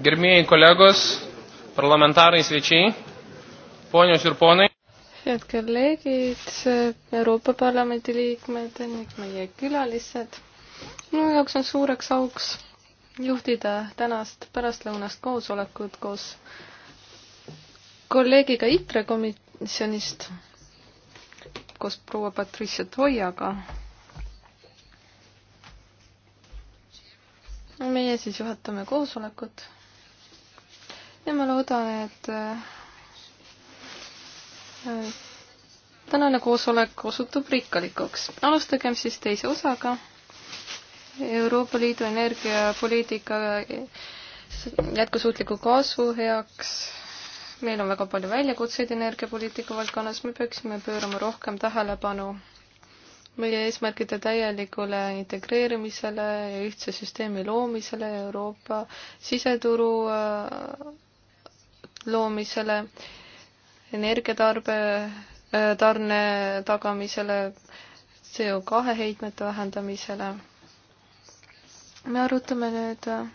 Gerbėjai kolegos, parlamentarai svečiai, ponios ir ponai. Head kolleegid, Euroopa Parlamendi liikmed ning meie külalised. minu jaoks on suureks auks juhtida tänast pärastlõunast koosolekut koos kolleegiga ITRE komisjonist, koos proua Patricia Toiaga meie siis juhatame koosolekut ja ma loodan, et äh, tänane koosolek osutub rikkalikuks. alustagem siis teise osaga Euroopa Liidu energiapoliitika jätkusuutliku kasvu heaks. meil on väga palju väljakutseid energiapoliitika valdkonnas, me peaksime pöörama rohkem tähelepanu meie eesmärkide täielikule integreerimisele ja ühtse süsteemi loomisele Euroopa siseturu äh, loomisele, energiatarbe, äh, tarne tagamisele, CO2 heitmete vähendamisele. me arutame nüüd, äh,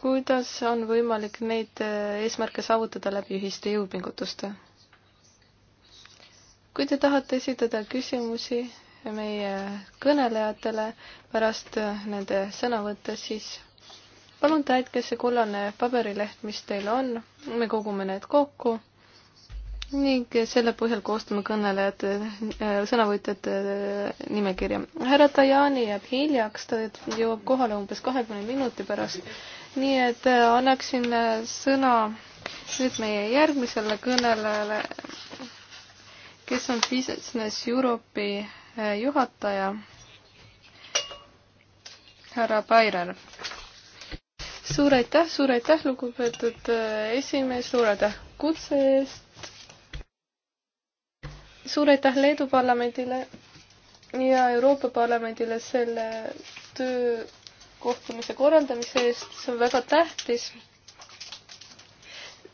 kuidas on võimalik neid äh, eesmärke saavutada läbi ühiste jõupingutuste. kui te tahate esitada küsimusi meie kõnelejatele pärast nende sõnavõtte, siis palun täitke see kollane paberileht, mis teil on, me kogume need kokku ning selle põhjal koostame kõnelejate, äh, sõnavõtjate äh, nimekirja. härra Tajani jääb hiljaks, ta jõuab kohale umbes kahekümne minuti pärast, nii et äh, annaksin sõna nüüd meie järgmisele kõnelejale, kes on Business Europe'i juhataja, härra Bairer suur aitäh, suur aitäh, lugupeetud äh, esimees, suur aitäh kutse eest. suur aitäh Leedu parlamendile ja Euroopa Parlamendile selle töö kohtumise korraldamise eest, see on väga tähtis.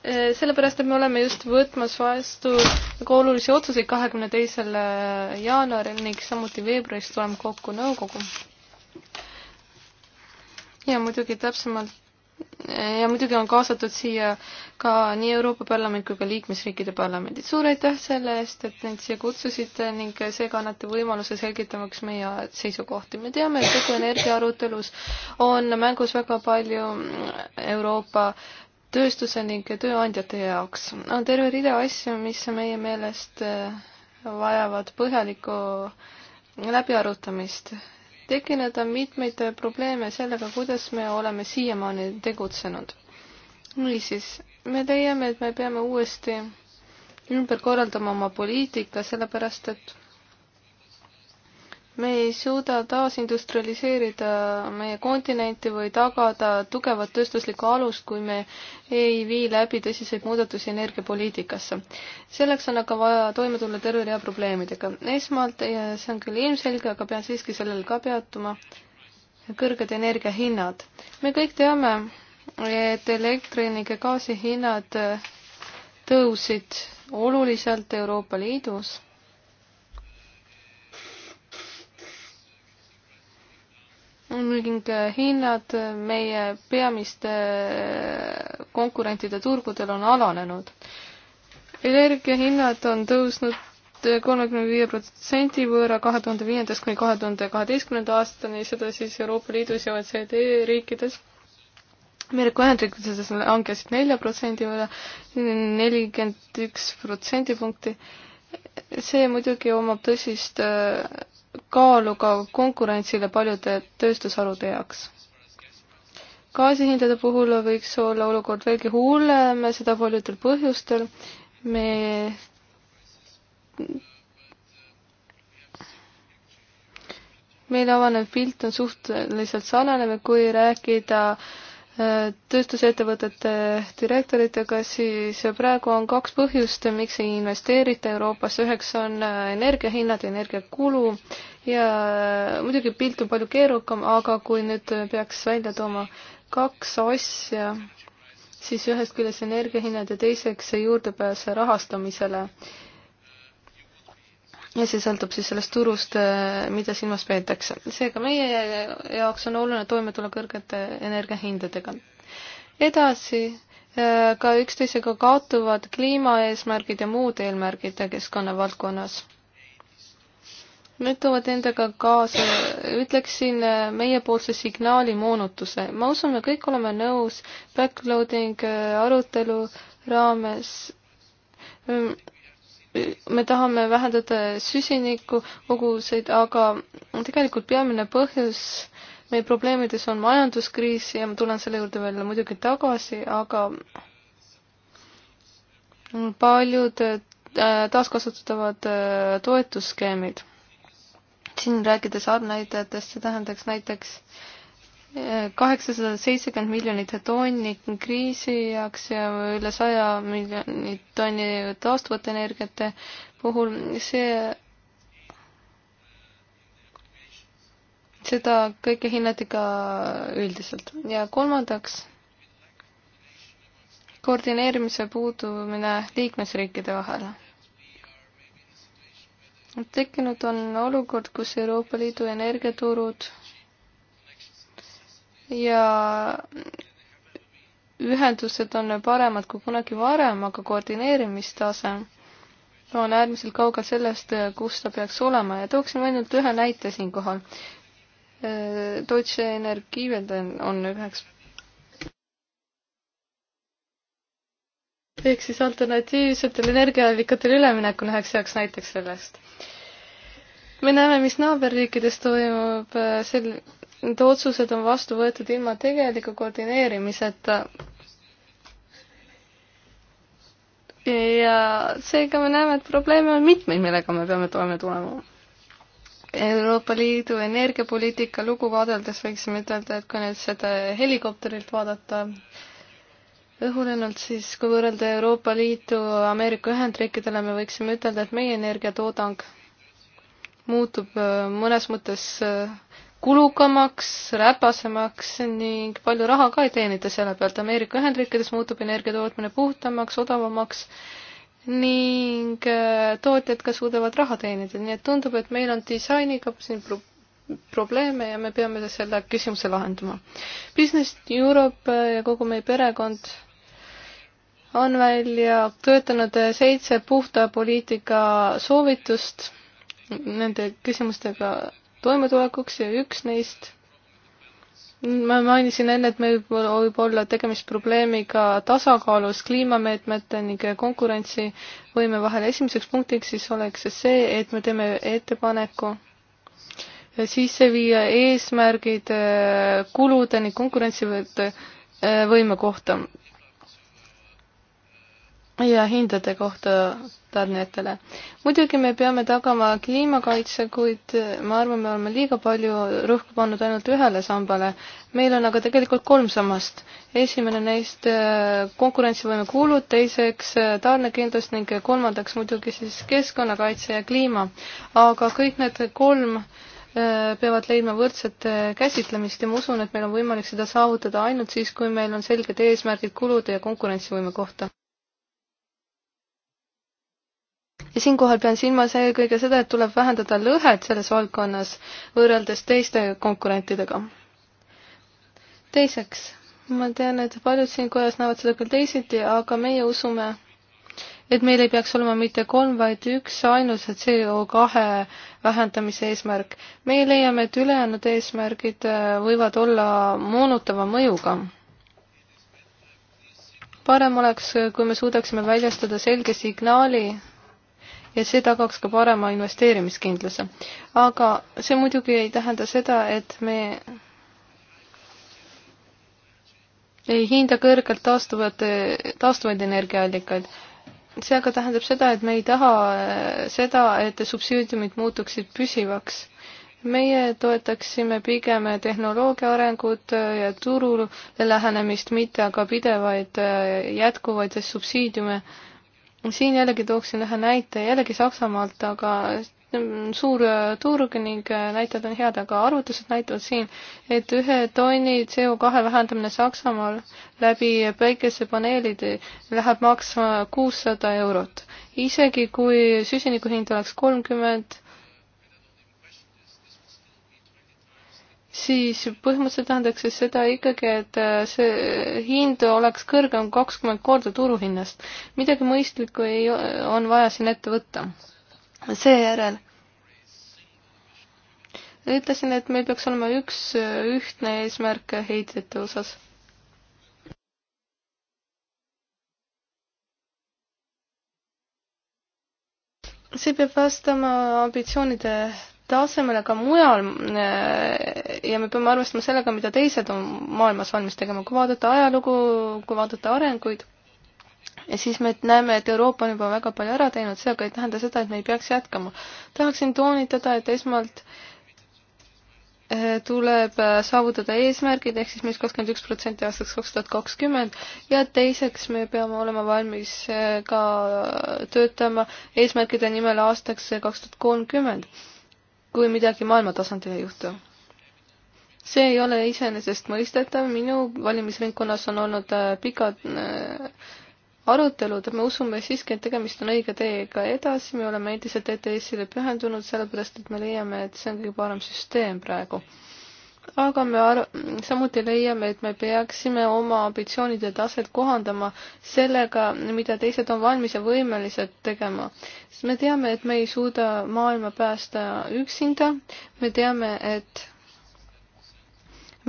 Äh, sellepärast, et me oleme just võtmas vastu väga olulisi otsuseid kahekümne teisel äh, jaanuaril ning samuti veebruaris tuleme kokku nõukogu. ja muidugi täpsemalt ja muidugi on kaasatud siia ka nii Euroopa Parlament kui ka liikmesriikide parlamendid. suur aitäh selle eest, et neid siia kutsusite ning seega annate võimaluse selgitamaks meie seisukohti. me teame, et kogu energiaarutelus on mängus väga palju Euroopa tööstuse ning tööandjate jaoks. on terve rida asju, mis meie meelest vajavad põhjalikku läbiarutamist tekkinud on mitmeid probleeme sellega, kuidas me oleme siiamaani tegutsenud. niisiis, me leiame, et me peame uuesti ümber korraldama oma poliitika, sellepärast et me ei suuda taasindustrialiseerida meie kontinenti või tagada tugevat tööstuslikku alust, kui me ei vii läbi tõsiseid muudatusi energiapoliitikasse. selleks on aga vaja toime tulla terve rea probleemidega. esmalt, ja see on küll ilmselge, aga pean siiski sellel ka peatuma, kõrged energiahinnad. me kõik teame, et elektrinik ja gaasi hinnad tõusid oluliselt Euroopa Liidus ning äh, hinnad äh, meie peamiste äh, konkurentide turgudel on alanenud. energiahinnad on tõusnud kolmekümne viie protsendi võõra kahe tuhande viiendast kuni kahe tuhande kaheteistkümnenda aastani, seda siis Euroopa Liidus ja OECD riikides. Ameerika Ühendriikides langesid nelja protsendi võrra, nelikümmend üks protsendipunkti. see muidugi omab tõsist kaalu ka konkurentsile paljude tööstusharude jaoks. gaasihindade puhul võiks olla olukord veelgi hullem, seda paljudel põhjustel. me meile avanev pilt on suhteliselt sarnane, kui rääkida äh, tööstusettevõtete direktoritega, siis praegu on kaks põhjust, miks ei investeerita Euroopasse, üheks on energiahinnad, energiakulu ja muidugi pilt on palju keerukam, aga kui nüüd peaks välja tooma kaks asja, siis ühest küljest energiahinnad ja teiseks juurdepääs rahastamisele ja see sõltub siis sellest turust, äh, mida silmas peetakse. seega meie jaoks on oluline toime tulla kõrgete energiahindadega. edasi, äh, ka üksteisega kaotuvad kliimaeesmärgid ja muud eelmärgid keskkonna valdkonnas. Need toovad endaga kaasa, ütleksin, äh, meiepoolse signaali moonutuse. ma usun, me kõik oleme nõus backloading arutelu raames mm, me tahame vähendada süsiniku koguseid, aga tegelikult peamine põhjus meie probleemides on majanduskriis ja ma tulen selle juurde veel muidugi tagasi, aga paljud äh, taaskasutatavad äh, toetusskeemid. siin rääkides arvnäitajatest, see tähendaks näiteks kaheksasada seitsekümmend miljonit tonni kriisi jaoks ja üle saja miljoni tonni taastuvate energiate puhul, see, seda kõike hinnati ka üldiselt. ja kolmandaks, koordineerimise puudumine liikmesriikide vahel tekkinud on olukord, kus Euroopa Liidu energiaturud ja ühendused on paremad kui kunagi varem, aga koordineerimistase on äärmiselt kaugel sellest, kus ta peaks olema ja tooksin ainult ühe näite siinkohal. Deutsche Energie on üheks ehk siis alternatiivsetele energiaallikatele üleminek on üheks heaks näiteks sellest me näeme, mis naaberriikides toimub, sel-, need otsused on vastu võetud ilma tegeliku koordineerimiseta. ja seega me näeme, et probleeme on mitmeid, millega me peame toime tulema. Euroopa Liidu energiapoliitika lugu vaadeldes võiksime ütelda, et kui nüüd seda helikopterilt vaadata, õhulennult, siis kui võrrelda Euroopa Liitu Ameerika Ühendriikidele, me võiksime ütelda, et meie energiatoodang muutub äh, mõnes mõttes äh, kulukamaks, räpasemaks ning palju raha ka ei teenita selle pealt. Ameerika Ühendriikides muutub energia tootmine puhtamaks, odavamaks ning äh, tootjad ka suudavad raha teenida, nii et tundub, et meil on disainiga siin pro probleeme ja me peame selle küsimuse lahendama. Business Europe ja kogu meie perekond on välja töötanud seitse puhta poliitika soovitust nende küsimustega toimetulekuks ja üks neist ma mainisin enne, et meil võib olla tegemist probleemiga tasakaalus kliimameetmete ning konkurentsivõime vahel. esimeseks punktiks siis oleks see, et me teeme ettepaneku sisse viia eesmärgid eh, kulude ning konkurentsivõime eh, kohta ja hindade kohta tarnijatele. muidugi me peame tagama kliimakaitse, kuid ma arvan, me oleme liiga palju rõhku pannud ainult ühele sambale. meil on aga tegelikult kolm sammast. esimene neist äh, konkurentsivõime kulud, teiseks äh, tarnekindlus ning kolmandaks muidugi siis keskkonnakaitse ja kliima. aga kõik need kolm äh, peavad leidma võrdset käsitlemist ja ma usun, et meil on võimalik seda saavutada ainult siis, kui meil on selged eesmärgid kulude ja konkurentsivõime kohta ja siinkohal pean silmas eelkõige seda, et tuleb vähendada lõhet selles valdkonnas võrreldes teiste konkurentidega. teiseks, ma tean, et paljud siin kojas näevad seda küll teisiti, aga meie usume, et meil ei peaks olema mitte kolm, vaid üks ainus CO2 vähendamise eesmärk. meie leiame, et ülejäänud eesmärgid äh, võivad olla moonutava mõjuga parem oleks, kui me suudaksime väljastada selge signaali ja see tagaks ka parema investeerimiskindluse. aga see muidugi ei tähenda seda, et me ei hinda kõrgelt taastuvad, taastuvaid energiaallikaid. see aga tähendab seda, et me ei taha äh, seda, et subsiidiumid muutuksid püsivaks meie toetaksime pigem tehnoloogia arengut äh, ja turule lähenemist, mitte aga pidevaid äh, jätkuvaid subsiidiume siin jällegi tooksin ühe näite jällegi Saksamaalt, aga suur turg ning näitajad on head, aga arvutused näitavad siin, et ühe tonni CO2 vähendamine Saksamaal läbi päikesepaneelide läheb maksma kuussada eurot. isegi kui süsiniku hind oleks kolmkümmend siis põhimõtteliselt tähendaks see seda ikkagi, et äh, see hind oleks kõrgem kakskümmend korda turuhinnast. midagi mõistlikku ei, on vaja siin ette võtta. seejärel ütlesin, et meil peaks olema üks äh, ühtne eesmärk heitjate osas see peab vastama ambitsioonide tasemele ka mujal äh, ja me peame arvestama sellega, mida teised on maailmas valmis tegema, kui vaadata ajalugu, kui vaadata arenguid, siis me näeme, et Euroopa on juba väga palju ära teinud, see aga ei tähenda seda, et me ei peaks jätkama. tahaksin toonitada, et esmalt äh, tuleb äh, saavutada eesmärgid, ehk siis mis kakskümmend üks protsenti aastaks kaks tuhat kakskümmend ja teiseks me peame olema valmis ka töötama eesmärkide nimel aastaks kaks tuhat kolmkümmend kui midagi maailma tasandil ei juhtu. see ei ole iseenesestmõistetav, minu valimisringkonnas on olnud äh, pikad äh, arutelud, me usume siiski, et tegemist on õige teega edasi, me oleme endiselt ETS-ile pühendunud, sellepärast et me leiame, et see on kõige parem süsteem praegu aga me ar-, samuti leiame, et me peaksime oma ambitsioonide taset kohandama sellega, mida teised on valmis ja võimelised tegema. sest me teame, et me ei suuda maailma päästa üksinda, me teame, et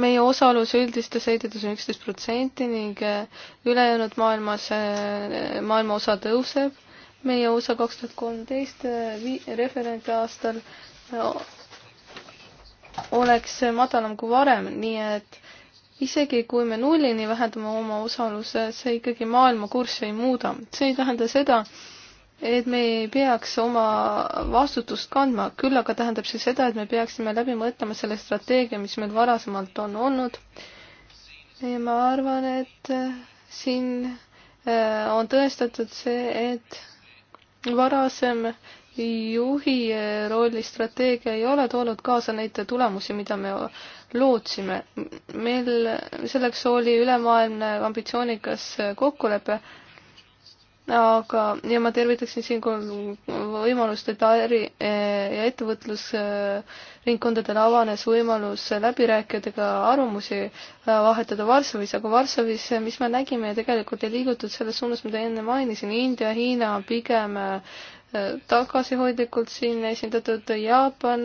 meie osalus üldistes heidetes on üksteist protsenti ning eh, ülejäänud maailmas, eh, maailma osa tõuseb. meie osa kaks tuhat kolmteist eh, referentaastal oleks madalam kui varem, nii et isegi kui me nullini vähendame oma osaluse, see ikkagi maailma kurssi ei muuda. see ei tähenda seda, et me ei peaks oma vastutust kandma, küll aga tähendab see seda, et me peaksime läbi mõtlema selle strateegia, mis meil varasemalt on olnud. ja ma arvan, et äh, siin äh, on tõestatud see, et varasem juhi rolli strateegia ei ole toonud kaasa neid tulemusi, mida me lootsime. meil selleks oli ülemaailmne ambitsioonikas kokkulepe, aga, ja ma tervitaksin siinkohal võimalust, et äri ja ettevõtlusringkondadel avanes võimalus läbi rääkida ka arvamusi vahetada Varssavis, aga Varssavis, mis me nägime, tegelikult ei liigutud selles suunas, mida enne mainisin, India, Hiina pigem äh, tagasihoidlikult siin esindatud Jaapan,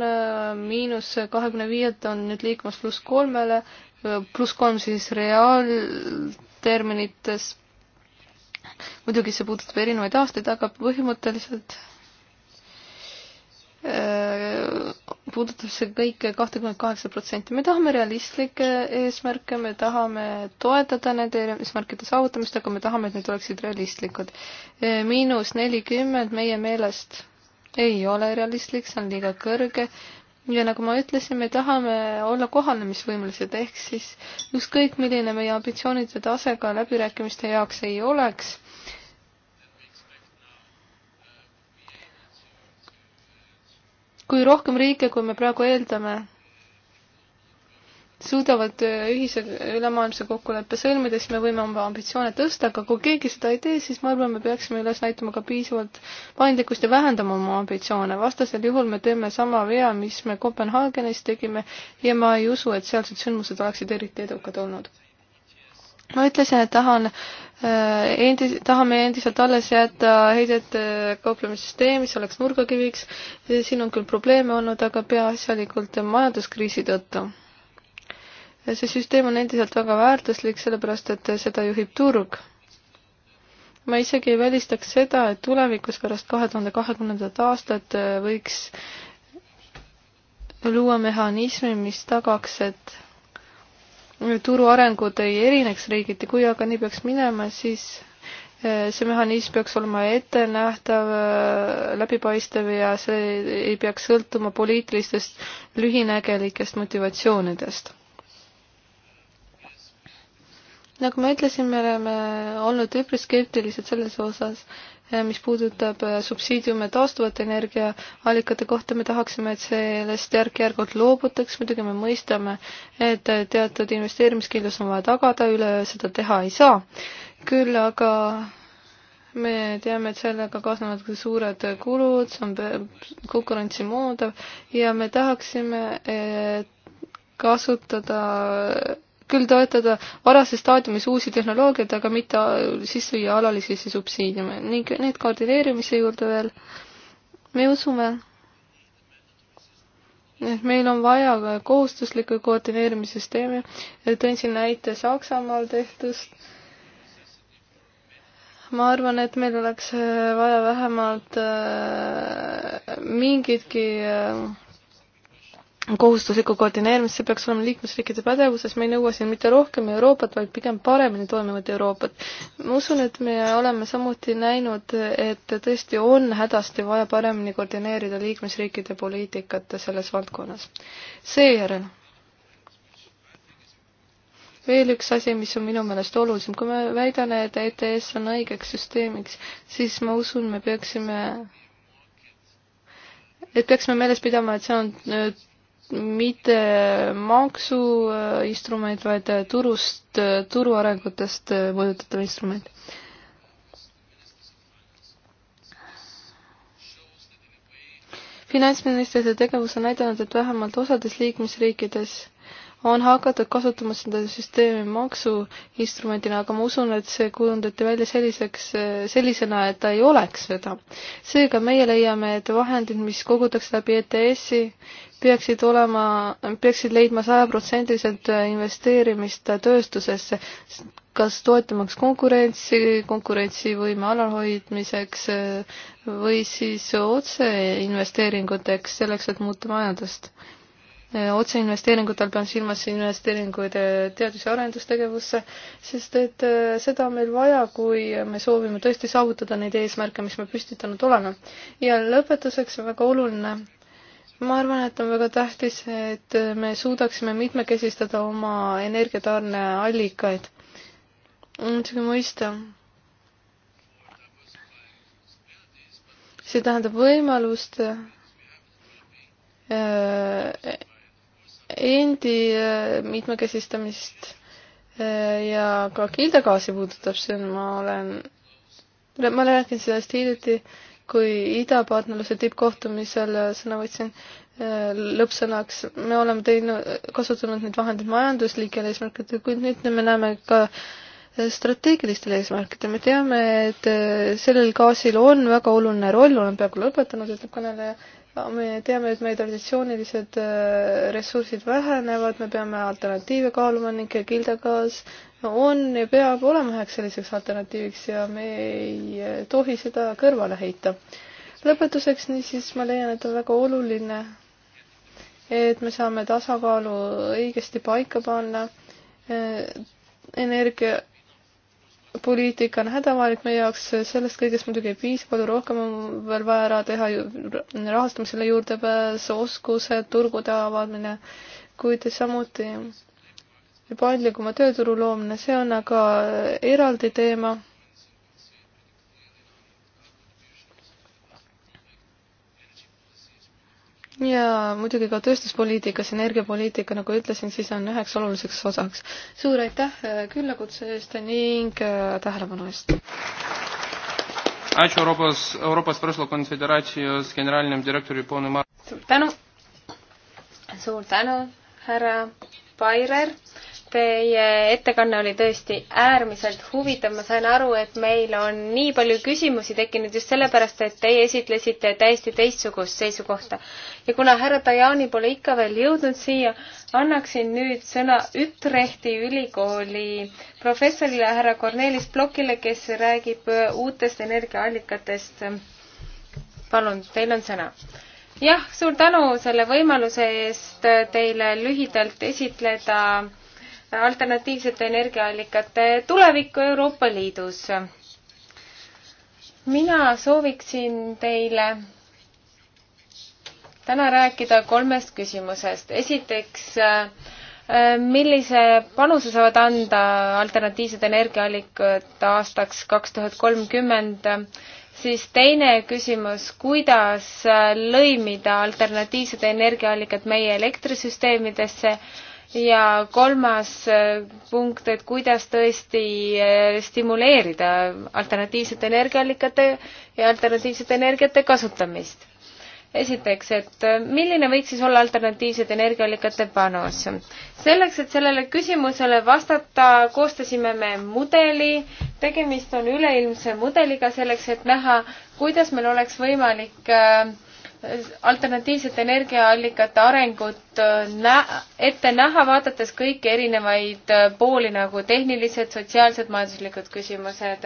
miinus kahekümne viielt on nüüd liikumas pluss kolmele, pluss kolm siis reaalterminites. muidugi see puudutab erinevaid aastaid, aga põhimõtteliselt äh, puudutab see kõike kahtekümmet kaheksa protsenti. me tahame realistlikke eesmärke, me tahame toetada nende eesmärkide saavutamist, aga me tahame, et need oleksid realistlikud. miinus nelikümmend meie meelest ei ole realistlik, see on liiga kõrge. ja nagu ma ütlesin, me tahame olla kohanemisvõimelised, ehk siis ükskõik, milline meie ambitsioonide tase ka läbirääkimiste jaoks ei oleks kui rohkem riike, kui me praegu eeldame, suudavad äh, ühise ülemaailmse kokkuleppe sõlmida, siis me võime oma ambitsioone tõsta, aga kui keegi seda ei tee, siis ma arvan, me peaksime üles näitama ka piisavalt paindlikkust ja vähendama oma ambitsioone. vastasel juhul me teeme sama vea, mis me Kopenhaagenis tegime ja ma ei usu, et sealsed sündmused oleksid eriti edukad olnud ma ütlesin, et tahan äh, endis-, tahame endiselt alles jätta heidete äh, kauplemissüsteemi, see oleks nurgakiviks. siin on küll probleeme olnud, aga peaasjalikult majanduskriisi tõttu. see süsteem on endiselt väga väärtuslik, sellepärast et seda juhib turg. ma isegi ei välistaks seda, et tulevikus pärast kahe tuhande kahekümnendat aastat äh, võiks luua mehhanismi, mis tagaks, et turu arengud ei erineks riigiti, kui aga nii peaks minema, siis eh, see mehhanism peaks olema ettenähtav, eh, läbipaistev ja see ei peaks sõltuma poliitilistest lühinägelikest motivatsioonidest. nagu ma ütlesin, me oleme olnud üpris skeptilised selles osas, Eh, mis puudutab eh, subsiidiume taastuvate energiaallikate kohta, me tahaksime, et sellest järk-järgult loobutaks, muidugi me mõistame, et teatud investeerimiskindlus on vaja tagada, üleöö seda teha ei saa. küll aga me teame, et sellega kaasnevad ka suured kulud, see on konkurentsi moondav ja me tahaksime kasutada küll toetada varases staadiumis uusi tehnoloogiaid, aga mitte sisse viia alalisi subsiidiume ning need koordineerimise juurde veel. me usume, et meil on vaja ka kohustuslikku koordineerimissüsteemi. tõin siin näite Saksamaal tehtust. ma arvan, et meil oleks äh, vaja vähemalt äh, mingitki äh, kohustusliku koordineerimist, see peaks olema liikmesriikide pädevuses, me ei nõua siin mitte rohkem Euroopat, vaid pigem paremini toimivat Euroopat. ma usun, et me oleme samuti näinud, et tõesti on hädasti vaja paremini koordineerida liikmesriikide poliitikat selles valdkonnas. seejärel veel üks asi, mis on minu meelest olulisem, kui ma väidan, et ETS on õigeks süsteemiks, siis ma usun, me peaksime et peaksime meeles pidama, et see on mitte maksuinstrument, äh, vaid äh, turust, äh, turu arengutest mõjutatav instrument. finantsministrite tegevus on näidanud, et vähemalt osades liikmesriikides on hakatud kasutama seda süsteemi maksuinstrumendina, aga ma usun, et see kujundati välja selliseks, sellisena, et ta ei oleks seda. seega meie leiame, et vahendid, mis kogutakse läbi ETS-i, peaksid olema, peaksid leidma sajaprotsendiliselt investeerimist tööstusesse, kas toetamaks konkurentsi, konkurentsivõime alalhoidmiseks või siis otseinvesteeringuteks, selleks et muuta majandust otseinvesteeringutel pean silmas investeeringuid teadus- ja arendustegevusse, sest et äh, seda on meil vaja, kui me soovime tõesti saavutada neid eesmärke, mis me püstitanud oleme. ja lõpetuseks on väga oluline ma arvan, et on väga tähtis, et me suudaksime mitmekesistada oma energiatarneallikaid. muidugi mõista. see tähendab võimalust äh, endi äh, mitmekesistamist äh, ja ka kildegaasi puudutab, see on, ma olen, ma räägin sellest hiljuti, kui idapartnerluse tippkohtumisel äh, sõna võtsin lõppsõnaks, me oleme teinud, kasutanud neid vahendeid majanduslikel eesmärkidel, kuid nüüd me näeme ka strateegilistel eesmärkidel, me teame, et sellel gaasil on väga oluline roll, olen peaaegu lõpetanud, ütleb kõneleja, me teame, et meie traditsioonilised äh, ressursid vähenevad, me peame alternatiive kaaluma ning kildagaas on ja peab olema üheks selliseks alternatiiviks ja me ei äh, tohi seda kõrvale heita. lõpetuseks niisiis ma leian, et on väga oluline, et me saame tasakaalu õigesti paika panna äh, energia poliitika on hädavajalik meie jaoks, sellest kõigest muidugi ei piisa, palju rohkem on veel vaja ära teha ju, rahastamisele juurdepääs, oskused, turgude avamine, kuid samuti paindlikuma tööturu loomine, see on aga eraldi teema ja muidugi ka tööstuspoliitikas, energiapoliitika, nagu ütlesin, siis on üheks oluliseks osaks. suur aitäh äh, küllakutse eest ning äh, tähelepanu eest! Ačiū Europos, Europos verslo konföderacijos generaliniam direktoriui ponui Mar-. suur tänu, suur tänu, härra Bairer Teie ettekanne oli tõesti äärmiselt huvitav, ma sain aru, et meil on nii palju küsimusi tekkinud just sellepärast, et teie esitlesite täiesti teistsugust seisukohta. ja kuna härra Tajani pole ikka veel jõudnud siia, annaksin nüüd sõna Ütrehti ülikooli professorile härra Kornelis Plokile, kes räägib uutest energiaallikatest. palun, teil on sõna jah, suur tänu selle võimaluse eest teile lühidalt esitleda alternatiivsete energiaallikate tulevikku Euroopa Liidus. mina sooviksin teile täna rääkida kolmest küsimusest. esiteks, millise panuse saavad anda alternatiivsed energiaallikad aastaks kaks tuhat kolmkümmend siis teine küsimus, kuidas lõimida alternatiivsed energiaallikad meie elektrisüsteemidesse ja kolmas eh, punkt, et kuidas tõesti eh, stimuleerida alternatiivsete energiaallikate ja alternatiivsete energiate kasutamist. esiteks, et eh, milline võiks siis olla alternatiivsete energiaallikate panus? selleks, et sellele küsimusele vastata, koostasime me mudeli, tegemist on üleilmse mudeliga selleks, et näha, kuidas meil oleks võimalik äh, alternatiivsete energiaallikate arengut äh, nä-, ette näha, vaadates kõiki erinevaid äh, pooli nagu tehnilised, sotsiaalsed, majanduslikud küsimused.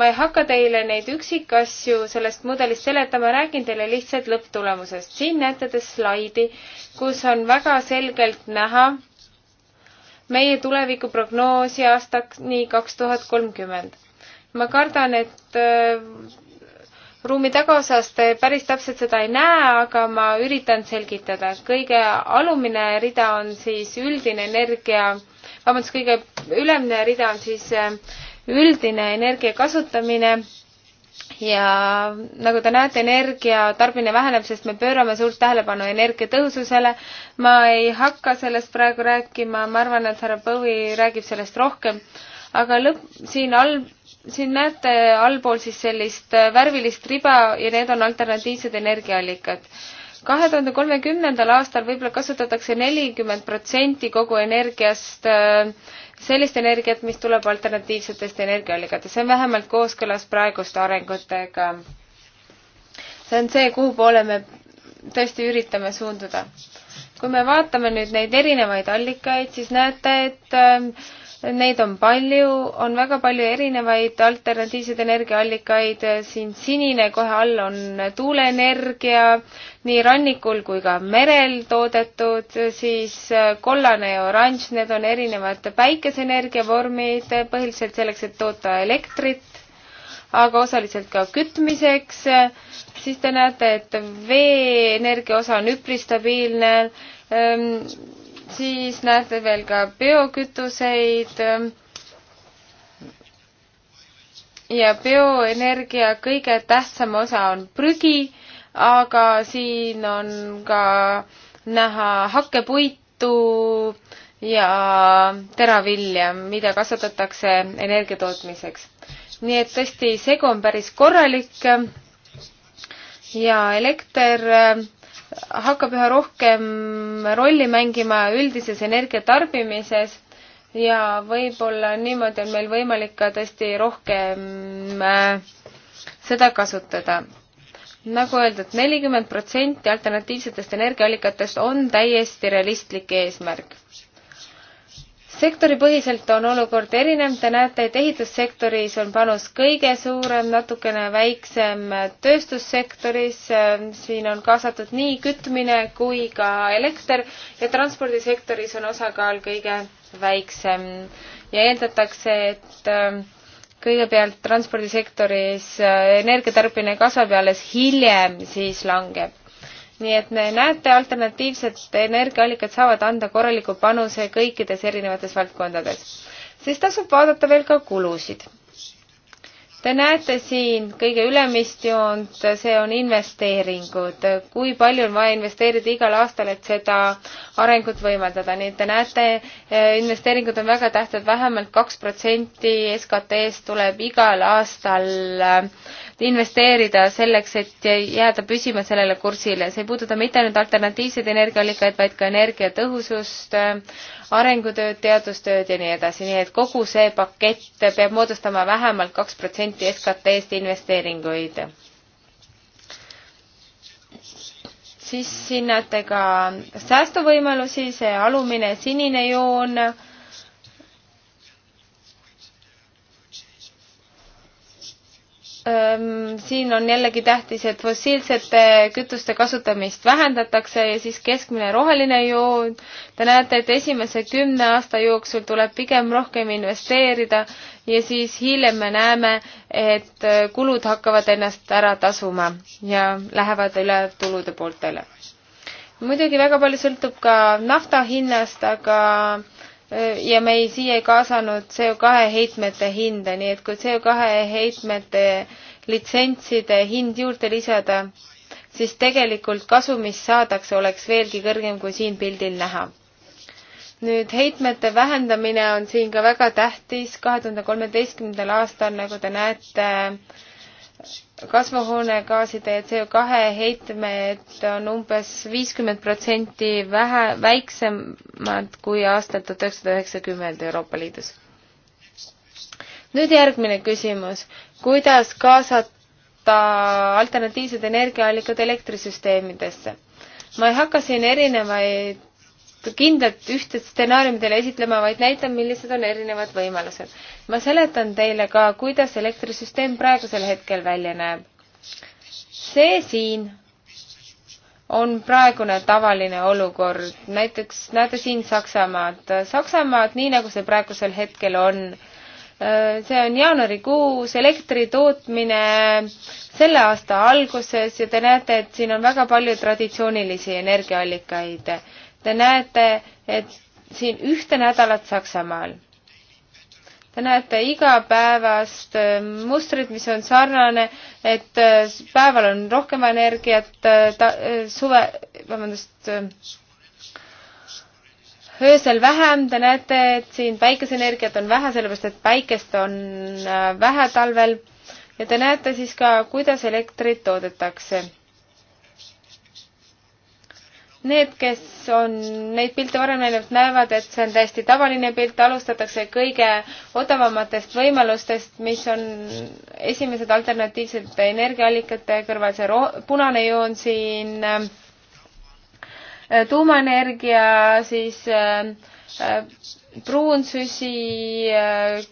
ma ei hakka teile neid üksikasju sellest mudelist seletama, räägin teile lihtsalt lõpptulemusest. siin näete te slaidi, kus on väga selgelt näha meie tulevikuprognoosi aastani kaks tuhat kolmkümmend. ma kardan, et äh, ruumi tagaosas te eh, päris täpselt seda ei näe, aga ma üritan selgitada. kõige alumine rida on siis üldine energia, vabandust, kõige ülemine rida on siis eh, üldine energia kasutamine ja nagu te näete, energia tarbimine väheneb, sest me pöörame suurt tähelepanu energiatõhususele. ma ei hakka sellest praegu rääkima, ma arvan, et härra Põvi räägib sellest rohkem. aga lõpp, siin all siin näete allpool siis sellist värvilist riba ja need on alternatiivsed energiaallikad. kahe tuhande kolmekümnendal aastal võib-olla kasutatakse nelikümmend protsenti kogu energiast äh, sellist energiat, mis tuleb alternatiivsetest energiaallikatest, see on vähemalt kooskõlas praeguste arengutega. see on see, kuhu poole me tõesti üritame suunduda. kui me vaatame nüüd neid erinevaid allikaid, siis näete, et äh, Neid on palju, on väga palju erinevaid alternatiivseid energiaallikaid, siin sinine kohe all on tuuleenergia, nii rannikul kui ka merel toodetud, siis kollane ja oranž, need on erinevad päikeseenergia vormid, põhiliselt selleks, et toota elektrit, aga osaliselt ka kütmiseks, siis te näete, et veeenergia osa on üpris stabiilne ehm, siis näete veel ka biokütuseid ja bioenergia kõige tähtsam osa on prügi, aga siin on ka näha hakkepuitu ja teravilja, mida kasutatakse energia tootmiseks. nii et tõesti, segu on päris korralik ja elekter hakkab üha rohkem rolli mängima üldises energiatarbimises ja võib-olla niimoodi on meil võimalik ka tõesti rohkem äh, seda kasutada. nagu öeldud, nelikümmend protsenti alternatiivsetest energiaallikatest on täiesti realistlik eesmärk sektoripõhiselt on olukord erinev, te näete, et ehitussektoris on panus kõige suurem, natukene väiksem tööstussektoris, siin on kaasatud nii kütmine kui ka elekter ja transpordisektoris on osakaal kõige väiksem ja eeldatakse, et ähm, kõigepealt transpordisektoris äh, energiatarbimine kasvab ja alles hiljem siis langeb nii et näete, alternatiivsed energiaallikad saavad anda korraliku panuse kõikides erinevates valdkondades. siis tasub vaadata veel ka kulusid Te näete siin kõige ülemist joont, see on investeeringud, kui palju on vaja investeerida igal aastal, et seda arengut võimaldada, nii et te näete, eh, investeeringud on väga tähtsad vähemalt, vähemalt kaks protsenti SKT-st tuleb igal aastal eh, investeerida selleks, et jääda püsima sellele kursile. see ei puuduta mitte ainult alternatiivseid energiaallikaid, vaid ka energiatõhusust, eh, arengutööd, teadustööd ja nii edasi, nii et kogu see pakett peab moodustama vähemalt kaks protsenti protsenti SKT-st investeeringuid. siis hinnate ka säästuvõimalusi, see alumine sinine joon siin on jällegi tähtis, et fossiilsete kütuste kasutamist vähendatakse ja siis keskmine roheline joon. Te näete, et esimese kümne aasta jooksul tuleb pigem rohkem investeerida ja siis hiljem me näeme, et kulud hakkavad ennast ära tasuma ja lähevad üle tulude pooltele. muidugi väga palju sõltub ka nafta hinnast, aga ja me ei siia kaasanud CO2 heitmete hinda, nii et kui CO2 heitmete litsentside hind juurde lisada, siis tegelikult kasu, mis saadakse, oleks veelgi kõrgem kui siin pildil näha. nüüd heitmete vähendamine on siin ka väga tähtis, kahe tuhande kolmeteistkümnendal aastal, nagu te näete, kasvuhoonegaaside ja CO kahe heitmed on umbes viiskümmend protsenti vähe, väiksemad kui aastal tuhat üheksasada üheksakümmend Euroopa Liidus. nüüd järgmine küsimus. kuidas kaasata alternatiivsed energiaallikad elektrisüsteemidesse? ma ei hakka siin erinevaid kindlat ühte stsenaariumidele esitlema, vaid näitan, millised on erinevad võimalused. ma seletan teile ka, kuidas elektrisüsteem praegusel hetkel välja näeb. see siin on praegune tavaline olukord, näiteks näete siin Saksamaad. Saksamaad, nii nagu see praegusel hetkel on, äh, see on jaanuarikuus elektri tootmine selle aasta alguses ja te näete, et siin on väga palju traditsioonilisi energiaallikaid Te näete, et siin ühte nädalat Saksamaal. Te näete igapäevast äh, mustrit, mis on sarnane, et äh, päeval on rohkem energiat, äh, suve, vabandust, öösel vähem, te näete, et siin päikeseenergiat on vähe, sellepärast et päikest on vähe talvel ja te näete siis ka, kuidas elektrit toodetakse. Need, kes on neid pilte varem näinud, näevad, et see on täiesti tavaline pilt, alustatakse kõige odavamatest võimalustest, mis on esimesed alternatiivsete energiaallikate kõrval, see roh-, punane joon siin äh, tuumaenergia, siis äh, äh, pruunsüsi,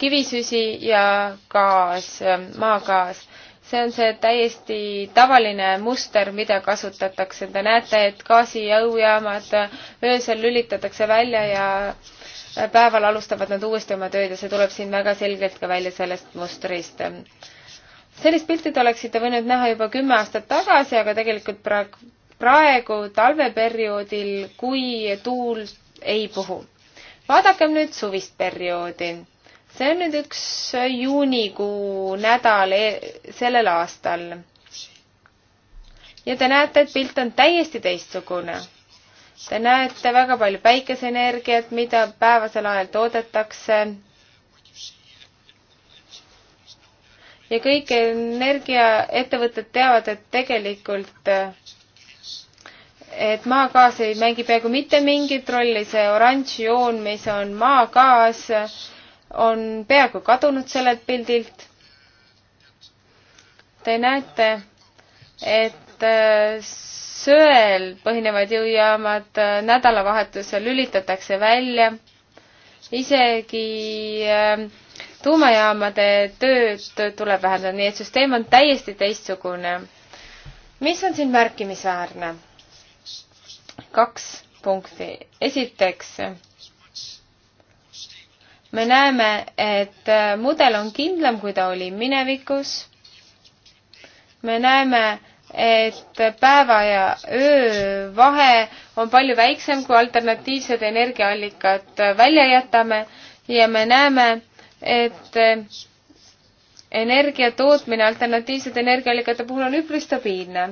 kivisüsi ja gaas, maagaas see on see täiesti tavaline muster, mida kasutatakse. Te näete, et gaasijõujaamad öösel lülitatakse välja ja päeval alustavad nad uuesti oma tööd ja see tuleb siin väga selgelt ka välja sellest mustrist. sellist pilti te oleksite võinud näha juba kümme aastat tagasi, aga tegelikult praegu, praegu talveperioodil, kui tuul ei puhu. vaadakem nüüd suvist perioodi see on nüüd üks juunikuu nädal e-, sellel aastal. ja te näete, et pilt on täiesti teistsugune. Te näete väga palju päikeseenergiat, mida päevasel ajal toodetakse. ja kõik energiaettevõtted teavad, et tegelikult et maagaas ei mängi peaaegu mitte mingit rolli, see oranž joon, mis on maagaas, on peaaegu kadunud sellelt pildilt. Te näete, et äh, söel põhinevad jõujaamad äh, nädalavahetusel lülitatakse välja. isegi äh, tuumajaamade tööd tuleb vähendada, nii et süsteem on täiesti teistsugune. mis on siin märkimisväärne? kaks punkti. esiteks me näeme, et äh, mudel on kindlam, kui ta oli minevikus. me näeme, et päeva ja öö vahe on palju väiksem, kui alternatiivsed energiaallikad äh, välja jätame ja me näeme, et äh, energia tootmine alternatiivsete energiaallikate puhul on üpris stabiilne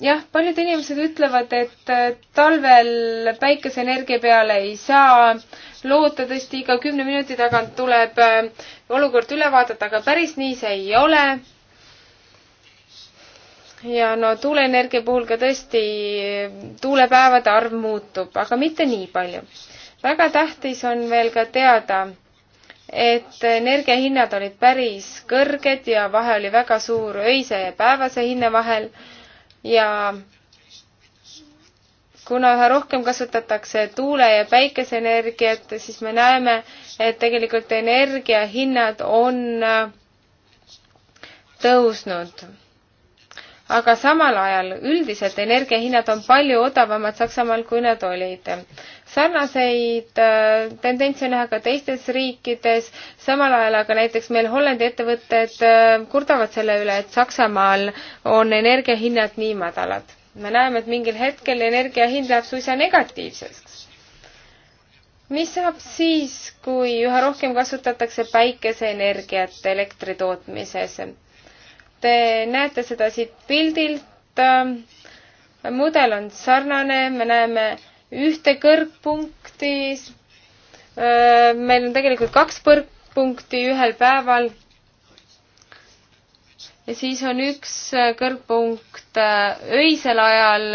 jah, paljud inimesed ütlevad, et äh, talvel päikeseenergia peale ei saa loota, tõesti iga kümne minuti tagant tuleb äh, olukord üle vaadata, aga päris nii see ei ole. ja no tuuleenergia puhul ka tõesti äh, tuulepäevade arv muutub, aga mitte nii palju. väga tähtis on veel ka teada, et energiahinnad olid päris kõrged ja vahe oli väga suur öise ja päevase hinna vahel ja kuna üha rohkem kasutatakse tuule- ja päikeseenergiat, siis me näeme, et tegelikult energiahinnad on tõusnud aga samal ajal üldiselt energiahinnad on palju odavamad Saksamaal, kui nad olid. sarnaseid äh, tendentse on näha ka teistes riikides, samal ajal aga näiteks meil Hollandi ettevõtted äh, kurdavad selle üle, et Saksamaal on energiahinnad nii madalad. me näeme, et mingil hetkel energia hind läheb suisa negatiivseks mis saab siis, kui üha rohkem kasutatakse päikeseenergiat elektri tootmises? Te näete seda siit pildilt. Ähm, mudel on sarnane, me näeme ühte kõrgpunkti. Äh, meil on tegelikult kaks kõrgpunkti ühel päeval. ja siis on üks äh, kõrgpunkt äh, öisel ajal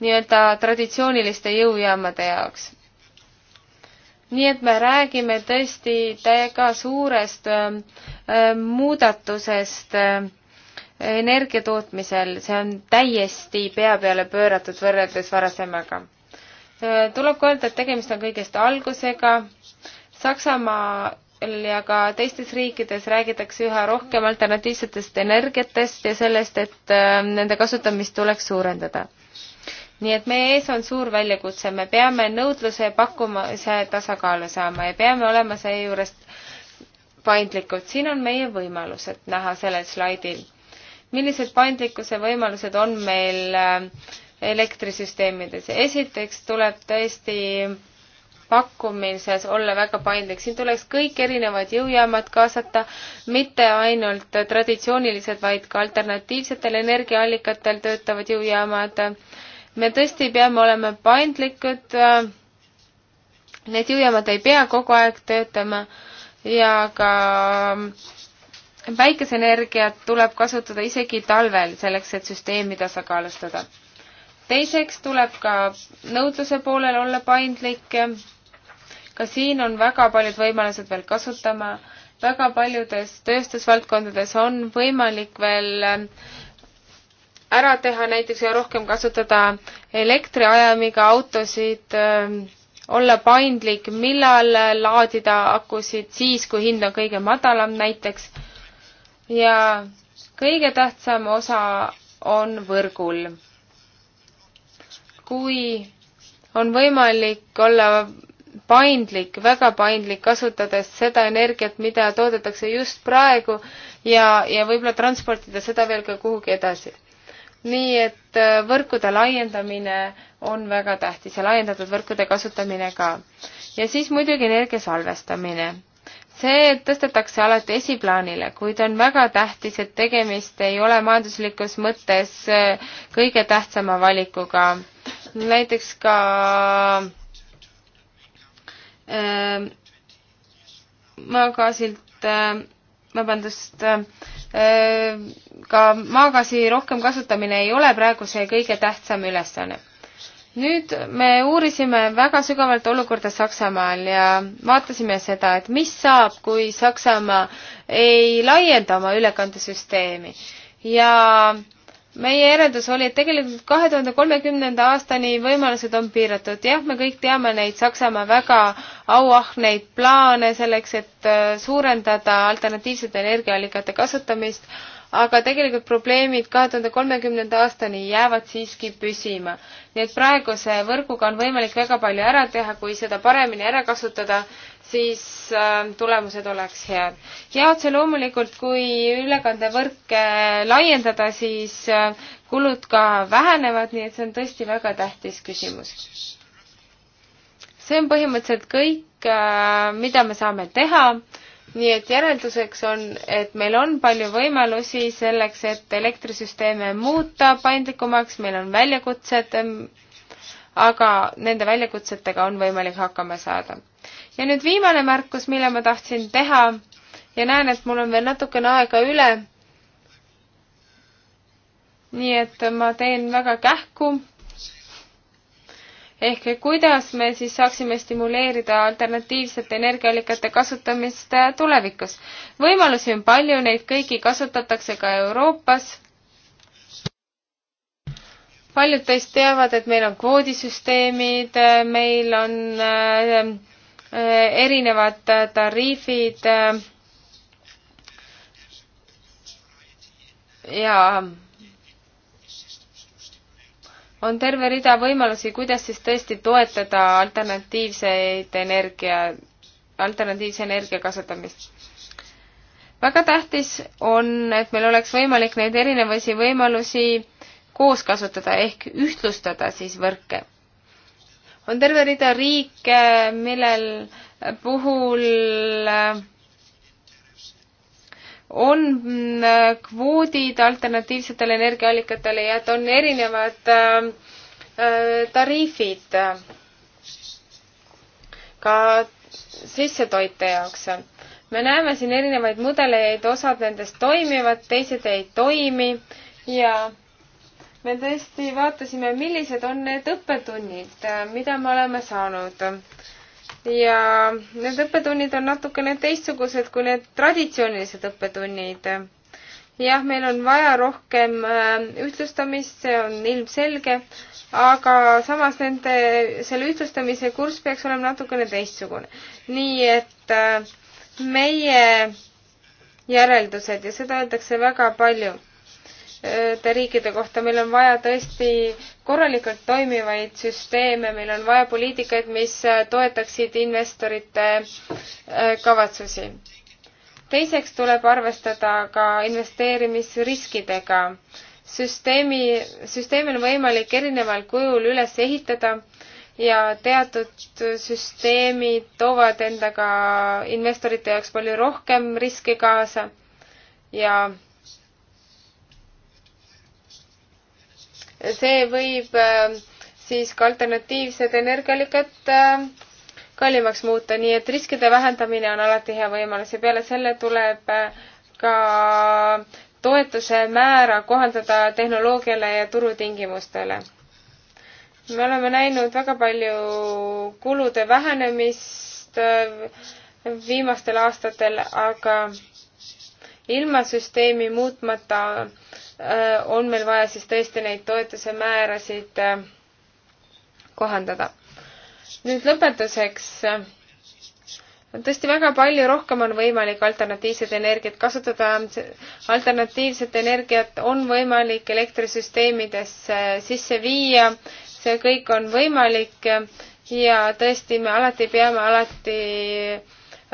nii-öelda traditsiooniliste jõujaamade jaoks nii et me räägime tõesti täiega suurest äh, muudatusest äh, energia tootmisel, see on täiesti pea peale pööratud võrreldes varasemaga äh,. tuleb ka öelda, et tegemist on kõigest algusega. Saksamaal ja ka teistes riikides räägitakse üha rohkem alternatiivsetest energiatest ja sellest, et ähm, nende kasutamist tuleks suurendada nii et meie ees on suur väljakutse, me peame nõudluse ja pakkumise tasakaalu saama ja peame olema seejuures paindlikud. siin on meie võimalused näha sellel slaidil. millised paindlikkuse võimalused on meil äh, elektrisüsteemides? esiteks tuleb tõesti pakkumises olla väga paindlik, siin tuleks kõik erinevad jõujaamad kaasata, mitte ainult traditsioonilised, vaid ka alternatiivsetel energiaallikatel töötavad jõujaamad me tõesti peame olema paindlikud, äh, need jõujamad ei pea kogu aeg töötama ja ka päikeseenergiat tuleb kasutada isegi talvel, selleks et süsteemi tasakaalustada. teiseks tuleb ka nõudluse poolel olla paindlik. ka siin on väga paljud võimalused veel kasutama. väga paljudes tööstusvaldkondades on võimalik veel äh, ära teha, näiteks rohkem kasutada elektriajamiga autosid, ähm, olla paindlik, millal laadida akusid, siis kui hind on kõige madalam näiteks. ja kõige tähtsam osa on võrgul. kui on võimalik olla paindlik, väga paindlik, kasutades seda energiat, mida toodetakse just praegu ja, ja võib-olla transportida seda veel ka kuhugi edasi nii et äh, võrkude laiendamine on väga tähtis ja laiendatud võrkude kasutamine ka. ja siis muidugi energia salvestamine. see tõstetakse alati esiplaanile, kuid on väga tähtis, et tegemist ei ole majanduslikus mõttes äh, kõige tähtsama valikuga. näiteks ka äh, maagaasilt äh,, vabandust äh,, Äh, ka maagaasi rohkem kasutamine ei ole praegu see kõige tähtsam ülesanne. nüüd me uurisime väga sügavalt olukorda Saksamaal ja vaatasime seda, et mis saab, kui Saksamaa ei laienda oma ülekandesüsteemi ja meie järeldus oli, et tegelikult kahe tuhande kolmekümnenda aastani võimalused on piiratud. jah, me kõik teame neid Saksamaa väga auahneid plaane selleks, et äh, suurendada alternatiivsete energiaallikate kasutamist, aga tegelikult probleemid kahe tuhande kolmekümnenda aastani jäävad siiski püsima. nii et praeguse võrguga on võimalik väga palju ära teha, kui seda paremini ära kasutada siis äh, tulemused oleks head. ja otse loomulikult, kui ülekandevõrke laiendada, siis äh, kulud ka vähenevad, nii et see on tõesti väga tähtis küsimus. see on põhimõtteliselt kõik, äh, mida me saame teha nii et järelduseks on, et meil on palju võimalusi selleks, et elektrisüsteeme muuta paindlikumaks, meil on väljakutsed, ähm, aga nende väljakutsetega on võimalik hakkama saada ja nüüd viimane märkus, mille ma tahtsin teha ja näen, et mul on veel natukene aega üle. nii et ma teen väga kähku. ehk kuidas me siis saaksime stimuleerida alternatiivsete energiaallikate kasutamist tulevikus. võimalusi on palju, neid kõiki kasutatakse ka Euroopas paljud teist teavad, et meil on kvoodisüsteemid, meil on äh, Eh, erinevad eh, tariifid eh, ja on terve rida võimalusi, kuidas siis tõesti toetada alternatiivseid energia, alternatiivse energia kasutamist. väga tähtis on, et meil oleks võimalik neid erinevusi, võimalusi koos kasutada ehk ühtlustada siis võrke on terve rida riike, millel puhul äh, on äh, kvoodid alternatiivsetele energiaallikatele ja et on erinevad äh, tariifid ka sissetoite jaoks. me näeme siin erinevaid mudeleid, osad nendest toimivad, teised ei toimi ja me tõesti vaatasime, millised on need õppetunnid, äh, mida me oleme saanud. ja need õppetunnid on natukene teistsugused kui need traditsioonilised õppetunnid. jah, meil on vaja rohkem äh, ühtlustamist, see on ilmselge, aga samas nende, selle ühtlustamise kurss peaks olema natukene teistsugune. nii et äh, meie järeldused ja seda öeldakse väga palju riikide kohta, meil on vaja tõesti korralikult toimivaid süsteeme, meil on vaja poliitikaid, mis toetaksid investorite äh, kavatsusi. teiseks tuleb arvestada ka investeerimisriskidega. süsteemi, süsteemi on võimalik erineval kujul üles ehitada ja teatud süsteemid toovad endaga investorite jaoks palju rohkem riske kaasa ja see võib äh, siis ka alternatiivsed energiaallikad äh, kallimaks muuta, nii et riskide vähendamine on alati hea võimalus ja peale selle tuleb äh, ka toetuse määra kohandada tehnoloogiale ja turutingimustele. me oleme näinud väga palju kulude vähenemist viimastel aastatel, aga ilma süsteemi muutmata Äh, on meil vaja siis tõesti neid toetuse määrasid äh, kohandada. nüüd lõpetuseks. Äh, tõesti väga palju rohkem on võimalik alternatiivset energiat kasutada. alternatiivset energiat on võimalik elektrisüsteemidesse sisse viia. see kõik on võimalik ja tõesti, me alati peame alati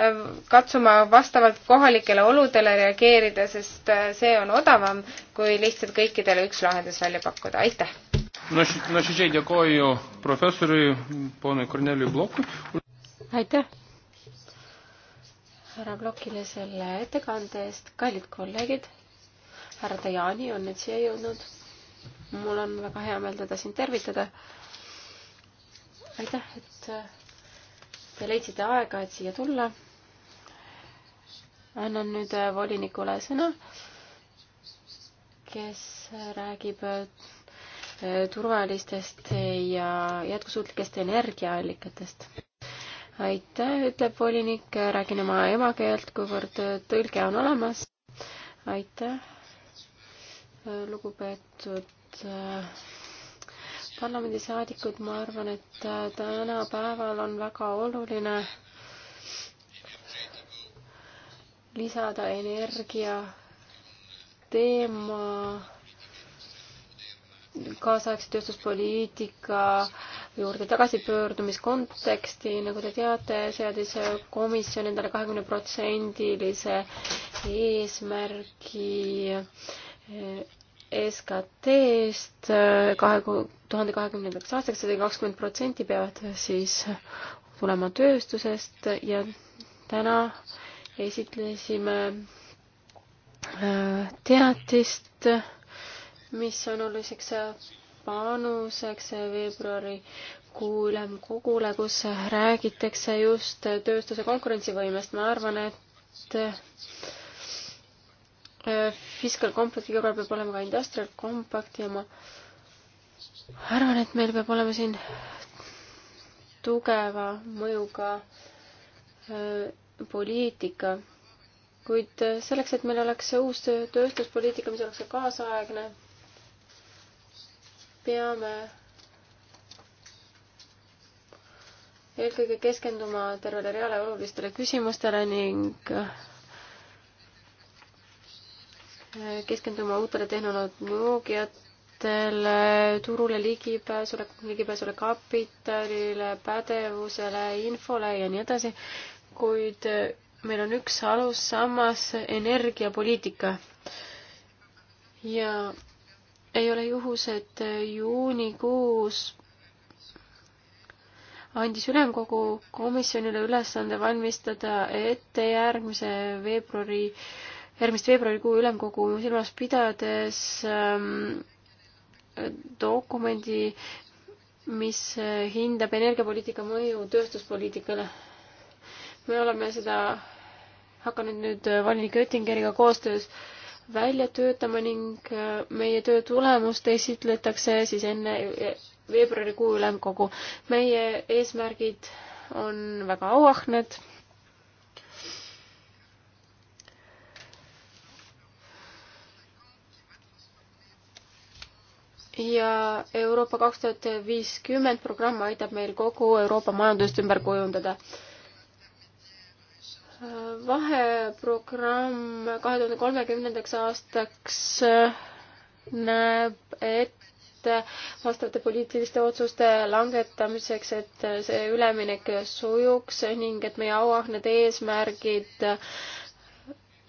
Äh, katsuma vastavalt kohalikele oludele reageerida, sest äh, see on odavam, kui lihtsalt kõikidele üks lahendus välja pakkuda, aitäh! Э, э, aitäh härra Blokile selle ettekande eest, kallid kolleegid, härra Dajani on nüüd siia jõudnud. mul on väga hea meel teda siin tervitada. aitäh, et te leidsite aega, et siia tulla. annan nüüd äh, volinikule sõna, kes räägib äh, turvalistest ja jätkusuutlikest energiaallikatest. aitäh, ütleb volinik, räägin oma emakeelt, kuivõrd tõlge on olemas. aitäh, lugupeetud äh, parlamendisaadikud, ma arvan, et äh, tänapäeval on väga oluline lisada energia teema kaasaegse tööstuspoliitika juurde tagasipöördumiskonteksti, nagu te teate, seadis komisjon endale kahekümne protsendilise eesmärgi äh, SKT-st äh, kahe tuhande kahekümnendaks aastaks sada kakskümmend protsenti peavad siis tulema tööstusest ja täna esitlesime äh, teatist, mis on oluliseks panuseks veebruarikuu ülemkogule, kus räägitakse just tööstuse konkurentsivõimest. ma arvan, et äh, Fiscal Compacti kõrval peab olema ka Industrial Compact ja ma äh, arvan, et meil peab olema siin tugeva mõjuga äh, poliitika, kuid äh, selleks, et meil oleks see uus tööstuspoliitika, mis oleks ka kaasaegne, peame eelkõige keskenduma tervele reale olulistele küsimustele ning äh, keskenduma uutele tehnoloogiat, inimestele turule ligipääsule, ligipääsule kapitalile, pädevusele, infole ja nii edasi, kuid meil on üks alussammas energiapoliitika. ja ei ole juhus, et juunikuus andis ülemkogu komisjonile ülesande valmistada ette järgmise veebruari, järgmist veebruarikuu ülemkogu silmas pidades ähm, dokumendi, mis hindab energiapoliitika mõju tööstuspoliitikale. me oleme seda hakanud nüüd volinik Oettingeriga koostöös välja töötama ning meie töö tulemust esitletakse siis enne veebruarikuu ülemkogu. meie eesmärgid on väga auahned ja Euroopa kaks tuhat viiskümmend programm aitab meil kogu Euroopa majandust ümber kujundada. vaheprogramm kahe tuhande kolmekümnendaks aastaks näeb ette vastavate poliitiliste otsuste langetamiseks, et see üleminek sujuks ning et meie auahned eesmärgid äh,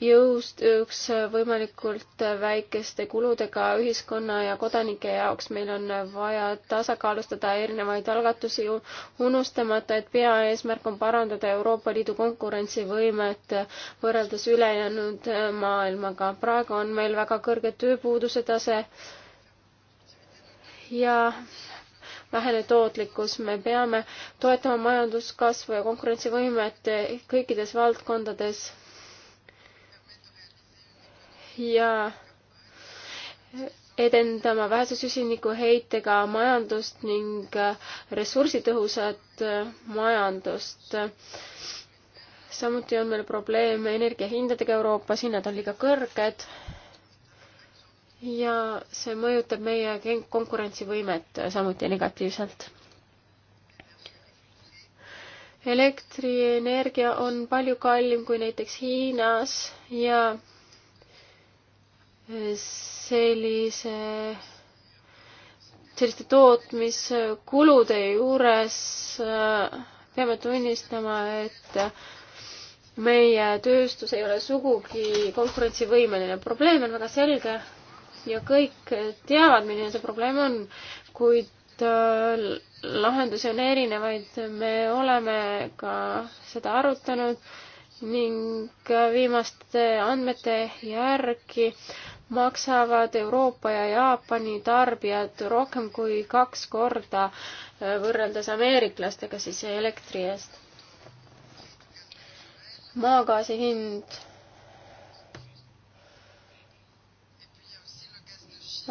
jõustuks võimalikult väikeste kuludega ühiskonna ja kodanike jaoks. meil on vaja tasakaalustada erinevaid algatusi, unustamata, et peaeesmärk on parandada Euroopa Liidu konkurentsivõimet võrreldes ülejäänud maailmaga. praegu on meil väga kõrge tööpuuduse tase ja vähene tootlikkus, me peame toetama majanduskasvu ja konkurentsivõimet kõikides valdkondades ja edendama vähese süsinikuheitega majandust ning ressursitõhusat majandust. samuti on meil probleeme energiahindadega Euroopas, hinnad on liiga kõrged ja see mõjutab meie konkurentsivõimet samuti negatiivselt. elektrienergia on palju kallim kui näiteks Hiinas ja sellise, selliste tootmiskulude juures äh, peame tunnistama, et meie tööstus ei ole sugugi konkurentsivõimeline. probleem on väga selge ja kõik teavad, milline see probleem on, kuid äh, lahendusi on erinevaid. me oleme ka seda arutanud ning äh, viimaste andmete järgi maksavad Euroopa ja Jaapani tarbijad rohkem kui kaks korda äh, võrreldes ameeriklastega siis elektri eest. maagaasi hind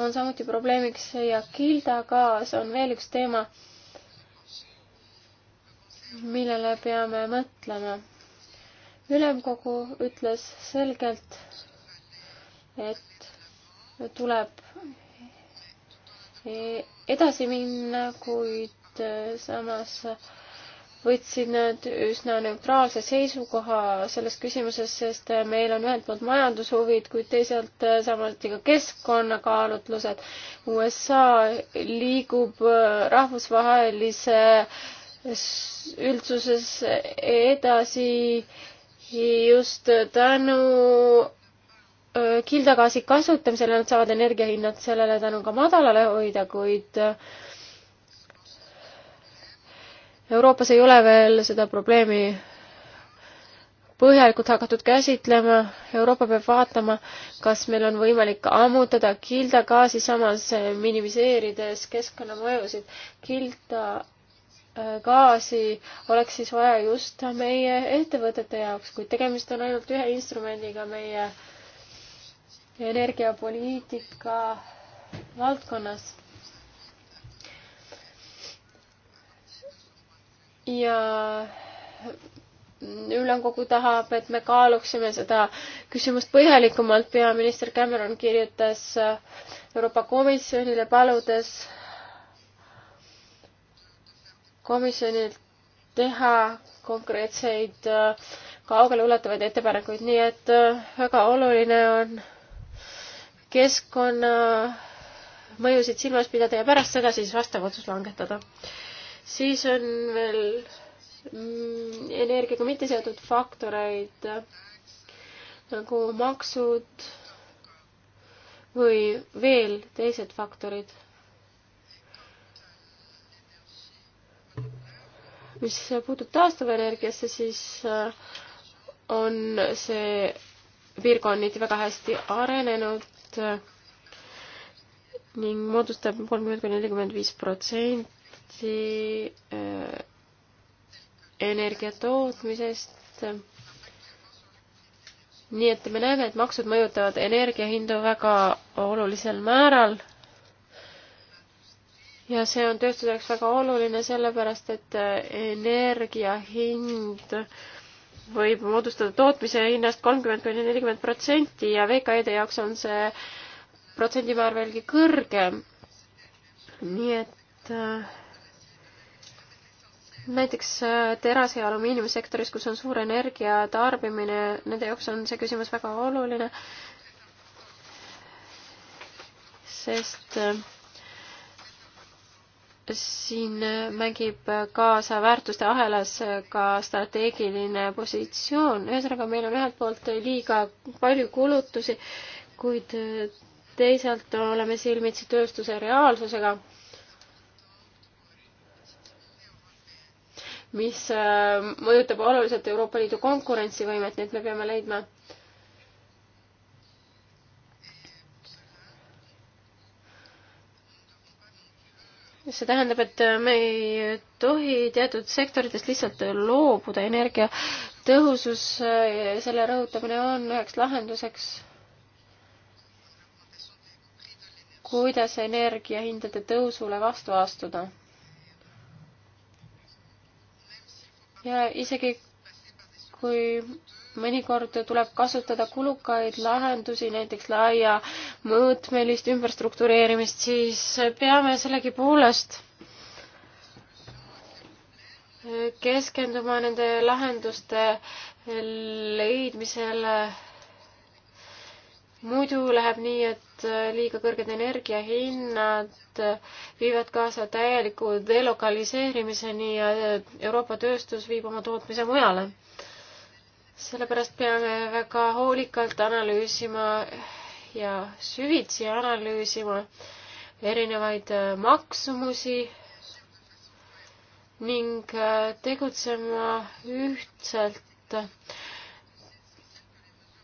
on samuti probleemiks ja Gilda gaas on veel üks teema, millele peame mõtlema. ülemkogu ütles selgelt, et tuleb edasi minna, kuid äh, samas võtsin nad üsna neutraalse seisukoha selles küsimuses, sest äh, meil on ühelt poolt majandushuvid, kuid teisalt äh, samuti ka keskkonnakaalutlused. USA liigub rahvusvahelise üldsuses edasi just tänu kildagaasi kasutamisele, nad saavad energiahinnad sellele tänu ka madalale hoida, kuid äh, Euroopas ei ole veel seda probleemi põhjalikult hakatud käsitlema. Euroopa peab vaatama, kas meil on võimalik ammutada kildagaasi, samas äh, minimiseerides keskkonnamõjusid. kildagaasi oleks siis vaja just meie ettevõtete jaoks, kuid tegemist on ainult ühe instrumendiga meie äh, energiapoliitika valdkonnas. ja ülemkogu tahab, et me kaaluksime seda küsimust põhjalikumalt. peaminister Cameron kirjutas Euroopa Komisjonile, paludes komisjonilt teha konkreetseid kaugeleulatuvaid ettepanekuid, nii et väga oluline on keskkonnamõjusid silmas pidada ja pärast seda siis vastav otsus langetada. siis on veel mm, energiaga mitte seotud faktoreid nagu maksud või veel teised faktorid, mis puutub taastuvenergiasse, siis äh, on see piirkonniti väga hästi arenenud osast ning moodustab kolmkümmend kuni nelikümmend viis protsenti äh, energia tootmisest. nii et me näeme, et maksud mõjutavad energiahindu väga olulisel määral. ja see on tööstuseks väga oluline, sellepärast et äh, energia hind äh, võib moodustada tootmise hinnast kolmkümmend kuni nelikümmend protsenti ja VKE-de jaoks on see protsendimäär veelgi kõrgem. nii et äh, näiteks äh, terase ja alumiiniumisektoris, kus on suur energia tarbimine, nende jaoks on see küsimus väga oluline, sest äh, siin mängib kaasa väärtuste ahelas ka strateegiline positsioon. ühesõnaga, meil on ühelt poolt liiga palju kulutusi, kuid teisalt oleme silmitsi tööstuse reaalsusega, mis mõjutab oluliselt Euroopa Liidu konkurentsivõimet, nii et me peame leidma see tähendab, et me ei tohi teatud sektoritest lihtsalt loobuda, energiatõhusus, selle rõhutamine on üheks lahenduseks. kuidas energiahindade tõusule vastu astuda? ja isegi kui mõnikord tuleb kasutada kulukaid lahendusi, näiteks laiamõõtmelist ümberstruktureerimist, siis peame sellegipoolest keskenduma nende lahenduste leidmisele. muidu läheb nii, et liiga kõrged energiahinnad viivad kaasa täieliku delokaliseerimiseni ja Euroopa tööstus viib oma tootmise mujale sellepärast peame väga hoolikalt analüüsima ja süvitsi analüüsima erinevaid äh, maksumusi ning äh, tegutsema ühtselt.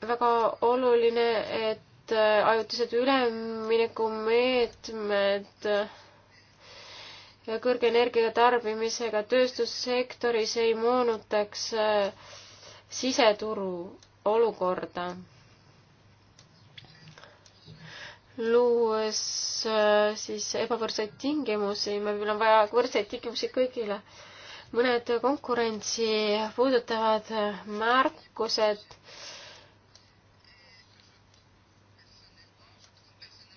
väga oluline, et äh, ajutised üleminekumeetmed kõrge energia tarbimisega tööstussektoris ei moonutaks äh, siseturu olukorda, luues äh, siis ebavõrdseid tingimusi, meil on vaja võrdseid tingimusi kõigile. mõned konkurentsi puudutavad äh, märkused.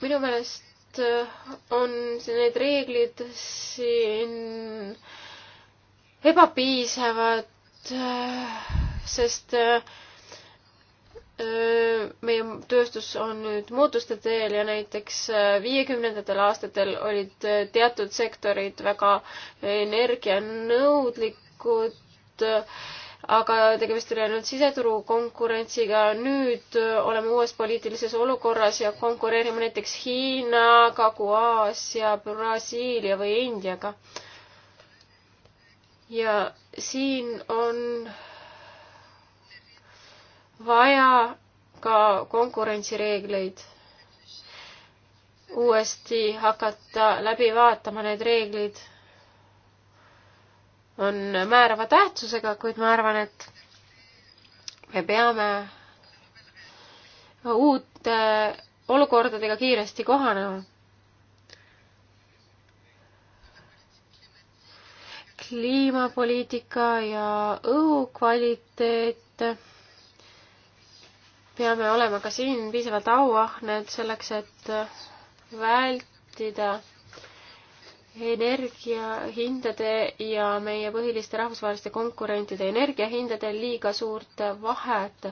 minu meelest äh, on need reeglid siin ebapiisavad sest äh, meie tööstus on nüüd muutuste teel ja näiteks äh, viiekümnendatel aastatel olid äh, teatud sektorid väga energianõudlikud, aga tegemist oli ainult siseturu konkurentsiga. nüüd oleme uues poliitilises olukorras ja konkureerime näiteks Hiina, Kagu-Aasia, Brasiilia või Indiaga. ja siin on vaja ka konkurentsireegleid uuesti hakata läbi vaatama, need reeglid on määrava tähtsusega, kuid ma arvan, et me peame uute olukordadega kiiresti kohanema. kliimapoliitika ja õhukvaliteet peame olema ka siin piisavalt auahned selleks, et vältida energiahindade ja meie põhiliste rahvusvaheliste konkurentide energiahindade liiga suurt vahet.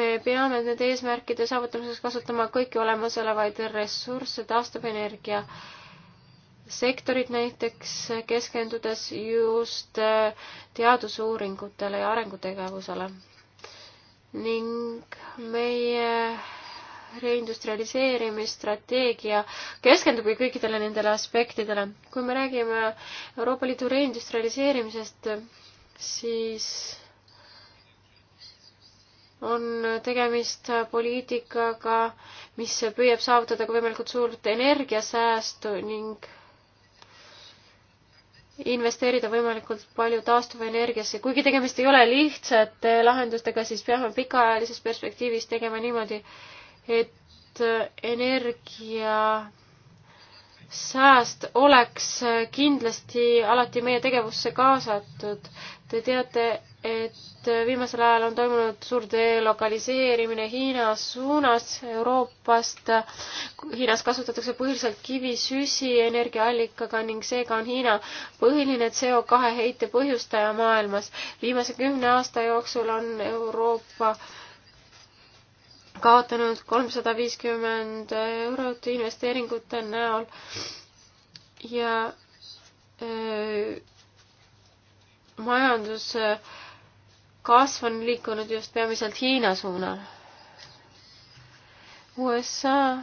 me peame nende eesmärkide saavutamiseks kasutama kõiki olemasolevaid ressursse, taastuvenergia sektorit näiteks, keskendudes just teadusuuringutele ja arengutegevusele ning meie reindustrialiseerimisstrateegia keskendubki kõikidele nendele aspektidele. kui me räägime Euroopa Liidu reindustrialiseerimisest, siis on tegemist poliitikaga, mis püüab saavutada ka võimalikult suurt energiasäästu ning investeerida võimalikult palju taastuvenergiasse, kuigi tegemist ei ole lihtsate lahendustega, siis peame pikaajalises perspektiivis tegema niimoodi, et energia sääst oleks kindlasti alati meie tegevusse kaasatud. Te teate, et viimasel ajal on toimunud suur delokaliseerimine Hiina suunas Euroopast. Hiinas kasutatakse põhiliselt kivisüsi energiaallikaga ning seega on Hiina põhiline CO2 heite põhjustaja maailmas. viimase kümne aasta jooksul on Euroopa äh, kaotanud kolmsada viiskümmend eurot investeeringute näol ja öö, äh, majanduskasv äh, on liikunud just peamiselt Hiina suunal. USA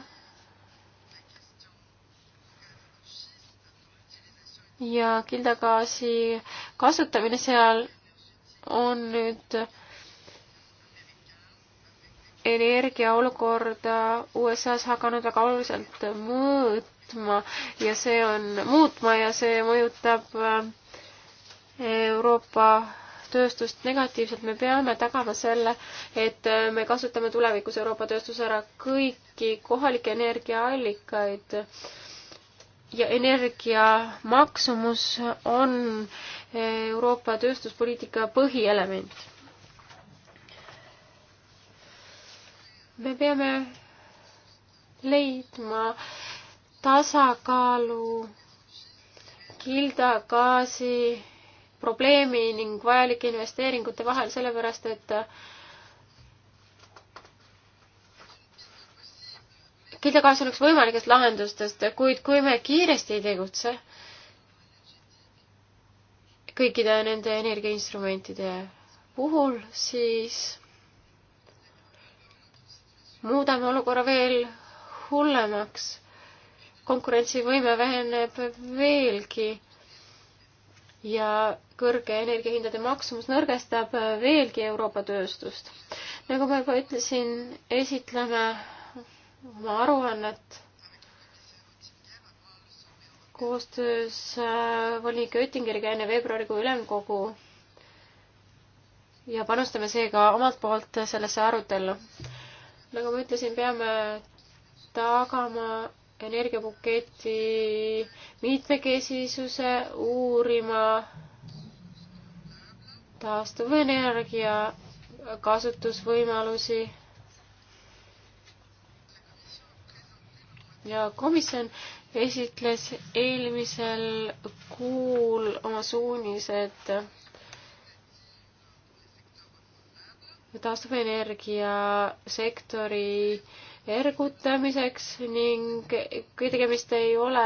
ja kildagaasi kasutamine seal on nüüd öö, energiaolukorda USA-s hakanud väga oluliselt mõõtma ja see on, muutma ja see mõjutab äh, Euroopa tööstust negatiivselt, me peame tagama selle, et äh, me kasutame tulevikus Euroopa tööstus ära kõiki kohalikke energiaallikaid. ja energia maksumus on äh, Euroopa tööstuspoliitika põhielement me peame leidma tasakaalu kildagaasi probleemi ning vajalike investeeringute vahel, sellepärast et kildagaas oleks võimalikest lahendustest, kuid kui me kiiresti ei tegutse kõikide nende energiainstrumentide puhul, siis muudame olukorra veel hullemaks. konkurentsivõime väheneb veelgi ja kõrge energiahindade maksumus nõrgestab veelgi Euroopa tööstust. nagu ma juba ütlesin, esitleme oma aruannet koostöös äh, volinik Oettingeriga enne veebruarikuu ülemkogu ja panustame seega omalt poolt sellesse arutellu nagu ma ütlesin, peame tagama energiabuketi mitmekesisuse, uurima taastuvenergia kasutusvõimalusi. ja komisjon esitles eelmisel kuul oma suunised taastuvenergiasektori ergutamiseks ning kui tegemist ei ole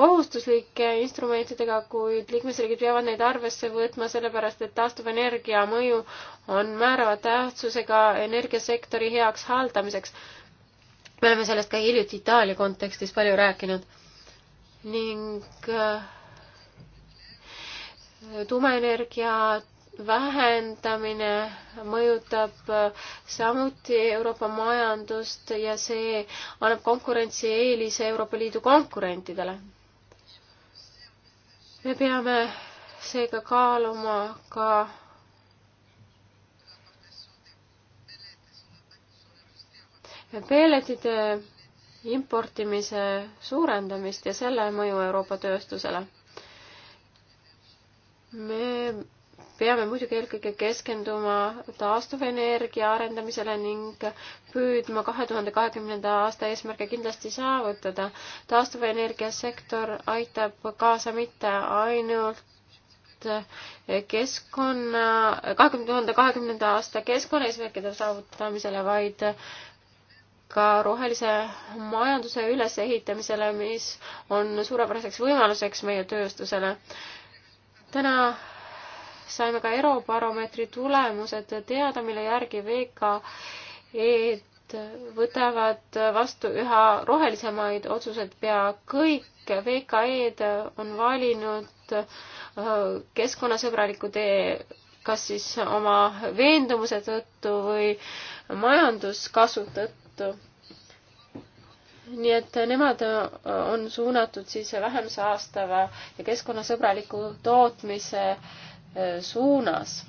kohustuslike instrumentidega, kuid liikmesriigid peavad neid arvesse võtma, sellepärast et taastuvenergia mõju on määrava tähtsusega energiasektori heaks haldamiseks. me oleme sellest ka hiljuti Itaalia kontekstis palju rääkinud ning äh, tuumaenergia vähendamine mõjutab äh, samuti Euroopa majandust ja see annab konkurentsieelise Euroopa Liidu konkurentidele. me peame seega kaaluma ka pelletite importimise suurendamist ja selle mõju Euroopa tööstusele. me peame muidugi eelkõige keskenduma taastuvenergia arendamisele ning püüdma kahe tuhande kahekümnenda aasta eesmärke kindlasti saavutada. taastuvenergia sektor aitab kaasa mitte ainult keskkonna, kahekümne tuhande kahekümnenda aasta keskkonnaeesmärkide saavutamisele, vaid ka rohelise majanduse ülesehitamisele, mis on suurepäraseks võimaluseks meie tööstusele. täna saime ka Eurobaromeetri tulemused teada, mille järgi VKE-d võtavad vastu üha rohelisemaid otsuseid pea kõik. VKE-d on valinud äh, keskkonnasõbraliku tee kas siis oma veendumuse tõttu või majanduskasvu tõttu. nii et nemad äh, on suunatud siis vähem saastava ja keskkonnasõbraliku tootmise äh, suunas.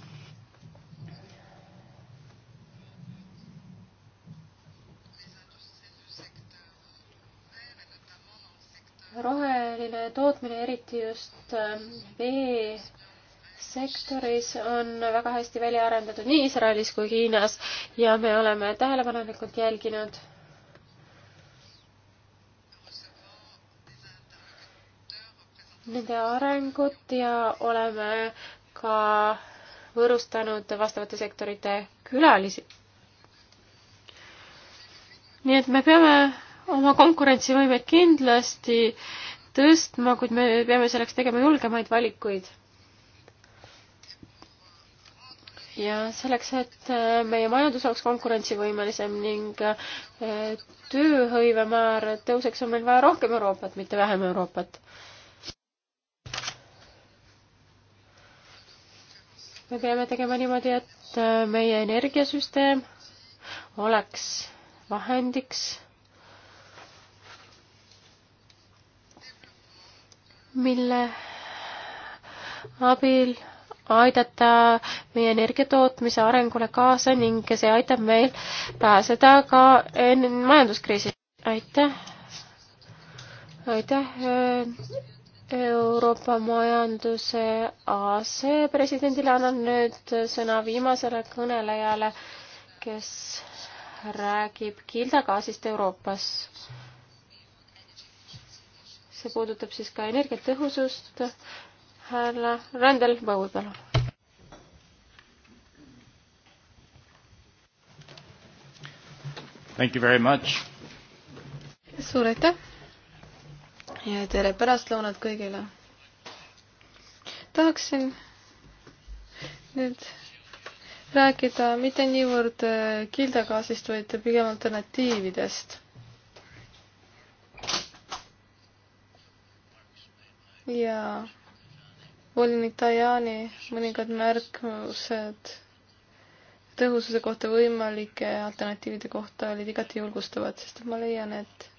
roheline tootmine, eriti just vee sektoris on väga hästi välja arendatud nii Iisraelis kui Hiinas ja me oleme tähelepanelikult jälginud nende arengut ja oleme ka võõrustanud vastavate sektorite külalisi. nii et me peame oma konkurentsivõimet kindlasti tõstma, kuid me peame selleks tegema julgemaid valikuid. ja selleks, et äh, meie majandus oleks konkurentsivõimelisem ning äh, tööhõivemäär tõuseks, on meil vaja rohkem Euroopat, mitte vähem Euroopat me peame tegema niimoodi, et äh, meie energiasüsteem oleks vahendiks, mille abil aidata meie energiatootmise arengule kaasa ning see aitab meil pääseda ka majanduskriisist. aitäh! aitäh äh, Euroopa Majanduse asepresidendile annan nüüd sõna viimasele kõnelejale, kes räägib kildagaasist Euroopas. see puudutab siis ka energiatõhusust. härra Randel Põud, palun. Thank you very much. suur aitäh ja tere pärastlõunat kõigile. tahaksin nüüd rääkida mitte niivõrd äh, kildagaasist, vaid pigem alternatiividest. ja volinik Tajani mõningad märkused tõhususe kohta võimalike alternatiivide kohta olid igati julgustavad, sest ma leian, et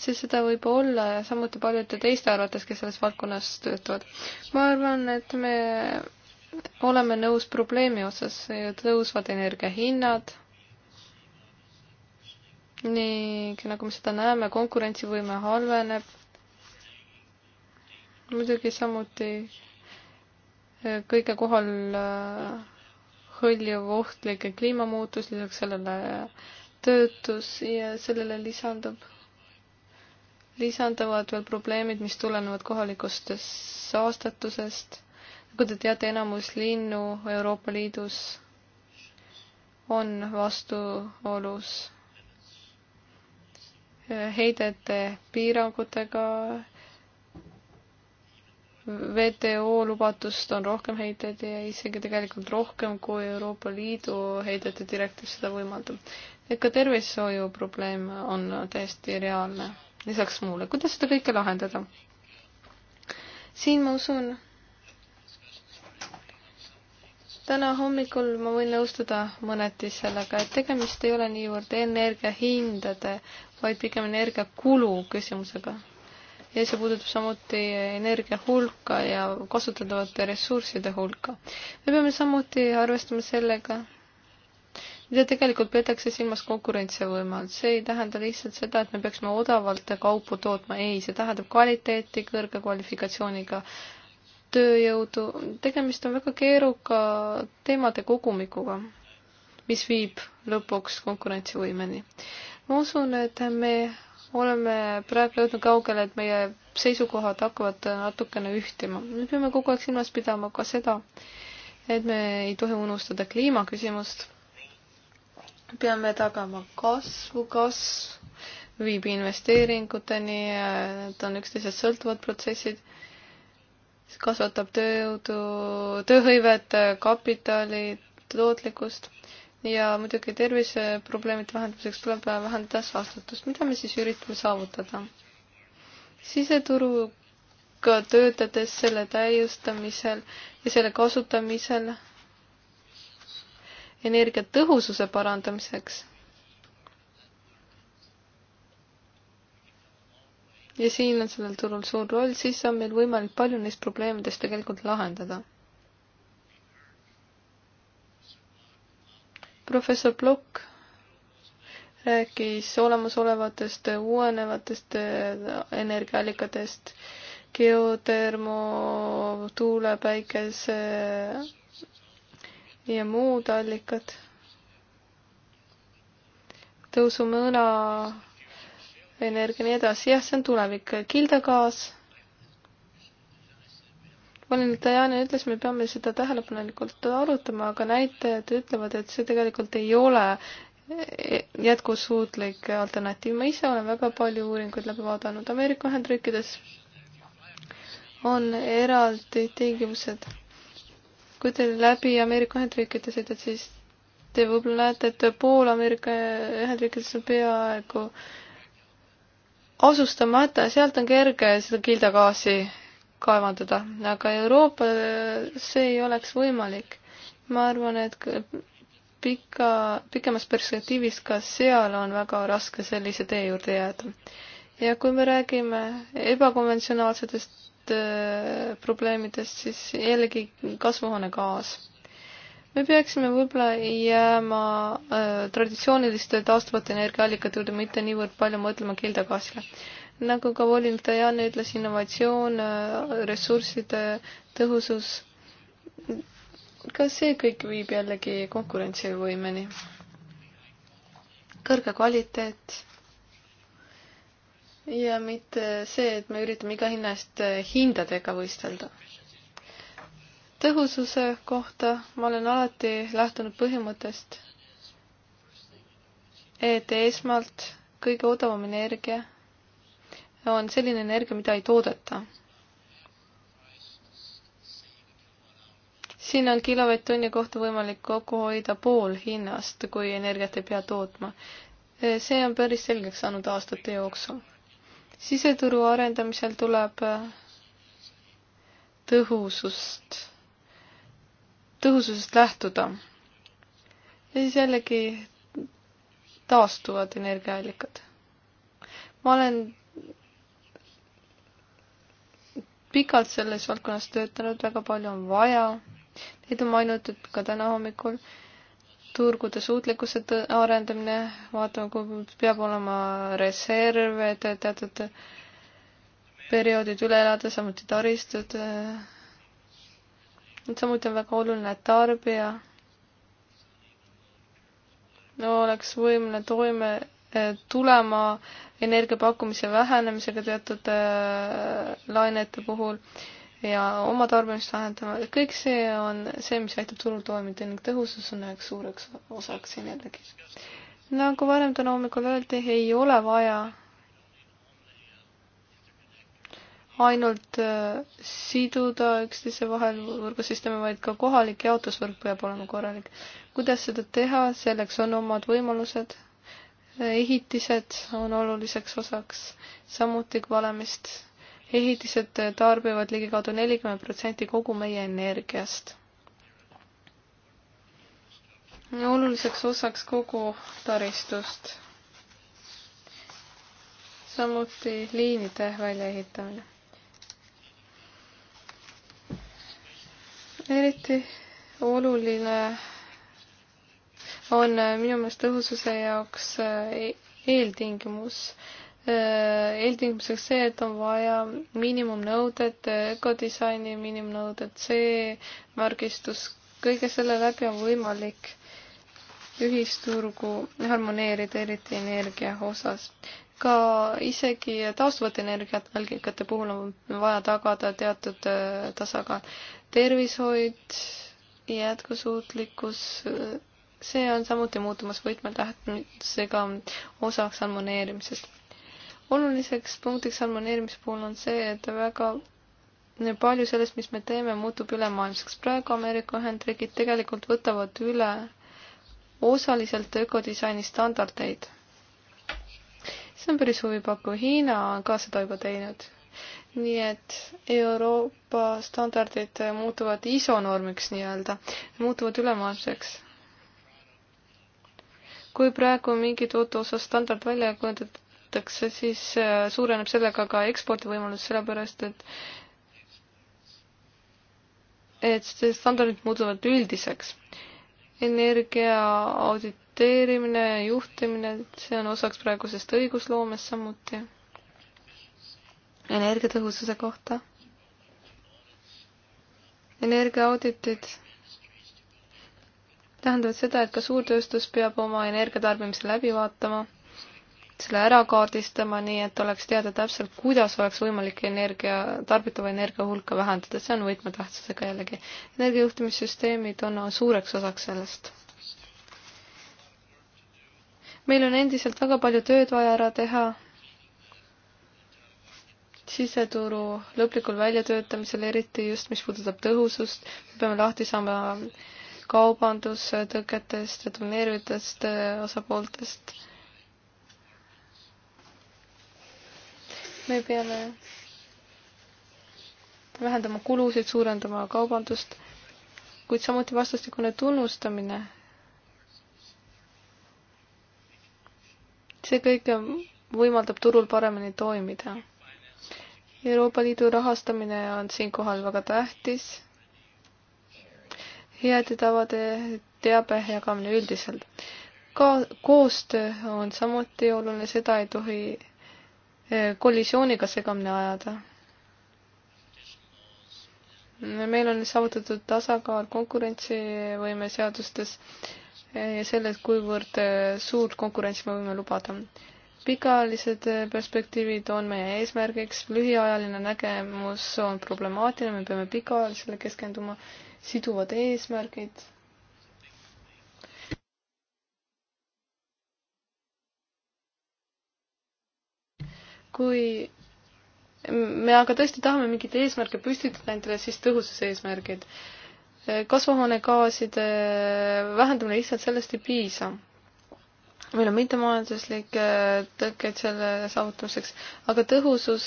siis seda võib olla ja samuti paljude teiste arvates, kes selles valdkonnas töötavad. ma arvan, et me oleme nõus probleemi osas, tõusvad energiahinnad ning nagu me seda näeme, konkurentsivõime halveneb. muidugi samuti eh, kõige kohal eh, hõljuv ohtlik kliimamuutus, lisaks sellele töötus ja sellele lisandub lisanduvad veel probleemid, mis tulenevad kohalikust saastatusest. nagu te teate, enamus linnu Euroopa Liidus on vastuolus eh, heidete piirangutega. WTO lubatust on rohkem heiteid ja isegi tegelikult rohkem, kui Euroopa Liidu heidete direktiiv seda võimaldab. et ka tervishoiu probleem on täiesti reaalne lisaks muule, kuidas seda kõike lahendada? siin ma usun, täna hommikul ma võin nõustuda mõneti sellega, et tegemist ei ole niivõrd energiahindade, vaid pigem energiakulu küsimusega. ja see puudutab samuti energia hulka ja kasutatavate ressursside hulka. me peame samuti arvestama sellega, mida tegelikult peetakse silmas konkurentsivõime all, see ei tähenda lihtsalt seda, et me peaksime odavalt kaupu tootma, ei, see tähendab kvaliteeti, kõrge kvalifikatsiooniga tööjõudu, tegemist on väga keeruka teemade kogumikuga, mis viib lõpuks konkurentsivõimeni. ma usun, et me oleme praegu jõudnud kaugele, et meie seisukohad hakkavad natukene ühtima. me peame kogu aeg silmas pidama ka seda, et me ei tohi unustada kliimaküsimust peame tagama kasvu, kasv viib investeeringuteni, need on üksteisest sõltuvad protsessid, see kasvatab tööjõudu, tööhõivet, kapitali, tootlikkust ja muidugi terviseprobleemide vähendamiseks tuleb vähendada saastatust, mida me siis üritame saavutada. siseturuga töötades selle täiustamisel ja selle kasutamisel energiatõhususe parandamiseks. ja siin on sellel turul suur roll, siis on meil võimalik palju neist probleemidest tegelikult lahendada. professor Blok rääkis olemasolevatest uuenevatest energiaallikatest, geotermo, tuule, päikese ja muud allikad. tõusumõõna, energia, nii edasi, jah, see on tulevik, kildagaas. volinik Dajani ütles, me peame seda tähelepanelikult arutama, aga näitajad ütlevad, et see tegelikult ei ole jätkusuutlik alternatiiv, ma ise olen väga palju uuringuid läbi vaadanud Ameerika Ühendriikides on eraldi tingimused kui te läbi Ameerika Ühendriikide sõidate, siis te võib-olla näete, et pool Ameerika Ühendriikides on peaaegu asustamata, sealt on kerge seda kildagaasi kaevandada, aga Euroopa see ei oleks võimalik. ma arvan, et pika, pikemas perspektiivis ka seal on väga raske sellise tee juurde jääda. ja kui me räägime ebakonventsionaalsetest Äh, probleemidest, siis jällegi kasvuhoonegaas. me peaksime võib-olla jääma äh, traditsiooniliste taastuvate energiaallikate juurde, mitte niivõrd palju mõtlema kildagaasile. nagu ka volinik Diana ütles, innovatsioon äh,, ressursside tõhusus, ka see kõik viib jällegi konkurentsivõimeni. kõrge kvaliteet ja mitte see, et me üritame iga hinna eest äh, hindadega võistelda. tõhususe kohta ma olen alati lähtunud põhimõttest, et esmalt kõige odavam energia on selline energia, mida ei toodeta. siin on kilovatt-tunni kohta võimalik kokku hoida pool hinnast, kui energiat ei pea tootma. Äh, see on päris selgeks saanud aastate jooksul siseturu arendamisel tuleb äh, tõhusust, tõhususest lähtuda. ja siis jällegi taastuvad energiaallikad. ma olen pikalt selles valdkonnas töötanud, väga palju on vaja. Neid on mainitud ka täna hommikul turgude suutlikkuse arendamine, vaatame, kui peab olema reserv, et teatud perioodid üle elada, samuti taristud. samuti on väga oluline, et tarbija no, oleks võimeline toime eh, tulema energiapakkumise vähenemisega teatud eh, lainete puhul ja oma tarbimist vähendama, kõik see on see, mis aitab turul toimida ning tõhusus on üheks suureks osaks siin jällegi. nagu varem täna hommikul öeldi, ei ole vaja ainult äh, siduda üksteise vahel võrgusüsteeme, vaid ka kohalik jaotusvõrk peab olema korralik. kuidas seda teha, selleks on omad võimalused, ehitised on oluliseks osaks, samuti valemist ehitised tarbivad ligikaudu nelikümmend protsenti kogu meie energiast. oluliseks osaks kogu taristust. samuti liinide väljaehitamine. eriti oluline on minu meelest tõhususe jaoks eeltingimus Äh, eeltingimuseks see, et on vaja miinimumnõuded, ökodisaini miinimumnõuded, C-märgistus, kõige selle läbi on võimalik ühisturgu harmoneerida, eriti energia osas. ka isegi taastuvate energiaallikate puhul on vaja tagada teatud äh, tasakaal. tervishoid, jätkusuutlikkus, äh, see on samuti muutumas võtmetähtsusega osaks harmoneerimisest oluliseks punktiks harmoneerimise puhul on see, et väga palju sellest, mis me teeme, muutub ülemaailmseks. praegu Ameerika Ühendriigid tegelikult võtavad üle osaliselt ökodisaini standardeid. see on päris huvipakkuv, Hiina on ka seda juba teinud. nii et Euroopa standardid muutuvad isonormiks nii-öelda, muutuvad ülemaailmseks. kui praegu mingi toote osas standard välja kujundatud, kasutatakse, siis äh, suureneb sellega ka ekspordivõimalus, sellepärast et et standardid muutuvad üldiseks. energia auditeerimine, juhtimine, see on osaks praegusest õigusloomest samuti. energiatõhususe kohta. energiaauditid tähendavad seda, et ka suurtööstus peab oma energiatarbimise läbi vaatama selle ära kaardistama, nii et oleks teada täpselt, kuidas oleks võimalik energia, tarbitava energia hulka vähendada, see on võtmetähtsusega jällegi. energiajuhtimissüsteemid on suureks osaks sellest. meil on endiselt väga palju tööd vaja ära teha siseturu lõplikul väljatöötamisel, eriti just, mis puudutab tõhusust, me peame lahti saama kaubandustõketest ja domineerivatest eh, osapooltest me peame vähendama kulusid, suurendama kaubandust, kuid samuti vastastikune tunnustamine. see kõik võimaldab turul paremini toimida. Euroopa Liidu rahastamine on siinkohal väga tähtis. heade tavade teabe jagamine üldiselt. ka koostöö on samuti oluline, seda ei tohi kollisiooniga segamini ajada. meil on saavutatud tasakaal konkurentsivõime seadustes ja selles, kuivõrd äh, suurt konkurentsi me võime lubada. pikaajalised äh, perspektiivid on meie eesmärgiks, lühiajaline nägemus on problemaatiline, me peame pikaajalisele keskenduma, siduvad eesmärgid kui me aga tõesti tahame mingeid eesmärke püstitada endale, siis tõhususe eesmärgid. kasvuhoonegaaside vähendamine lihtsalt sellest ei piisa. meil on mittemajanduslikke äh, tõkkeid selle saavutamiseks, aga tõhusus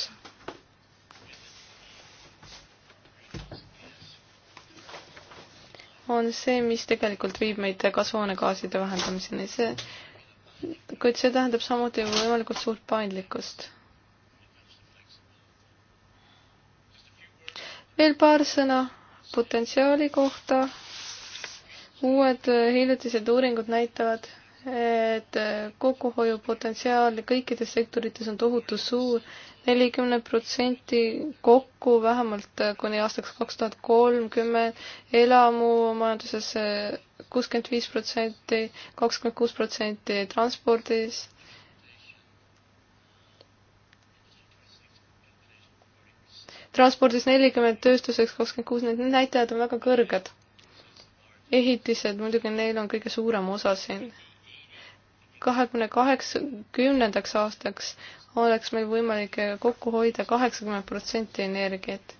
on see, mis tegelikult viib meid kasvuhoonegaaside vähendamiseni, see, kuid see tähendab samuti võimalikult suurt paindlikkust veel paar sõna potentsiaali kohta. uued hiljutised uuringud näitavad, et kokkuhoiupotentsiaal kõikides sektorites on tohutu suur, nelikümmend protsenti kokku vähemalt kuni aastaks kaks tuhat kolmkümmend, elamumajanduses kuuskümmend viis protsenti, kakskümmend kuus protsenti transpordis transpordis nelikümmend, tööstuseks kakskümmend kuus, need näitajad on väga kõrged. ehitised, muidugi neil on kõige suurem osa siin. kahekümne kaheksakümnendaks aastaks oleks meil võimalik kokku hoida kaheksakümmend protsenti energiat.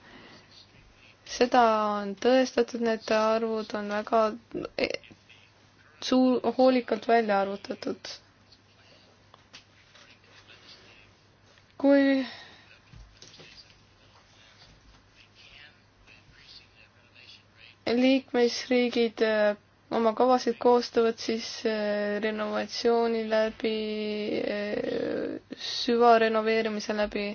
seda on tõestatud, need arvud on väga e, suur, hoolikalt välja arvutatud. kui liikmesriigid äh, oma kavasid koostavad siis äh, renovatsiooni läbi, äh, süvarenoveerimise läbi,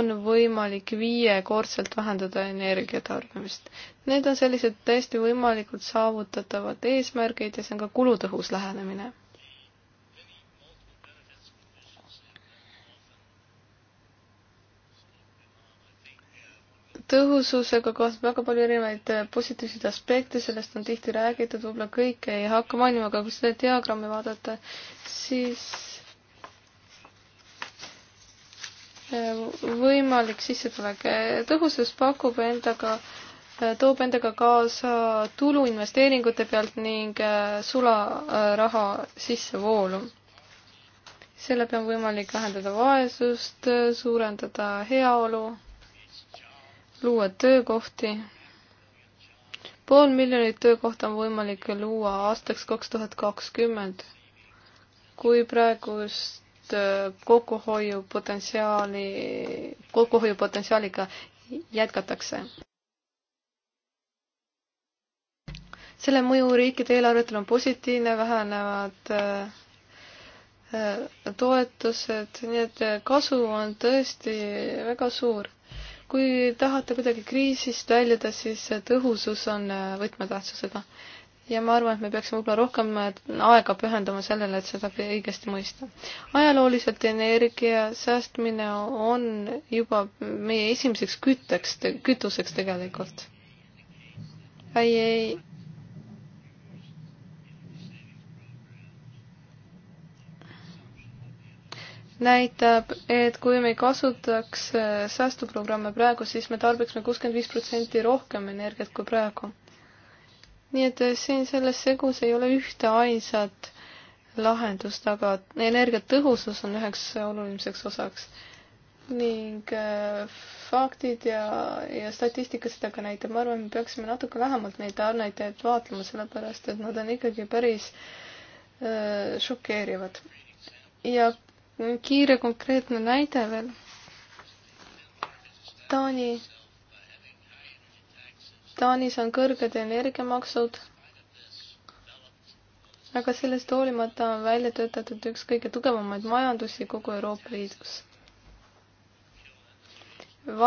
on võimalik viiekordselt vähendada energia tarbimist. Need on sellised täiesti võimalikud saavutatavad eesmärgid ja see on ka kulutõhus lähenemine tõhususega kaasneb väga palju erinevaid äh, positiivseid aspekte, sellest on tihti räägitud, võib-olla kõike ei hakka mainima, aga kui seda diagrammi vaadata, siis äh, võimalik sissetulek. Äh, tõhusus pakub endaga, toob endaga kaasa tulu investeeringute pealt ning sularaha sissevoolu. selle peab võimalik vähendada vaesust, suurendada heaolu luua töökohti. pool miljonit töökohta on võimalik luua aastaks kaks tuhat kakskümmend. kui praegust äh, kokkuhoiupotentsiaali, kokkuhoiupotentsiaaliga jätkatakse. selle mõju riikide eelarvetel on positiivne, vähenevad äh, äh, toetused, nii et kasu on tõesti väga suur kui tahate kuidagi kriisist väljuda, siis tõhusus on äh, võtmetähtsusega. ja ma arvan, et me peaksime võib-olla rohkem äh, aega pühendama sellele, et seda õigesti mõista. ajalooliselt energia säästmine on juba meie esimeseks kütteks, kütuseks tegelikult. ei, ei näitab, et kui me kasutaks äh, säästuprogramme praegu, siis me tarbiksime kuuskümmend viis protsenti rohkem energiat kui praegu. nii et äh, siin selles segus ei ole ühte ainsat lahendust, aga energiatõhusus on üheks oluliseks osaks. ning äh, faktid ja, ja statistika seda ka näitab, ma arvan, me peaksime natuke lähemalt neid näitajaid vaatlema, sellepärast et nad on ikkagi päris öö, šokeerivad. ja kiire konkreetne näide veel. Taani, Taanis on kõrged energiamaksud, aga sellest hoolimata on välja töötatud üks kõige tugevamaid majandusi kogu Euroopa Liidus.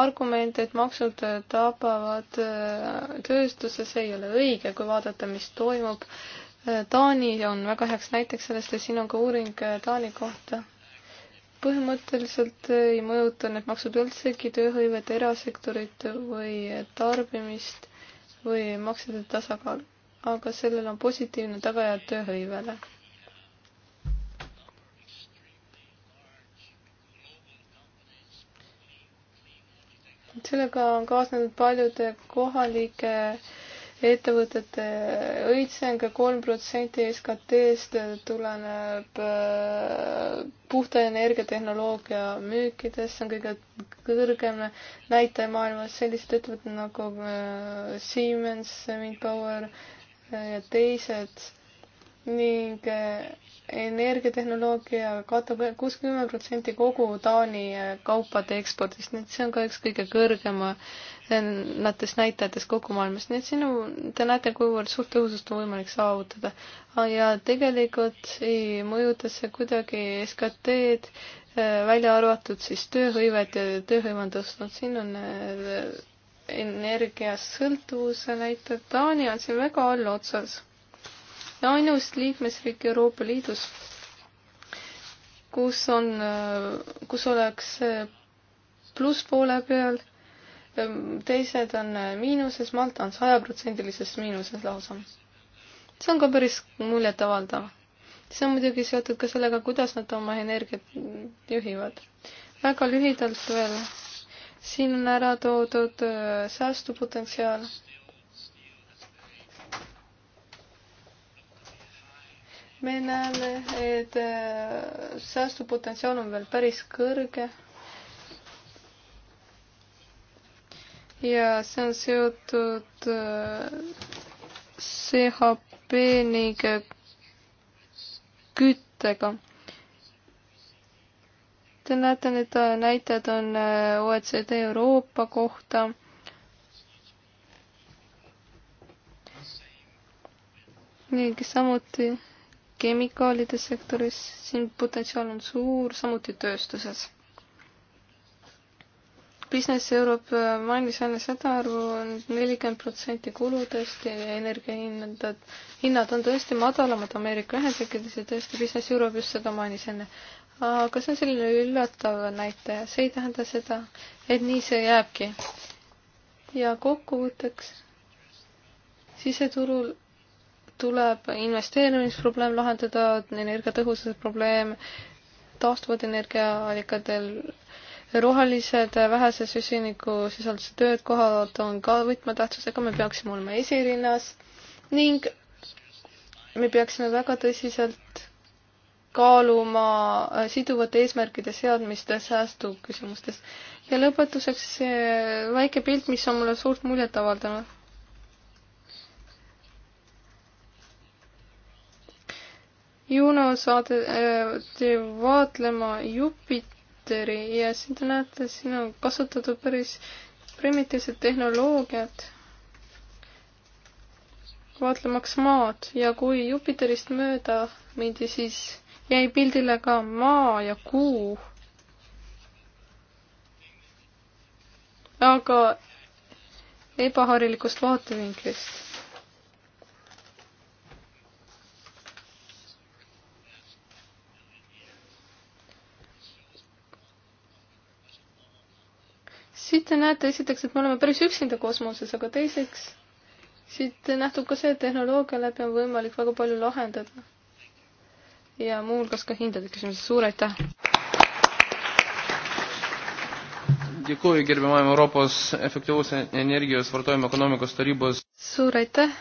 argument, et maksud tapavad äh, tööstuse, see ei ole õige, kui vaadata, mis toimub. Äh, Taani on väga heaks näiteks sellest ja siin on ka uuring äh, Taani kohta põhimõtteliselt ei mõjuta need maksud üldsegi tööhõivet, erasektorit või tarbimist või maksude tasakaalu, aga sellel on positiivne tagajärg tööhõivele. sellega on kaasnenud paljude kohalike ettevõtete õitseng kolm protsenti SKT-st tuleneb äh, puhta energiatehnoloogia müükidest, see on kõige kõrgem näitaja maailmas, sellised ettevõtted nagu äh, Siemens, Minpower äh, ja teised ning eh, energiatehnoloogia katab kuuskümmend protsenti kogu Taani eh, kaupade ekspordist, nii et see on ka üks kõige kõrgema eh, nendes näitajates kogu maailmas, nii et siin te näete, kuivõrd suurt tõhusust on võimalik saavutada. Ah, ja tegelikult ei mõjuta see kuidagi SKT-d, välja arvatud siis tööhõivet ja tööhõive on tõstnud, siin on energiasõltuvuse näitajad, Taani on siin väga allotsas ja ainus liikmesriik Euroopa Liidus, kus on, kus oleks plusspoole peal, teised on miinuses, Malta on sajaprotsendilises miinuses lausa. see on ka päris muljetavaldav. see on muidugi seotud ka sellega, kuidas nad oma energiat juhivad. väga lühidalt veel, siin on ära toodud äh, säästupotentsiaal me näeme, et äh, säästupotentsiaal on veel päris kõrge. ja see on seotud äh, CHP ning äh, küttega. Te näete, need näitajad on OECD Euroopa kohta ning samuti kemikaalide sektoris, siin potentsiaal on suur, samuti tööstuses. Business Europe äh, mainis enne seda arvu, et nelikümmend protsenti kuludest ja energiahinnad, hinnad on tõesti madalamad Ameerika Ühendriikides ja tõesti Business Europe just seda mainis enne. aga see on selline üllatav näitaja, see ei tähenda seda, et nii see jääbki. ja kokkuvõtteks siseturul tuleb investeerimisprobleem lahendada, energiatõhususe probleem, taastuvad energiaallikatel rohelised vähese süsiniku sisalduse töökohad on ka võtmetähtsusega, me peaksime olema esirinnas ning me peaksime väga tõsiselt kaaluma äh, siduvate eesmärkide seadmist säästuküsimustes. ja lõpetuseks see väike pilt, mis on mulle suurt muljet avaldanud. Juno saadeti äh, vaatlema Jupiteri ja siin te näete, siin on kasutatud päris primitiivset tehnoloogiat vaatlemaks maad ja kui Jupiterist mööda mindi, siis jäi pildile ka maa ja kuu. aga ebaharilikust vaatevinklist siit te näete esiteks, et me oleme päris üksinda kosmoses, aga teiseks siit nähtub ka see, et tehnoloogia läbi on võimalik väga palju lahendada. ja muuhulgas ka hindade küsimuses, suur aitäh! Dėkuoju gerbiamajam Europos efektyvaus energijos vartojimo ekonomikos tarybos. Suur aitäh!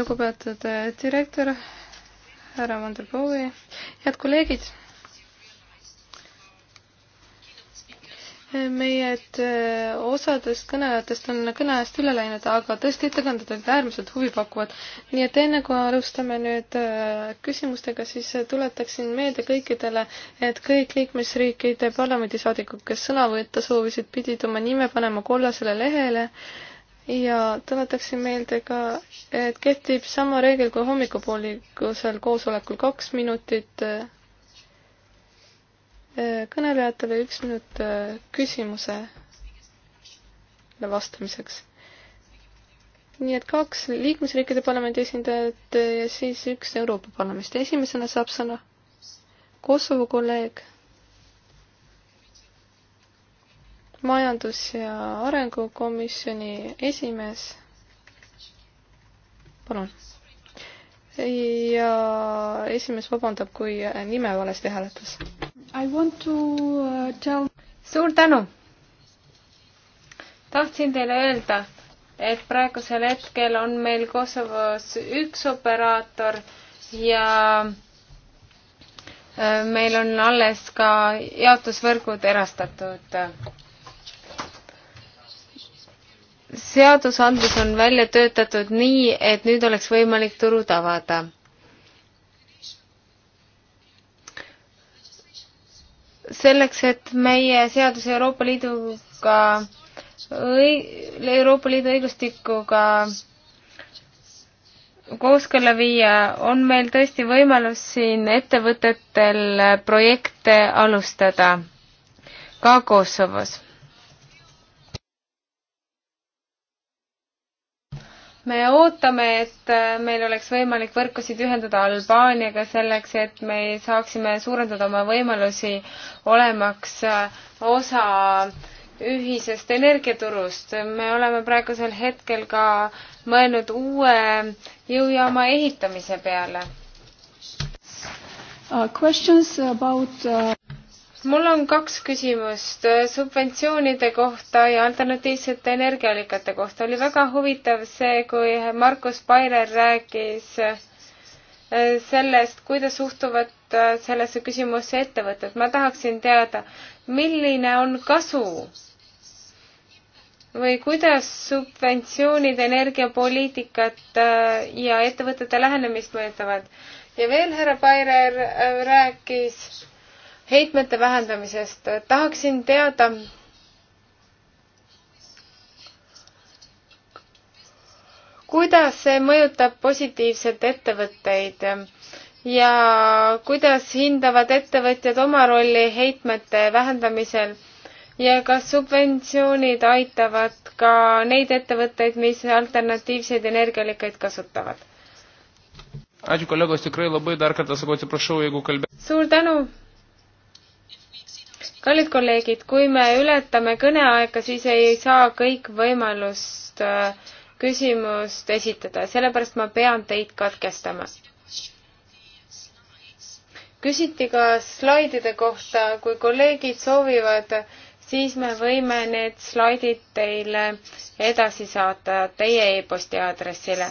Lugupeetud direktor, härra Vanderpooli, head kolleegid! meie, et eh, osadest kõnelejatest on kõne ajast üle läinud, aga tõesti ettekanded olid äärmiselt huvipakkuvad. nii et enne kui alustame nüüd eh, küsimustega, siis eh, tuletaksin meelde kõikidele, et kõik liikmesriikide parlamendisaadikud, kes sõna võtta soovisid, pidid oma nime panema kollasele lehele ja tuletaksin meelde ka, et kehtib sama reegel kui hommikupoolikusel koosolekul kaks minutit kõnelejatele üks minut äh, küsimusele vastamiseks. nii et kaks liikmesriikide parlamendi esindajat ja siis üks Euroopa Parlamendist. esimesena saab sõna Kosovo kolleeg, majandus- ja arengukomisjoni esimees. palun ja esimees vabandab, kui nime valesti hääletas. Uh, tell... suur tänu! tahtsin teile öelda, et praegusel hetkel on meil Kosovos üks operaator ja äh, meil on alles ka jaotusvõrgud erastatud. seadusandlus on välja töötatud nii, et nüüd oleks võimalik turud avada selleks, et meie seadus Euroopa Liiduga, Euroopa Liidu õigustikuga kooskõlla viia, on meil tõesti võimalus siin ettevõtetel projekte alustada, ka Kosovos me ootame, et äh, meil oleks võimalik võrkusid ühendada Albaaniaga selleks, et me saaksime suurendada oma võimalusi olemaks äh, osa ühisest energiaturust. me oleme praegusel hetkel ka mõelnud uue jõujaama ehitamise peale uh,. Questions about uh mul on kaks küsimust äh, subventsioonide kohta ja alternatiivsete energiaallikate kohta. oli väga huvitav see, kui Markus Pairer rääkis äh, sellest, kuidas suhtuvad äh, sellesse küsimusse ettevõtted. ma tahaksin teada, milline on kasu või kuidas subventsioonid energiapoliitikat ja ettevõtete lähenemist mõjutavad. ja veel härra Pairer rääkis heitmete vähendamisest. tahaksin teada, kuidas see mõjutab positiivselt ettevõtteid ja kuidas hindavad ettevõtjad oma rolli heitmete vähendamisel ja kas subventsioonid aitavad ka neid ettevõtteid, mis alternatiivseid energiallikaid kasutavad? suur tänu, kallid kolleegid, kui me ületame kõneaega, siis ei saa kõik võimalust äh, küsimust esitada, sellepärast ma pean teid katkestama. küsiti ka slaidide kohta, kui kolleegid soovivad, siis me võime need slaidid teile edasi saata teie e-posti aadressile.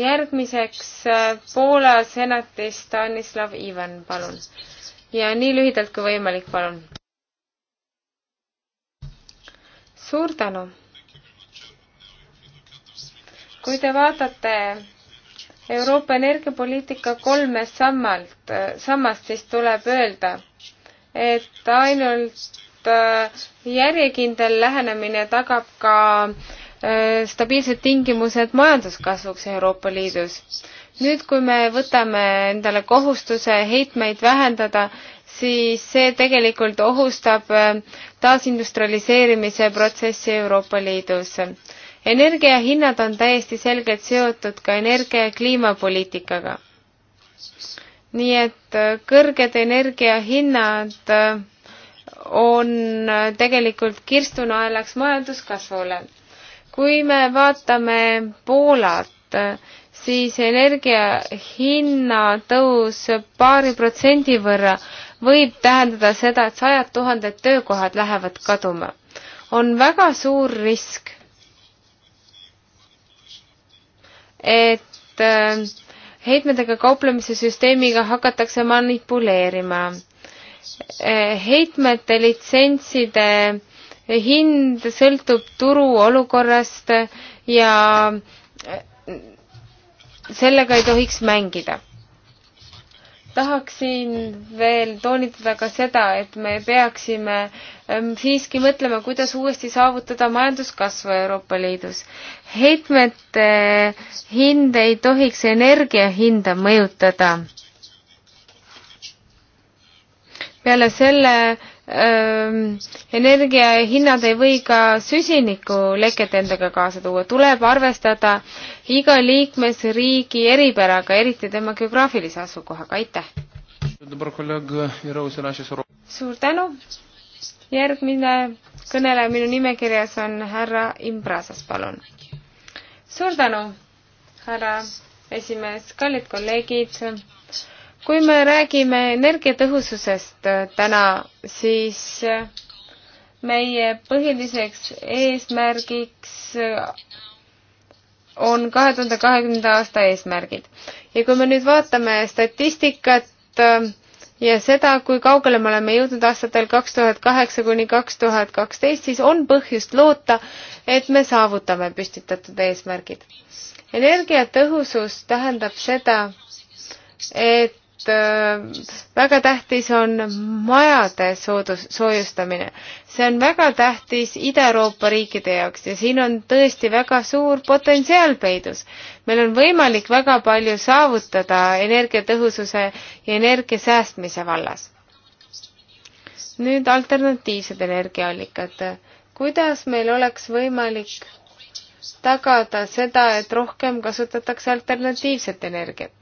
järgmiseks äh, Poola senatist Stanislav Ivan, palun. ja nii lühidalt kui võimalik, palun suur tänu! kui te vaatate Euroopa energiapoliitika kolmest sammalt, äh, sammast, siis tuleb öelda, et ainult äh, järjekindel lähenemine tagab ka äh, stabiilsed tingimused majanduskasvuks Euroopa Liidus. nüüd, kui me võtame endale kohustuse heitmeid vähendada, siis see tegelikult ohustab äh, taasindustrialiseerimise protsessi Euroopa Liidus. energiahinnad on täiesti selgelt seotud ka energia- ja kliimapoliitikaga. nii et äh, kõrged energiahinnad äh, on tegelikult kirstunaelaks majanduskasvule. kui me vaatame Poolat, siis energia hinna tõus paari protsendi võrra võib tähendada seda, et sajad tuhanded töökohad lähevad kaduma. on väga suur risk, et äh, heitmetega kauplemise süsteemiga hakatakse manipuleerima. Äh, heitmete litsentside hind sõltub turuolukorrast ja äh, sellega ei tohiks mängida tahaksin veel toonitada ka seda, et me peaksime ähm, siiski mõtlema, kuidas uuesti saavutada majanduskasvu Euroopa Liidus. heitmete hind ei tohiks energia hinda mõjutada. peale selle energiahinnad ei või ka süsinikuleket endaga kaasa tuua, tuleb arvestada iga liikmesriigi eripäraga, eriti tema geograafilise asukohaga, aitäh! suur tänu! järgmine kõneleja minu nimekirjas on härra Imbrasas, palun! suur tänu, härra esimees, kallid kolleegid, kui me räägime energiatõhususest äh, täna, siis äh, meie põhiliseks eesmärgiks äh, on kahe tuhande kahekümnenda aasta eesmärgid. ja kui me nüüd vaatame statistikat ja seda, kui kaugele me oleme jõudnud aastatel kaks tuhat kaheksa kuni kaks tuhat kaksteist, siis on põhjust loota, et me saavutame püstitatud eesmärgid. energiatõhusus tähendab seda, et et äh, väga tähtis on majade soodus, soojustamine. see on väga tähtis Ida-Euroopa riikide jaoks ja siin on tõesti väga suur potentsiaal peidus. meil on võimalik väga palju saavutada energiatõhususe ja energia säästmise vallas. nüüd alternatiivsed energiaallikad. kuidas meil oleks võimalik tagada seda, et rohkem kasutatakse alternatiivset energiat?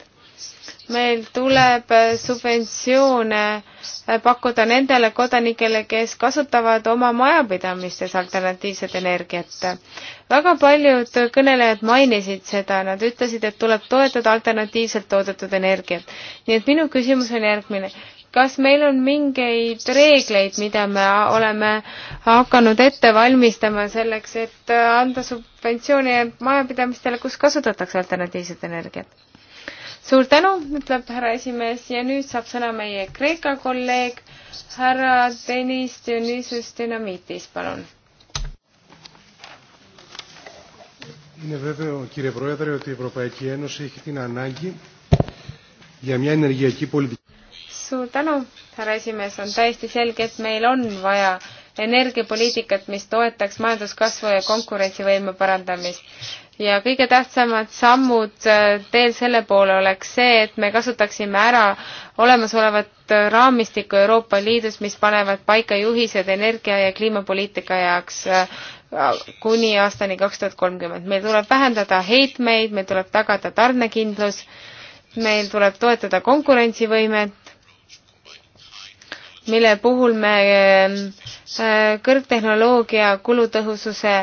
meil tuleb äh, subventsioone äh, pakkuda nendele kodanikele, kes kasutavad oma majapidamistes alternatiivset energiat. väga paljud kõnelejad mainisid seda, nad ütlesid, et tuleb toetada alternatiivselt toodetud energiat. nii et minu küsimus on järgmine kas meil on mingeid reegleid, mida me oleme hakanud ette valmistama selleks, et äh, anda subventsioone majapidamistele, kus kasutatakse alternatiivset energiat? suur tänu, ütleb härra esimees ja nüüd saab sõna meie Kreeka kolleeg härra Deniss Dionysus Dynamitis, palun. Είναι βέβαιο, κύριε Πρόεδρε, ότι η Ευρωπαϊκή Ένωση έχει την ανάγκη για μια ενεργειακή πολιτική. Suur tänu, härra esimees, on täiesti selge, et meil on vaja energiapoliitikat, mis toetaks majanduskasvu ja konkurentsivõime parandamist ja kõige tähtsamad sammud äh, teel selle poole oleks see, et me kasutaksime ära olemasolevat äh, raamistikku Euroopa Liidus, mis panevad paika juhised energia ja kliimapoliitika jaoks äh, kuni aastani kaks tuhat kolmkümmend. meil tuleb vähendada heitmeid, meil tuleb tagada tarnekindlus, meil tuleb toetada konkurentsivõimet, mille puhul me kõrgtehnoloogia kulutõhususe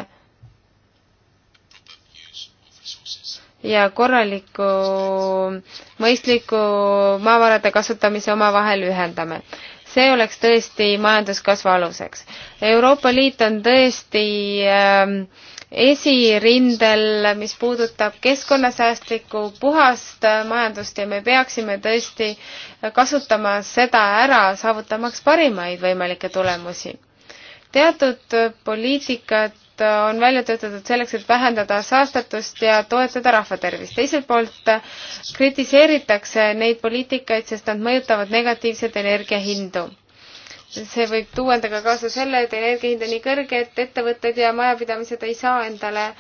ja korraliku mõistliku maavarade kasutamise omavahel ühendame. see oleks tõesti majanduskasvu aluseks. Euroopa Liit on tõesti äh, esirindel, mis puudutab keskkonnasäästlikku puhast majandust ja me peaksime tõesti kasutama seda ära, saavutamaks parimaid võimalikke tulemusi. teatud poliitikad poolt äh, on välja töötatud selleks, et vähendada saastatust ja toetada rahvatervist. teiselt poolt äh, kritiseeritakse neid poliitikaid, sest nad mõjutavad negatiivselt energiahindu. see võib tuuendaga kaasa selle, et energiahind on nii kõrge, et ettevõtted ja majapidamised ei saa endale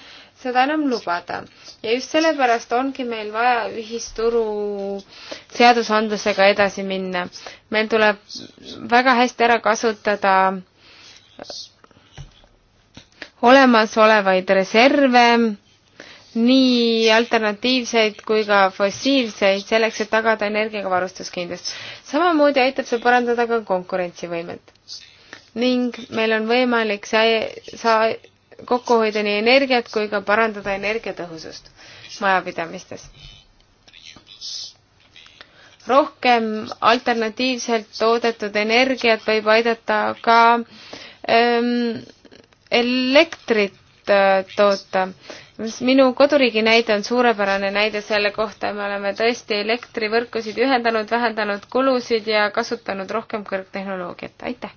seda enam lubada. ja just sellepärast ongi meil vaja ühisturu seadusandlusega edasi minna. meil tuleb väga hästi ära kasutada olemasolevaid reserve, nii alternatiivseid kui ka fossiilseid, selleks et tagada energiaga varustuskindlust. samamoodi aitab see parandada ka konkurentsivõimet. ning meil on võimalik see, saa-, kokku hoida nii energiat kui ka parandada energiatõhusust majapidamistes. rohkem alternatiivselt toodetud energiat võib aidata ka ähm, elektrit äh, toota. minu koduriigi näide on suurepärane näide selle kohta, me oleme tõesti elektrivõrkusid ühendanud, vähendanud kulusid ja kasutanud rohkem kõrgtehnoloogiat, aitäh!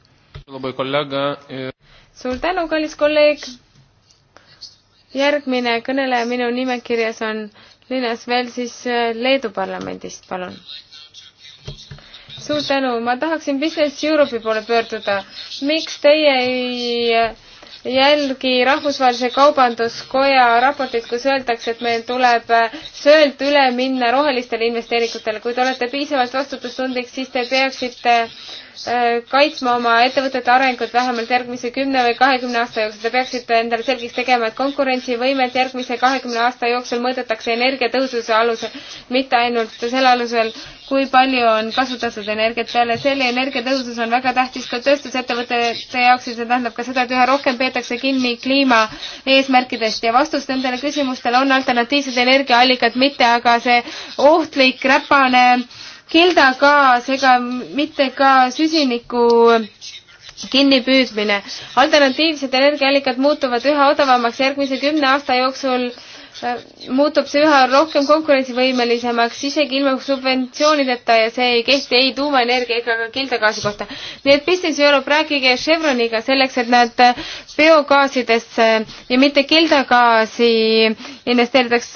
suur tänu, kallis kolleeg! järgmine kõneleja minu nimekirjas on Linas Velsis äh, Leedu parlamendist, palun. suur tänu, ma tahaksin Business Europe'i poole pöörduda. miks teie ei äh, jälgi Rahvusvahelise Kaubanduskoja raportit, kus öeldakse, et meil tuleb söölt üle minna rohelistele investeeringutele. kui te olete piisavalt vastutustundlik, siis te peaksite äh, Äh, kaitsma oma ettevõtete arengut vähemalt järgmise kümne või kahekümne aasta jooksul. Te peaksite endale selgeks tegema, et konkurentsivõimet järgmise kahekümne aasta jooksul mõõdetakse energiatõhususe alusel, mitte ainult selle alusel, kui palju on kasutatud energiat peale selle. energiatõhusus on väga tähtis ka tööstusettevõtete jaoks ja see tähendab ka seda, et üha rohkem peetakse kinni kliimaeesmärkidest ja vastus nendele küsimustele on alternatiivsed energiaallikad, mitte aga see ohtlik räpane kildagaas ega mitte ka süsiniku kinnipüüdmine. alternatiivsed energiaallikad muutuvad üha odavamaks järgmise kümne aasta jooksul Äh, muutub see üha rohkem konkurentsivõimelisemaks, isegi ilma subventsioonideta ja see ei kehti ei tuumaenergia ega ka kildagaasi kohta. nii et Business Europe, rääkige Chevroniga selleks, et nad äh, biogaasidesse ja mitte kildagaasi investeeritaks.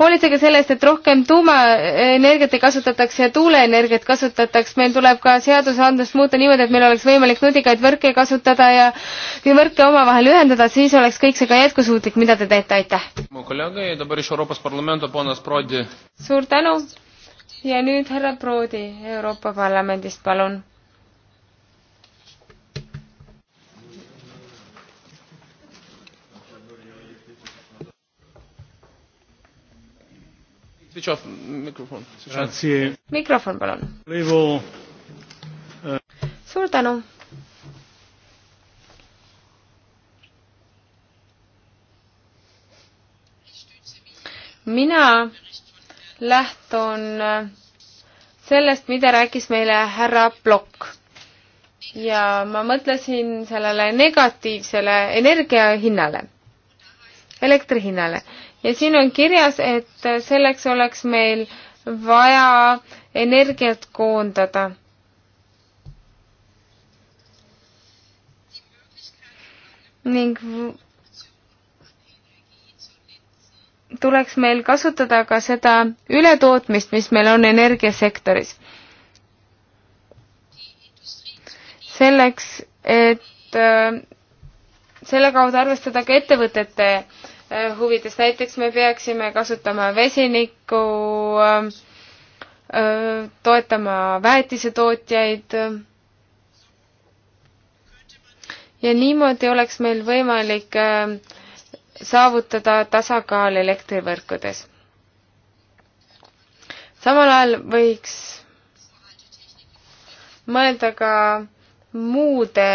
hoolitsege sellest, et rohkem tuumaenergiat ei kasutataks ja tuuleenergiat kasutataks. meil tuleb ka seadusandlust muuta niimoodi, et meil oleks võimalik nutikaid võrke kasutada ja kui võrke omavahel ühendada, siis oleks kõik see ka jätkusuutlik, mida te teete, aitäh! mu kolleeg pranešėjai, dabar iš Europos parlamento ponas Prodi. suur tänu ja nüüd härra Prodi Euroopa Parlamendist, palun. mikrofon, mikrofon, palun. Eh, suur tänu mina lähtun äh, sellest, mida rääkis meile härra Plokk. ja ma mõtlesin sellele negatiivsele energiahinnale, elektrihinnale. ja siin on kirjas, et selleks oleks meil vaja energiat koondada. ning tuleks meil kasutada ka seda ületootmist, mis meil on energiasektoris. selleks, et äh, selle kaudu arvestada ka ettevõtete äh, huvides, näiteks me peaksime kasutama vesinikku, äh, toetama väetisetootjaid ja niimoodi oleks meil võimalik äh, saavutada tasakaal elektrivõrkudes. samal ajal võiks mõelda ka muude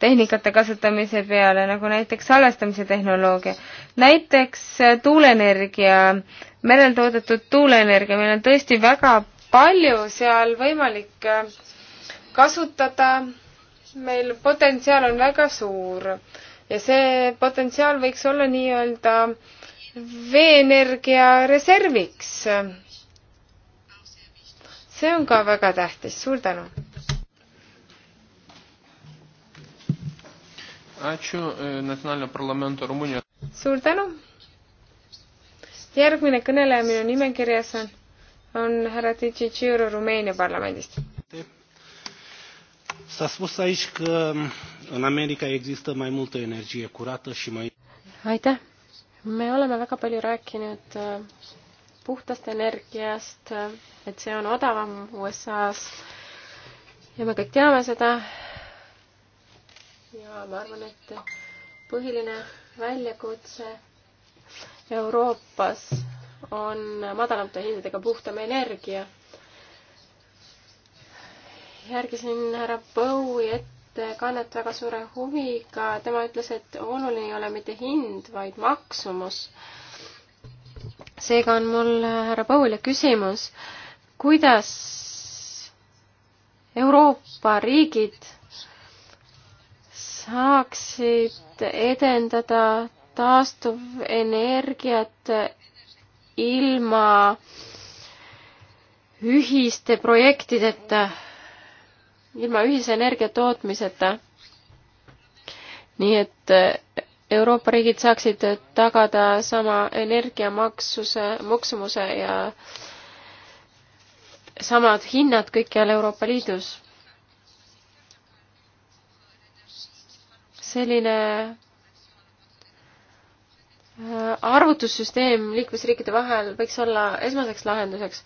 tehnikate kasutamise peale, nagu näiteks salvestamise tehnoloogia. näiteks tuuleenergia, merel toodetud tuuleenergia, meil on tõesti väga palju seal võimalik kasutada, meil potentsiaal on väga suur ja see potentsiaal võiks olla nii-öelda veeenergia reserviks. see on ka väga tähtis, suur tänu. E, suur tänu. järgmine kõneleja minu nimekirjas on, on härra Tšetšiuru Rumeenia parlamendist S-a spus aici că mm, în America există mai multă energie curată și mai... Aitäh! Me oleme väga palju rääkinud äh, puhtast energiast, äh, et see on odavam USA-s ja me kõik teame seda. ja ma arvan, et põhiline väljakutse Euroopas on madalamate hindadega puhtam energia järgisin härra Bowie ettekannet väga suure huviga. tema ütles, et oluline ei ole mitte hind, vaid maksumus. seega on mul härra Bowie'le küsimus. kuidas Euroopa riigid saaksid edendada taastuvenergiat ilma ühiste projektideta ilma ühise energia tootmiseta. nii et eh, Euroopa riigid saaksid tagada sama energiamaksuse, maksumuse ja samad hinnad kõikjal Euroopa Liidus. selline eh, arvutussüsteem liikmesriikide vahel võiks olla esmaseks lahenduseks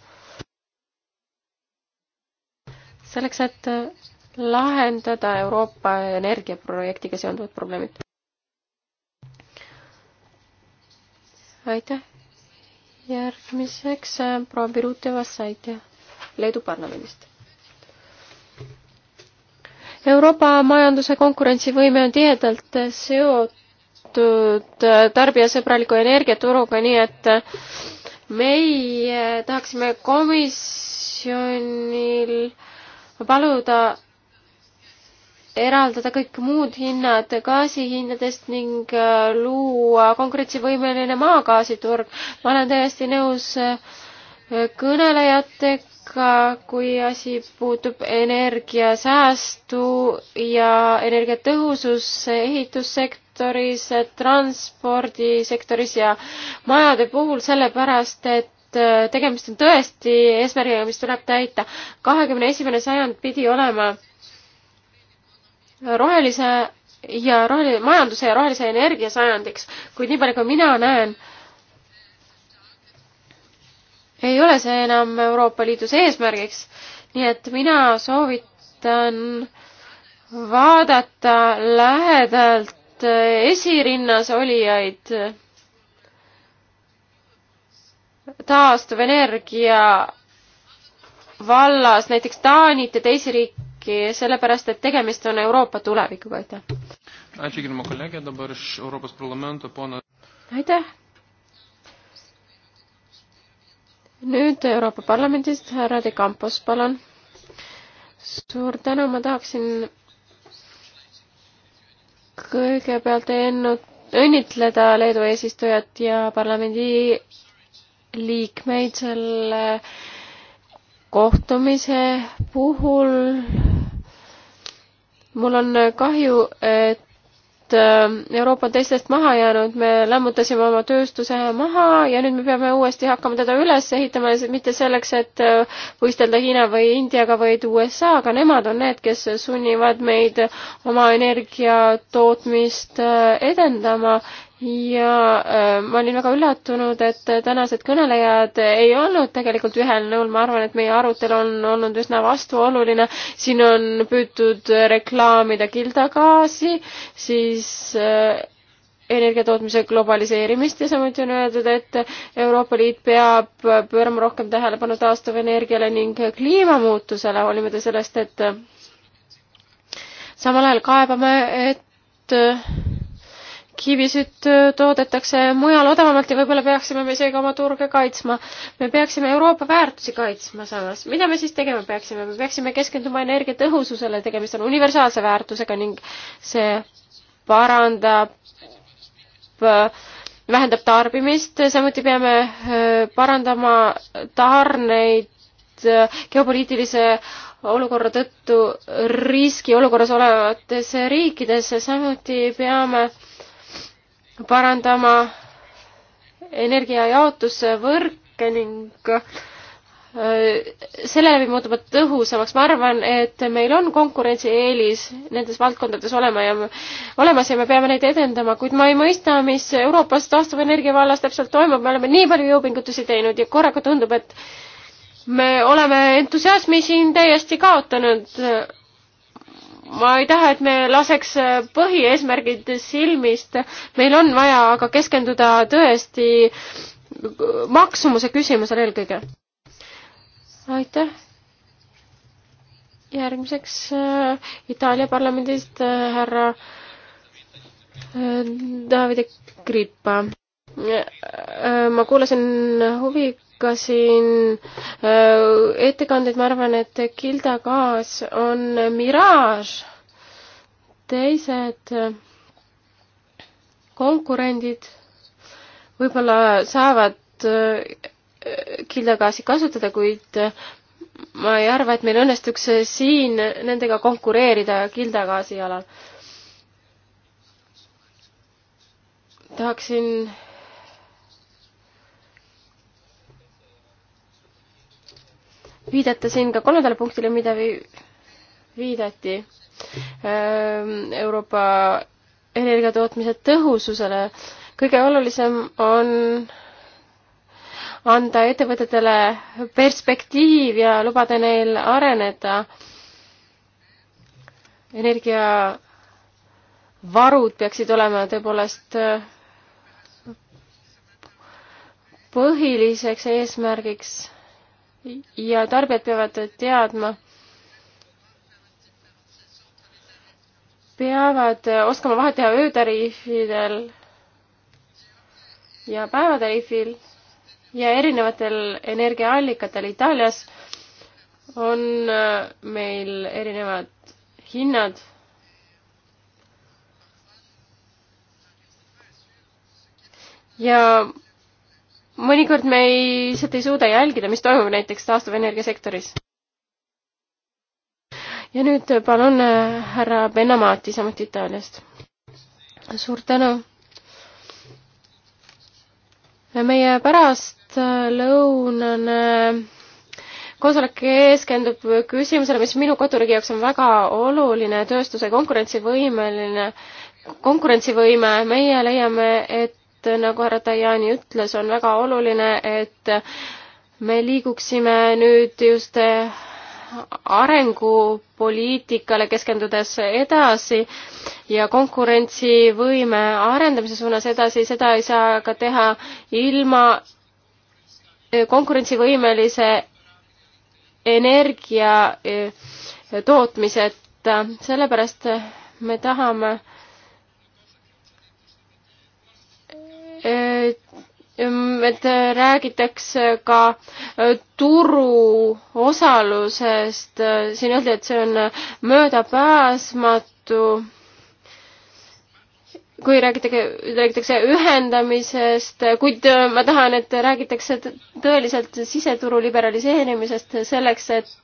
selleks, et lahendada Euroopa energiaprojektiga seonduvad probleemid. aitäh. järgmiseks äh, proua Birute Vassaitia Leedu parlamendist. Euroopa majanduse konkurentsivõime on tihedalt seotud äh, tarbijasõbraliku energiaturuga, nii et äh, meie tahaksime komisjonil paluda eraldada kõik muud hinnad gaasihinnadest ning äh, luua konkurentsivõimeline maagaasiturg. ma olen täiesti nõus äh, kõnelejatega, kui asi puutub energiasäästu ja energiatõhususse ehitussektoris, transpordisektoris ja majade puhul, sellepärast et Äh, tegemist on tõesti eesmärgiga, mis tuleb täita. kahekümne esimene sajand pidi olema rohelise ja roheline, majanduse ja rohelise energia sajandiks, kuid nii palju, kui mina näen, ei ole see enam Euroopa Liidus eesmärgiks. nii et mina soovitan vaadata lähedalt äh, esirinnas olijaid taastuvenergia vallas näiteks Taanit ja teisi riiki, sellepärast et tegemist on Euroopa tulevikuga, aitäh. aitäh. nüüd Euroopa Parlamendist härra De Campos, palun. suur tänu, ma tahaksin kõigepealt ennu-, õnnitleda Leedu eesistujat ja parlamendi liikmeid selle kohtumise puhul. mul on kahju, et ähm, Euroopa on teistest maha jäänud, me lammutasime oma tööstuse maha ja nüüd me peame uuesti hakkama teda üles ehitama, mitte selleks, et äh, võistelda Hiina või Indiaga, vaid USA-ga, nemad on need, kes sunnivad meid oma energiatootmist äh, edendama ja äh, ma olin väga üllatunud, et äh, tänased kõnelejad ei olnud tegelikult ühel nõul, ma arvan, et meie arutelu on olnud üsna vastuoluline. siin on püütud reklaamida kildagaasi, siis äh, energiatootmise globaliseerimist ja samuti on öeldud, et Euroopa Liit peab pöörama rohkem tähelepanu taastuvenergiale ning kliimamuutusele, hoolimata sellest, et samal ajal kaebame, et kivisütt toodetakse mujal odavamalt ja võib-olla peaksime me seega oma turge kaitsma. me peaksime Euroopa väärtusi kaitsma samas. mida me siis tegema peaksime? me peaksime keskenduma energiatõhususele, tegemist on universaalse väärtusega ning see parandab, vähendab tarbimist, samuti peame parandama tarneid geopoliitilise olukorra tõttu riskiolukorras olevates riikides, samuti peame äh, parandama energiajaotusvõrke ning äh, selle läbi muutuma tõhusamaks, ma arvan, et meil on konkurentsieelis nendes valdkondades olema ja olemas ja me peame neid edendama, kuid ma ei mõista, mis Euroopas taastuvenergia vallas täpselt toimub, me oleme nii palju jõupingutusi teinud ja korraga tundub, et me oleme entusiasmi siin täiesti kaotanud ma ei taha, et me laseks äh, põhieesmärgid silmist, meil on vaja aga keskenduda tõesti maksumuse küsimusele eelkõige. aitäh. järgmiseks äh, Itaalia parlamendist äh, härra äh, Davide Grippa. Äh, äh, ma kuulasin huvi kuulasin äh, ettekandeid, ma arvan, et Gilda Kaas on Mirage, teised äh, konkurendid võib-olla saavad kildagaasi äh, kasutada, kuid ma ei arva, et meil õnnestuks siin nendega konkureerida kildagaasi alal. tahaksin viidata siin ka kolmandale punktile, mida vi-, viidati ähm, Euroopa energiatootmise tõhususele. kõige olulisem on anda ettevõtetele perspektiiv ja lubada neil areneda. energiavarud peaksid olema tõepoolest äh, põhiliseks eesmärgiks ja tarbijad peavad teadma, peavad oskama vahet teha öötariifidel ja päevatariifil ja erinevatel energiaallikatel. Itaalias on äh, meil erinevad hinnad. ja mõnikord me ei, lihtsalt ei suuda jälgida, mis toimub näiteks taastuvenergia sektoris. ja nüüd palun äh, härra Bennamati, samuti Itaaliast. suur tänu. meie pärastlõunane äh, koosolek keskendub küsimusele, mis minu koduriigi jaoks on väga oluline, tööstuse konkurentsivõimeline konkurentsivõime, meie leiame, et et nagu härra Tajani ütles, on väga oluline, et me liiguksime nüüd just arengupoliitikale keskendudes edasi ja konkurentsivõime arendamise suunas edasi, seda ei saa ka teha ilma konkurentsivõimelise energia tootmiseta, sellepärast me tahame äh, Äh, mm, et räägitakse ka äh, turu osalusest, äh, siin öeldi, et see on möödapääsmatu. kui räägitakse, räägitakse ühendamisest, kuid ma tahan, et räägitakse tõeliselt siseturu liberaliseerimisest selleks, et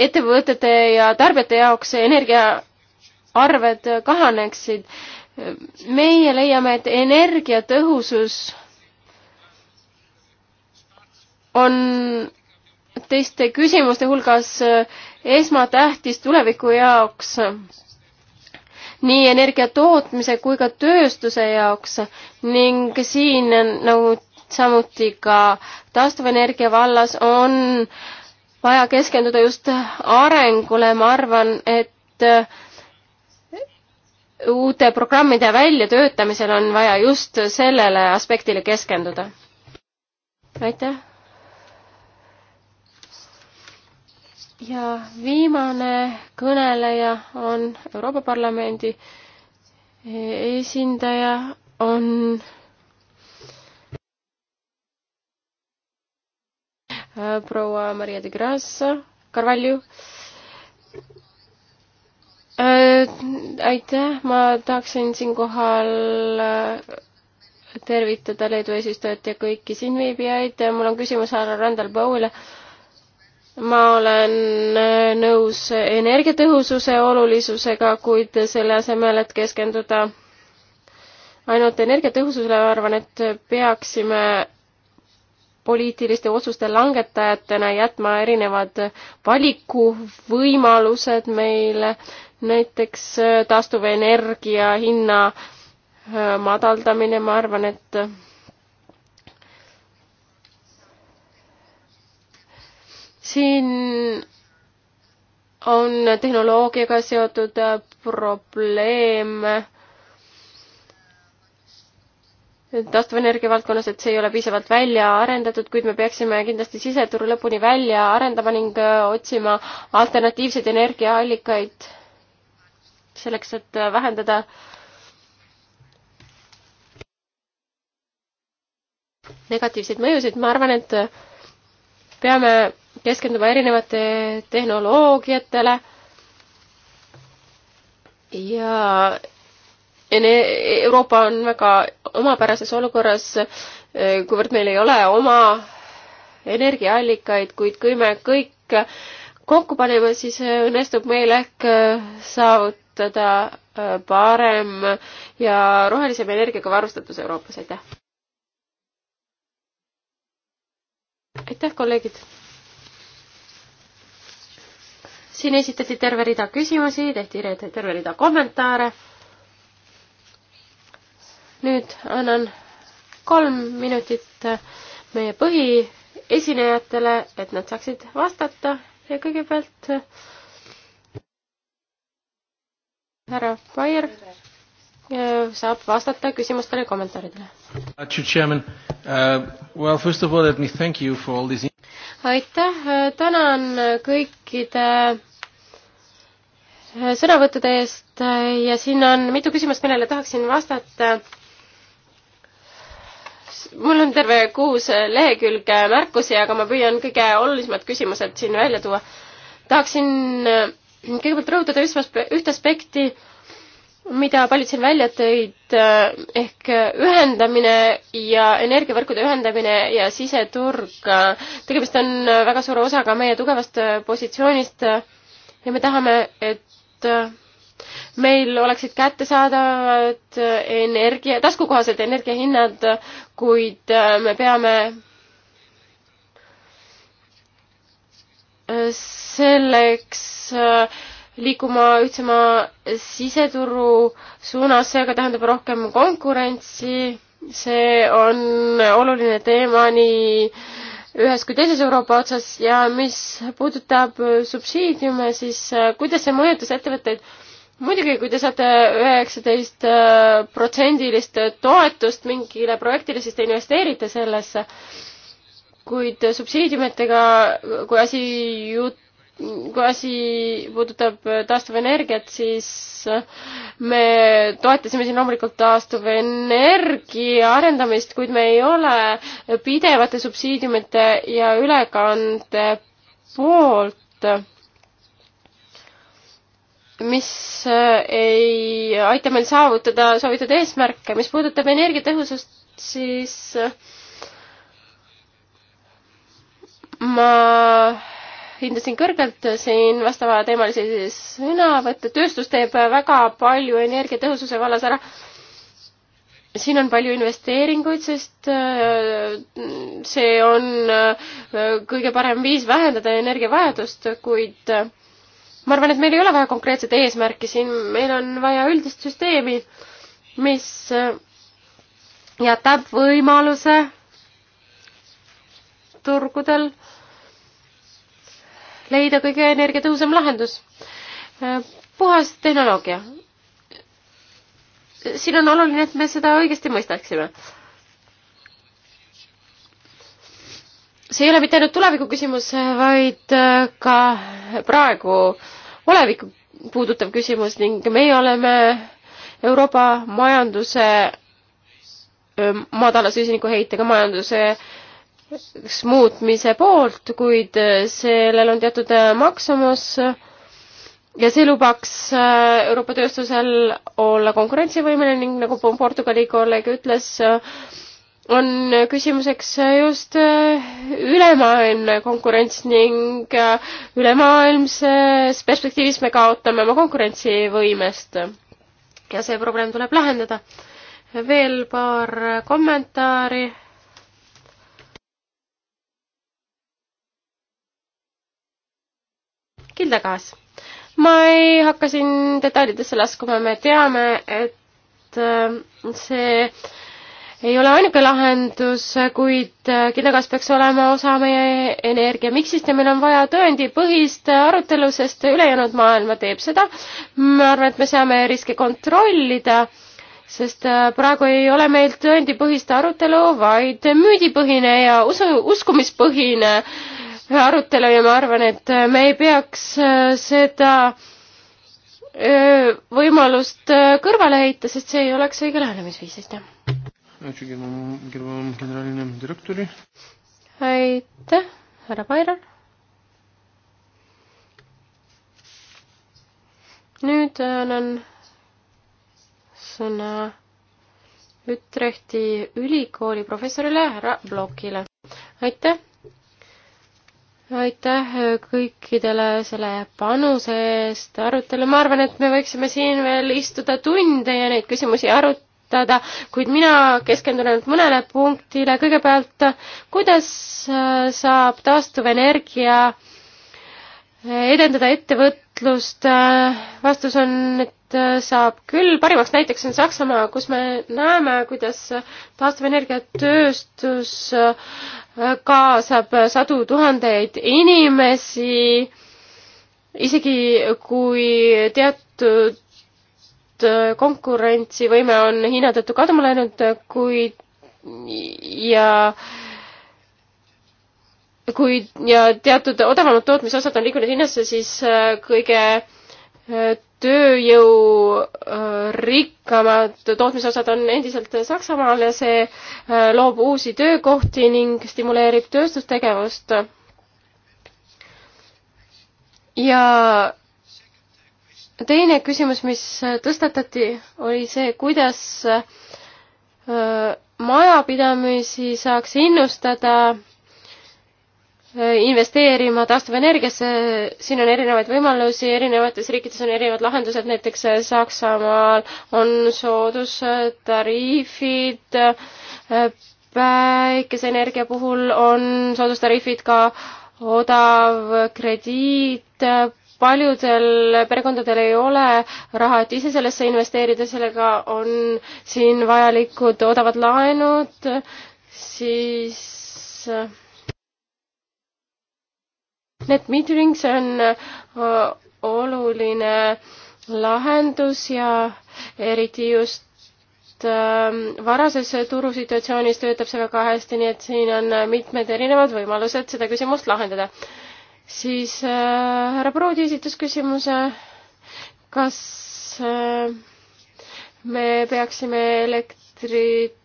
ettevõtete ja tarbijate jaoks energiaarved kahaneksid meie leiame, et energiatõhusus on teiste küsimuste hulgas esmatähtis tuleviku jaoks, nii energia tootmise kui ka tööstuse jaoks ning siin nagu samuti ka taastuvenergia vallas on vaja keskenduda just arengule, ma arvan, et uute programmide väljatöötamisel on vaja just sellele aspektile keskenduda. aitäh. ja viimane kõneleja on Euroopa Parlamendi esindaja on proua Maria de Grassa Carvalho Äh, aitäh, ma tahaksin siinkohal äh, tervitada Leedu eesistujat ja kõiki siin viibijaid. mul on küsimus härra Randal Bowile. ma olen äh, nõus energiatõhususe olulisusega, kuid selle asemel, et keskenduda ainult energiatõhususele, arvan, et peaksime poliitiliste otsuste langetajatena jätma erinevad valikuvõimalused meile näiteks äh, taastuvenergia hinna äh, madaldamine, ma arvan, et siin on tehnoloogiaga seotud äh, probleem taastuvenergia valdkonnas, et see ei ole piisavalt välja arendatud, kuid me peaksime kindlasti siseturu lõpuni välja arendama ning otsima alternatiivseid energiaallikaid selleks, et äh, vähendada negatiivseid mõjusid, ma arvan, et äh, peame keskenduma erinevate tehnoloogiatele ja Euroopa on väga omapärases olukorras, äh, kuivõrd meil ei ole oma energiaallikaid, kuid kui me kõik kokku paneme, siis õnnestub meil ehk saavut-, saavutada äh, parem ja rohelisema energiaga varustatus Euroopas, aitäh! aitäh, kolleegid! siin esitati terve rida küsimusi, tehti terve rida kommentaare. nüüd annan kolm minutit meie põhiesinejatele, et nad saaksid vastata ja kõigepealt härra Fire äh, saab vastata küsimustele ja kommentaaridele. Uh, aitäh, tänan kõikide äh, sõnavõttude eest äh, ja siin on mitu küsimust, millele tahaksin vastata. mul on terve kuus lehekülge märkusi, aga ma püüan kõige olulisemad küsimused siin välja tuua. tahaksin kõigepealt rõhutada ühte aspekti, mida paljud siin välja tõid, eh, ehk ühendamine ja energiavõrkude ühendamine ja siseturg. tegemist on väga suure osaga meie tugevast positsioonist ja me tahame, et meil oleksid kättesaadavad energia, taskukohased energiahinnad, kuid me peame selleks äh, liikuma ühtsema siseturu suunas, see aga tähendab rohkem konkurentsi. see on oluline teema nii ühes kui teises Euroopa otsas ja mis puudutab subsiidiume, siis äh, kuidas see mõjutas ettevõtteid? muidugi, kui te saate üheksateist äh, protsendilist toetust mingile projektile, siis te investeerite sellesse kuid subsiidiumitega, kui asi jut-, kui asi puudutab taastuvenergiat, siis me toetasime siin loomulikult taastuvenergia arendamist, kuid me ei ole pidevate subsiidiumite ja ülekande poolt, mis ei aita meil saavutada soovitud eesmärke. mis puudutab energiatõhusust, siis äh, ma hindasin kõrgelt siin vastava teemalisi sõnavõtte. tööstus teeb väga palju energiatõhususe vallas ära. siin on palju investeeringuid, sest äh, see on äh, kõige parem viis vähendada energiavajadust, kuid äh, ma arvan, et meil ei ole vaja konkreetset eesmärki siin, meil on vaja üldist süsteemi, mis jätab võimaluse turgudel leida kõige energiatõhusam lahendus. puhas tehnoloogia. siin on oluline, et me seda õigesti mõistaksime. see ei ole mitte ainult tuleviku küsimus, vaid ka praegu oleviku puudutav küsimus ning meie oleme Euroopa majanduse madala süsinikuheitega majanduse äh, muutmise poolt, kuid äh, sellel on teatud äh, maksumus ja see lubaks äh, Euroopa tööstusel olla konkurentsivõimeline ning nagu Portugali kolleeg ütles, on küsimuseks just ülemaailmne konkurents ning ülemaailmses perspektiivis me kaotame oma konkurentsivõimest. ja see probleem tuleb lahendada. veel paar kommentaari Hilda Kaas. ma ei hakka siin detailidesse laskuma, me teame, et äh, see ei ole ainuke lahendus, kuid äh, kindlakas peaks olema osa meie energiamiksist ja meil on vaja tõendipõhist arutelu, sest ülejäänud maailma teeb seda. ma arvan, et me saame riske kontrollida, sest äh, praegu ei ole meil tõendipõhist arutelu, vaid müüdipõhine ja usu, uskumispõhine äh, arutelu ja ma arvan, et me ei peaks äh, seda äh, võimalust äh, kõrvale heita, sest see ei oleks õige lähenemisviis, aitäh. aitäh, härra Pairal. nüüd annan sõna Ütrehti ülikooli professorile härra Blokile. aitäh aitäh kõikidele selle panuse eest arutelu, ma arvan, et me võiksime siin veel istuda tunde ja neid küsimusi arutada, kuid mina keskendun ainult mõnele punktile, kõigepealt kuidas äh, saab taastuvenergia edendada ettevõtlust, äh, vastus on, et Äh, saab küll, parimaks näiteks on Saksamaa, kus me näeme, kuidas taastuvenergia tööstus äh, kaasab sadu tuhandeid inimesi, isegi kui teatud äh, konkurentsivõime on Hiina tõttu kaduma läinud, kuid ja kui ja teatud odavamad tootmisosad on liikunud Hiinasse, siis kõige äh, tööjõurikkamad äh, tootmisosad on endiselt Saksamaal ja see äh, loob uusi töökohti ning stimuleerib tööstustegevust. ja teine küsimus, mis tõstatati, oli see, kuidas äh, majapidamisi saaks innustada Äh, investeerima taastuvenergiasse, siin on erinevaid võimalusi, erinevates riikides on erinevad lahendused, näiteks äh, Saksamaal on soodustariifid, äh, päikeseenergia puhul on soodustariifid ka odav krediit, paljudel perekondadel ei ole raha, et ise sellesse investeerida, sellega on siin vajalikud odavad laenud, siis Need meetings on äh, oluline lahendus ja eriti just ähm, varases turusituatsioonis töötab see väga hästi, nii et siin on mitmed erinevad võimalused seda küsimust lahendada. siis äh, härra äh, Proodi esitas küsimuse, kas äh, me peaksime elektrit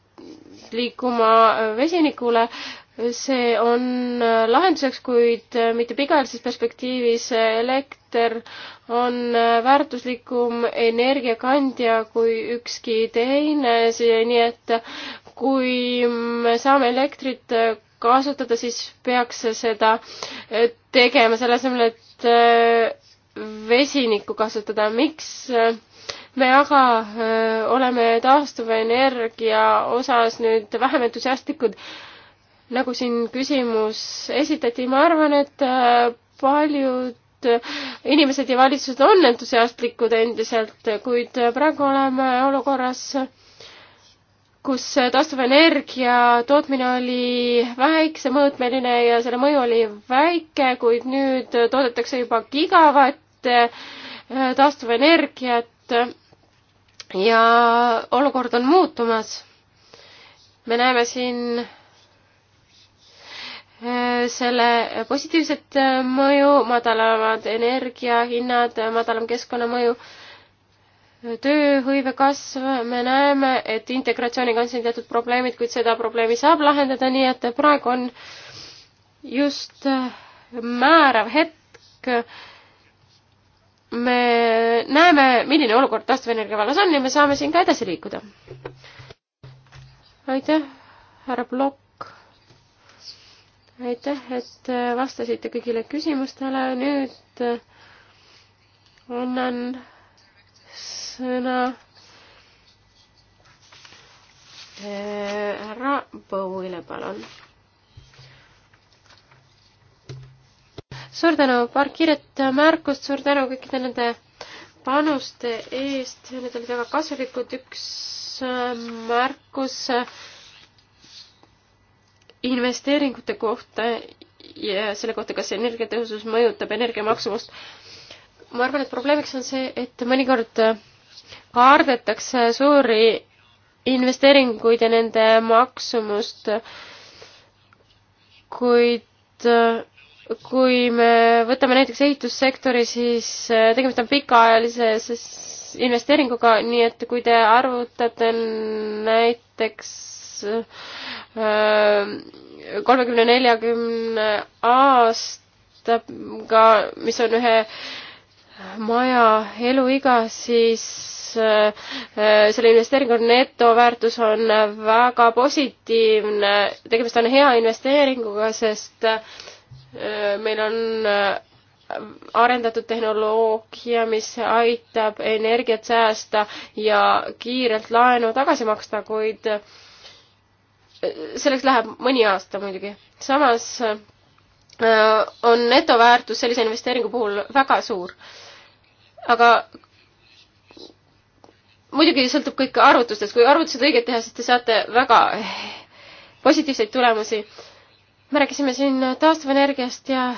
liikuma vesinikule see on äh, lahenduseks, kuid äh, mitte pikaajalises perspektiivis. elekter on äh, väärtuslikum energiakandja kui ükski teine, nii et kui me saame elektrit kasutada, siis peaks seda tegema selle asemel, et vesinikku kasutada. miks me aga öö, oleme taastuvenergia osas nüüd vähem entusiastlikud, nagu siin küsimus esitati, ma arvan, et äh, paljud äh, inimesed ja valitsused on entusiastlikud endiselt, kuid praegu oleme olukorras, kus taastuvenergia tootmine oli väiksemõõtmeline ja selle mõju oli väike, kuid nüüd toodetakse juba gigavatte äh, taastuvenergiat ja olukord on muutumas. me näeme siin Äh, selle positiivset äh, mõju, madalamad energiahinnad, äh, madalam keskkonnamõju, tööhõive kasv, me näeme, et integratsiooniga on siin teatud probleemid, kuid seda probleemi saab lahendada, nii et praegu on just määrav hetk. me näeme, milline olukord taastuvenergia vallas on ja me saame siin ka edasi liikuda. aitäh, härra Plokk aitäh, et äh, vastasite kõigile küsimustele, nüüd äh, annan sõna äh, härra Põuile, palun. suur tänu, paar kiiret märkust, suur tänu kõikide nende panuste eest, need olid väga kasulikud, üks märkus äh, investeeringute kohta ja selle kohta, kas energiatõhusus mõjutab energia maksumust. ma arvan, et probleemiks on see, et mõnikord kaardetakse suuri investeeringuid ja nende maksumust, kuid kui me võtame näiteks ehitussektori, siis tegemist on pikaajalise investeeringuga, nii et kui te arvutate näiteks kolmekümne, neljakümne aastaga, mis on ühe maja eluiga, siis äh, selle investeeringu netoväärtus on väga positiivne, tegemist on hea investeeringuga, sest äh, meil on äh, arendatud tehnoloogia, mis aitab energiat säästa ja kiirelt laenu tagasi maksta, kuid selleks läheb mõni aasta muidugi. samas äh, on netoväärtus sellise investeeringu puhul väga suur. aga muidugi sõltub kõik arvutustest, kui arvutused õiget teha, siis te saate väga positiivseid tulemusi. me rääkisime siin taastuvenergiast ja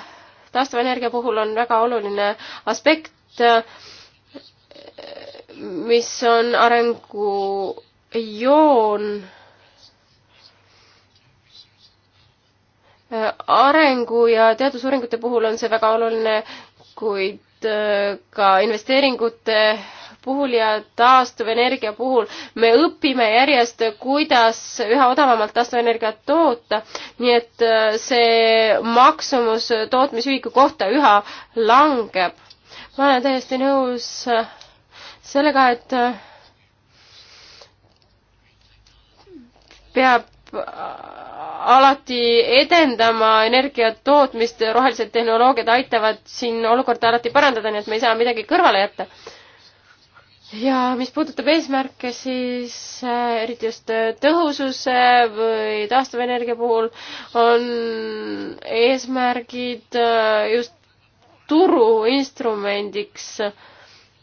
taastuvenergia puhul on väga oluline aspekt, äh, mis on arengujoon arengu ja teadusuuringute puhul on see väga oluline, kuid äh, ka investeeringute puhul ja taastuvenergia puhul me õpime järjest, kuidas üha odavamalt taastuvenergiat toota. nii et äh, see maksumus tootmisühiku kohta üha langeb. ma olen täiesti nõus äh, sellega, et peab Äh, alati edendama energiatootmist, rohelised tehnoloogiad aitavad siin olukorda alati parandada, nii et me ei saa midagi kõrvale jätta. ja mis puudutab eesmärke, siis äh, eriti just äh, tõhususe või taastuvenergia puhul on eesmärgid just turuinstrumendiks äh,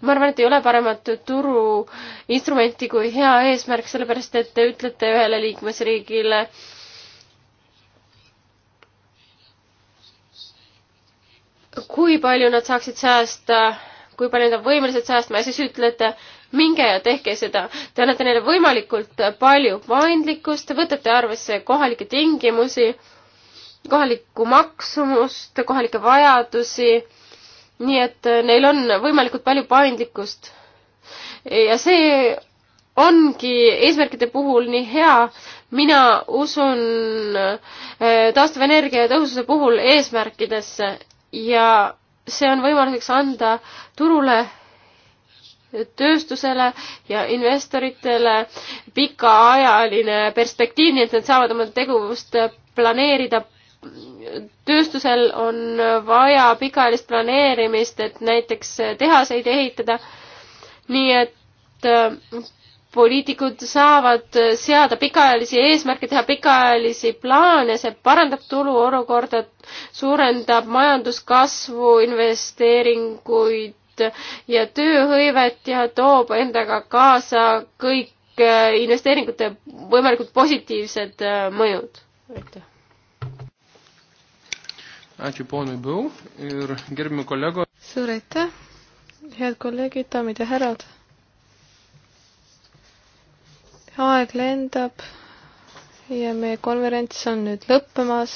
ma arvan, et ei ole paremat turuinstrumenti kui hea eesmärk, sellepärast et te ütlete ühele liikmesriigile, kui palju nad saaksid säästa, kui palju nad on võimelised säästma ja siis ütlete, minge ja tehke seda. Te annate neile võimalikult palju paindlikkust, võtate arvesse kohalikke tingimusi, kohalikku maksumust, kohalikke vajadusi nii et eh, neil on võimalikult palju paindlikkust. ja see ongi eesmärkide puhul nii hea, mina usun eh, taastuvenergia tõhususe puhul eesmärkidesse ja see on võimaluseks anda turule tööstusele ja investoritele pikaajaline perspektiiv, nii et nad saavad oma tegevust planeerida tööstusel on vaja pikaajalist planeerimist, et näiteks tehaseid ehitada. nii et äh, poliitikud saavad seada pikaajalisi eesmärke, teha pikaajalisi plaane, see parandab turuolukorda, suurendab majanduskasvu, investeeringuid ja tööhõivet ja toob endaga kaasa kõik äh, investeeringute võimalikult positiivsed äh, mõjud. aitäh! ačiū ponui Bau ir gerbimi kolego. suur aitäh, head kolleegid, daamid ja härrad. aeg lendab ja meie konverents on nüüd lõppemas.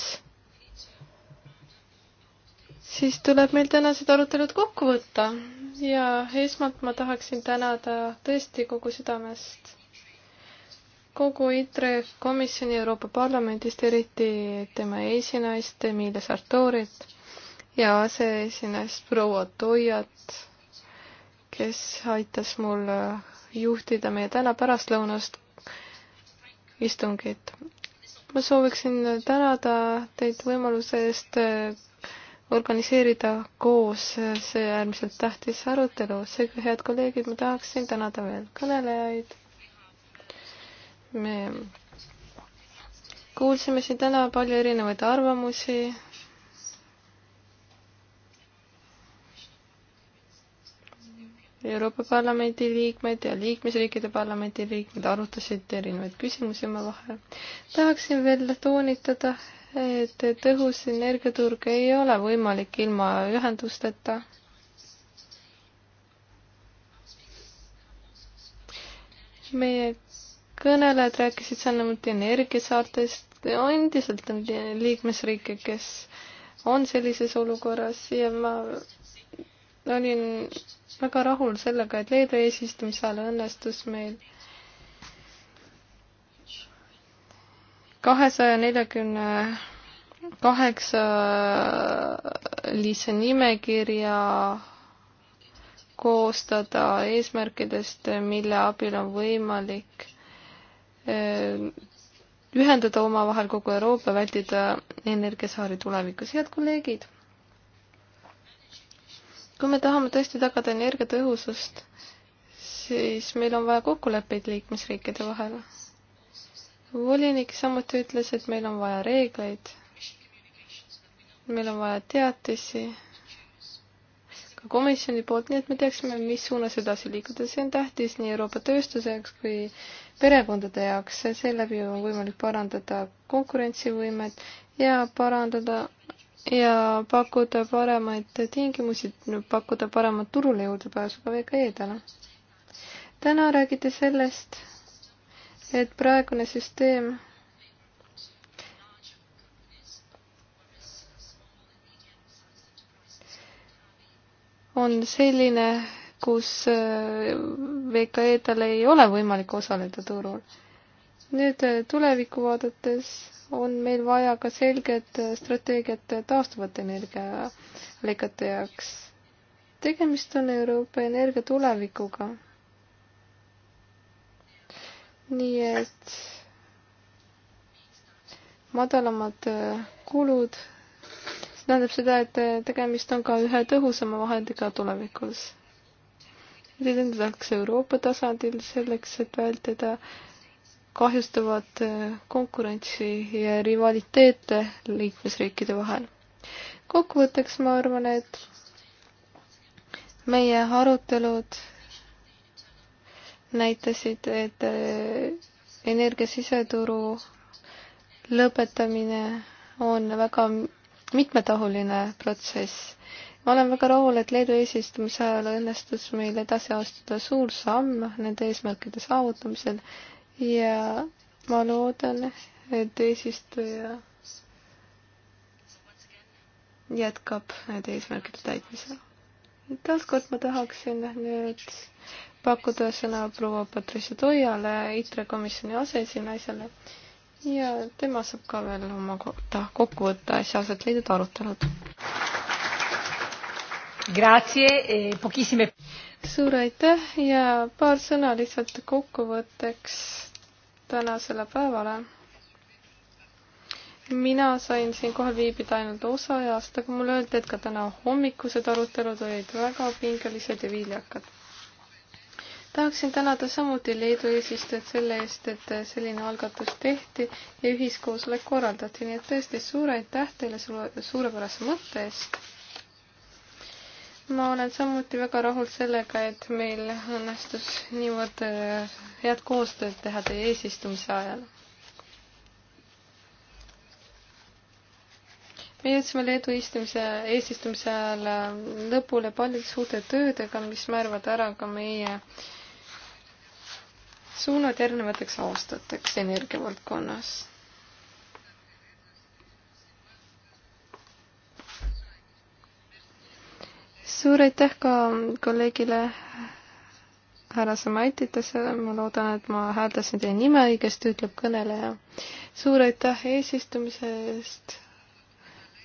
siis tuleb meil tänased arutelud kokku võtta ja esmalt ma tahaksin tänada tõesti kogu südamest kogu ITRE komisjoni Euroopa Parlamendist, eriti tema esinaist Emilia Sartorit ja aseesinaist proua Toiat, kes aitas mul juhtida meie täna pärastlõunast istungit. ma sooviksin tänada teid võimaluse eest organiseerida koos see äärmiselt tähtis arutelu. seega, head kolleegid, ma tahaksin tänada veel kõnelejaid me kuulsime siin täna palju erinevaid arvamusi. Euroopa Parlamendi liikmed ja liikmesriikide parlamendi liikmed arutasid erinevaid küsimusi omavahel. tahaksin veel toonitada, et tõhus energiaturg ei ole võimalik ilma ühendusteta meie kõnelejad rääkisid seal niimoodi energiasaartest, endiselt on liikmesriike, kes on sellises olukorras ja ma olin väga rahul sellega, et Leedu eesistumise ajal õnnestus meil kahesaja neljakümne kaheksalise nimekirja koostada eesmärkidest, mille abil on võimalik ühendada omavahel kogu Euroopa, vältida energiasaari tulevikus. head kolleegid, kui me tahame tõesti tagada energiatõhusust, siis meil on vaja kokkuleppeid liikmesriikide vahel. volinik samuti ütles, et meil on vaja reegleid, meil on vaja teatisi, ka komisjoni poolt, nii et me teaksime, mis suunas edasi liikuda. see on tähtis nii Euroopa tööstuse jaoks kui perekondade jaoks, seeläbi on võimalik parandada konkurentsivõimet ja parandada ja pakkuda paremaid tingimusi, pakkuda paremat turule juurdepääsu ka VKE-dele. täna räägiti sellest, et praegune süsteem on selline, kus äh, VKE-del ei ole võimalik osaleda turul. nüüd äh, tulevikku vaadates on meil vaja ka selget äh, strateegiat taastuvate energiaallikate jaoks. tegemist on Euroopa energia tulevikuga. nii et madalamad kulud, see tähendab seda, et tegemist on ka ühe tõhusama vahendiga tulevikus edendatakse Euroopa tasandil selleks, et vältida kahjustavat äh, konkurentsi ja rivaliteete liikmesriikide vahel. kokkuvõtteks ma arvan, et meie arutelud näitasid, et äh, energiasiseturu lõpetamine on väga mitmetahuline protsess ma olen väga rahul, et Leedu eesistumise ajal õnnestus meil edasi astuda suur samm nende eesmärkide saavutamisel ja ma loodan, et eesistuja jätkab nende eesmärkide täitmisega. taaskord ma tahaksin nüüd pakkuda sõna proua Patricia Toiale, ITRE komisjoni aseesinaisele ja tema saab ka veel oma kohta kokku võtta asjaasjad leidnud arutelud. E Pokissime... suur aitäh ja paar sõna lihtsalt kokkuvõtteks tänasele päevale. mina sain siin kohal viibida ainult osa ajast, aga mulle öeldi, et ka täna hommikused arutelud olid väga pingelised ja viljakad. tahaksin tänada samuti Leedu eesistujat selle eest, et selline algatus tehti ja ühiskoosolek korraldati, nii et tõesti suur aitäh teile sulle suurepärase mõtte eest ma olen samuti väga rahul sellega, et meil õnnestus niivõrd äh, head koostööd teha teie eesistumise ajal. me jõudsime Leedu istumise, eesistumise ajal äh, lõpule paljude suurte töödega, mis määravad ära ka meie suunad järgnevateks aastateks energiavaldkonnas suur aitäh ka kolleegile härra Samaititesele, ma loodan, et ma hääldasin teie nime õigesti, ütleb kõneleja. suur aitäh eesistumise eest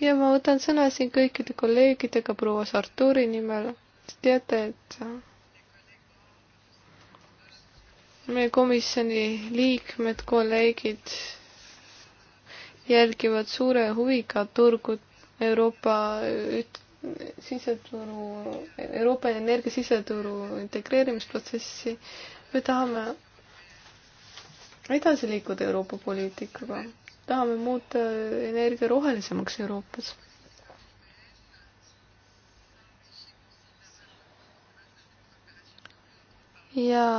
ja ma võtan sõna siin kõikide kolleegidega proua Sarturi nimel. teate, et meie komisjoni liikmed, kolleegid jälgivad suure huviga turgu Euroopa üht siseturu, Euroopa Energia siseturu integreerimisprotsessi, me tahame edasi liikuda Euroopa poliitikaga, tahame muuta energia rohelisemaks Euroopas. ja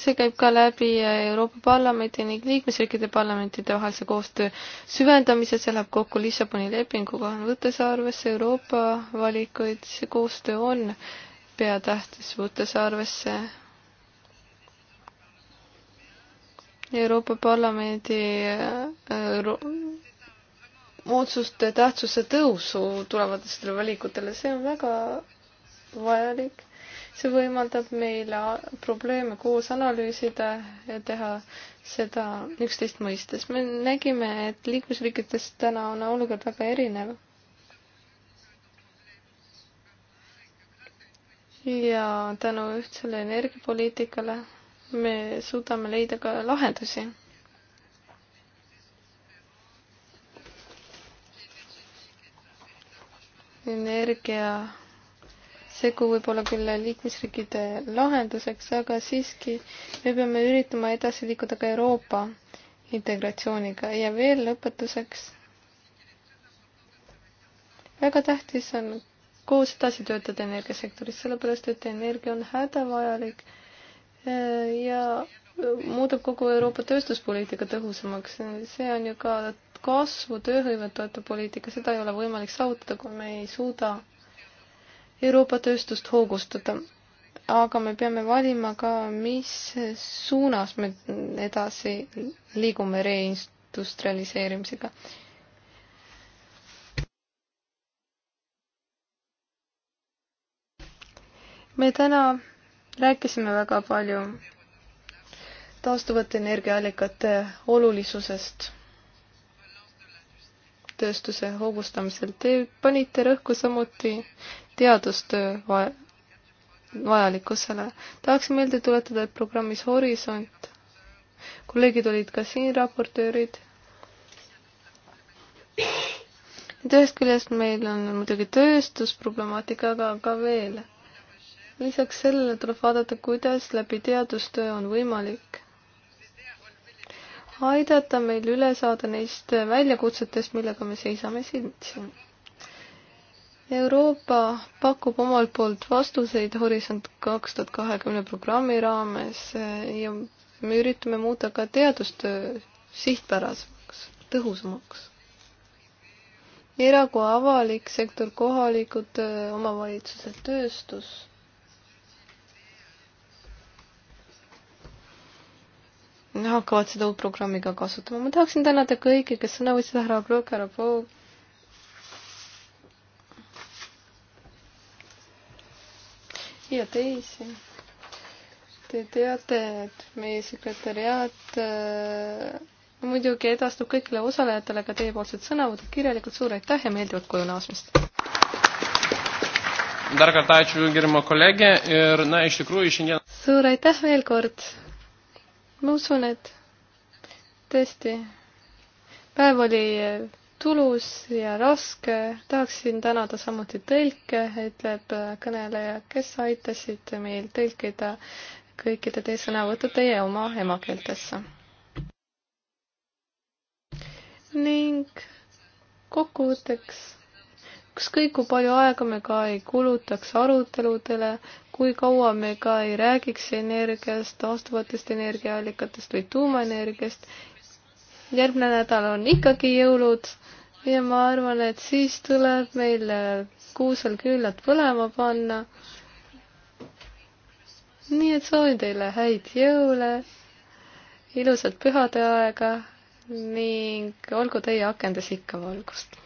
see käib ka läbi Euroopa Parlamendi ning liikmesriikide parlamentide vahelise koostöö süvendamise, see läheb kokku Lissaboni lepinguga, võttes arvesse Euroopa valikuid, see koostöö on peatähtis, võttes arvesse Euroopa Parlamendi Euro äh, otsuste tähtsuse tõusu tulevatele valikutele, see on väga vajalik see võimaldab meil probleeme koos analüüsida ja teha seda üksteist mõistes. me nägime, et liikmesriikides täna on olukord väga erinev. ja tänu ühtsele energiapoliitikale me suudame leida ka lahendusi energia segu võib olla küll liikmesriikide lahenduseks, aga siiski me peame üritama edasi liikuda ka Euroopa integratsiooniga ja veel lõpetuseks. väga tähtis on koos edasi töötada energiasektoris, sellepärast et energia on hädavajalik e, ja muudab kogu Euroopa tööstuspoliitika tõhusamaks, see on ju ka kasvu, tööhõivet toetav poliitika, seda ei ole võimalik saavutada, kui me ei suuda Euroopa tööstust hoogustada. aga me peame valima ka, mis suunas me edasi liigume reindustrialiseerimisega me täna rääkisime väga palju taastuvate energiaallikate olulisusest tööstuse hoogustamisel. Te panite rõhku samuti teadustöö vaja, vajalikkusele. tahaksin meelde tuletada, et programmis Horisont, kolleegid olid ka siin raportöörid. et ühest küljest meil on muidugi tööstusproblemaatika, aga ka veel. lisaks sellele tuleb vaadata, kuidas läbi teadustöö on võimalik aidata meil üle saada neist väljakutsetest, millega me seisame silmitsi Euroopa pakub omalt poolt vastuseid Horisont kaks tuhat kahekümne programmi raames eh, ja me üritame muuta ka teadustöö sihtpärasemaks, tõhusamaks erakogu avalik sektor, kohalikud eh, omavalitsused, tööstus. hakkavad seda uut programmi ka kasutama. ma tahaksin tänada kõiki, kes sõna võtsid, härra Plõk, härra Poog, ja teisi. Te teate, et meie sekretäriaat äh, muidugi edastab kõigile osalejatele ka teiepoolsed sõnavõtud kirjalikult, suur aitäh ja meeldivat koju naasmist! dar kartą ačiū gerimo kolegė ir, na, iš tikrųjų šiandien. Suur aitäh veel kord. Ma usun, et tõesti päev oli äh, tulus ja raske. tahaksin tänada samuti tõlke, ütleb kõneleja, kes aitasid meil tõlkida kõikide teie sõnavõttu teie oma emakeeltesse. ning kokkuvõtteks, ükskõik kui palju aega me ka ei kulutaks aruteludele, kui kaua me ka ei räägiks energiast, taastuvatest energiaallikatest või tuumaenergiast, järgmine nädal on ikkagi jõulud ja ma arvan, et siis tuleb meil äh, kuusel küünlad põlema panna. nii et soovin teile häid jõule, ilusat pühade aega ning olgu teie akendes ikka valgust.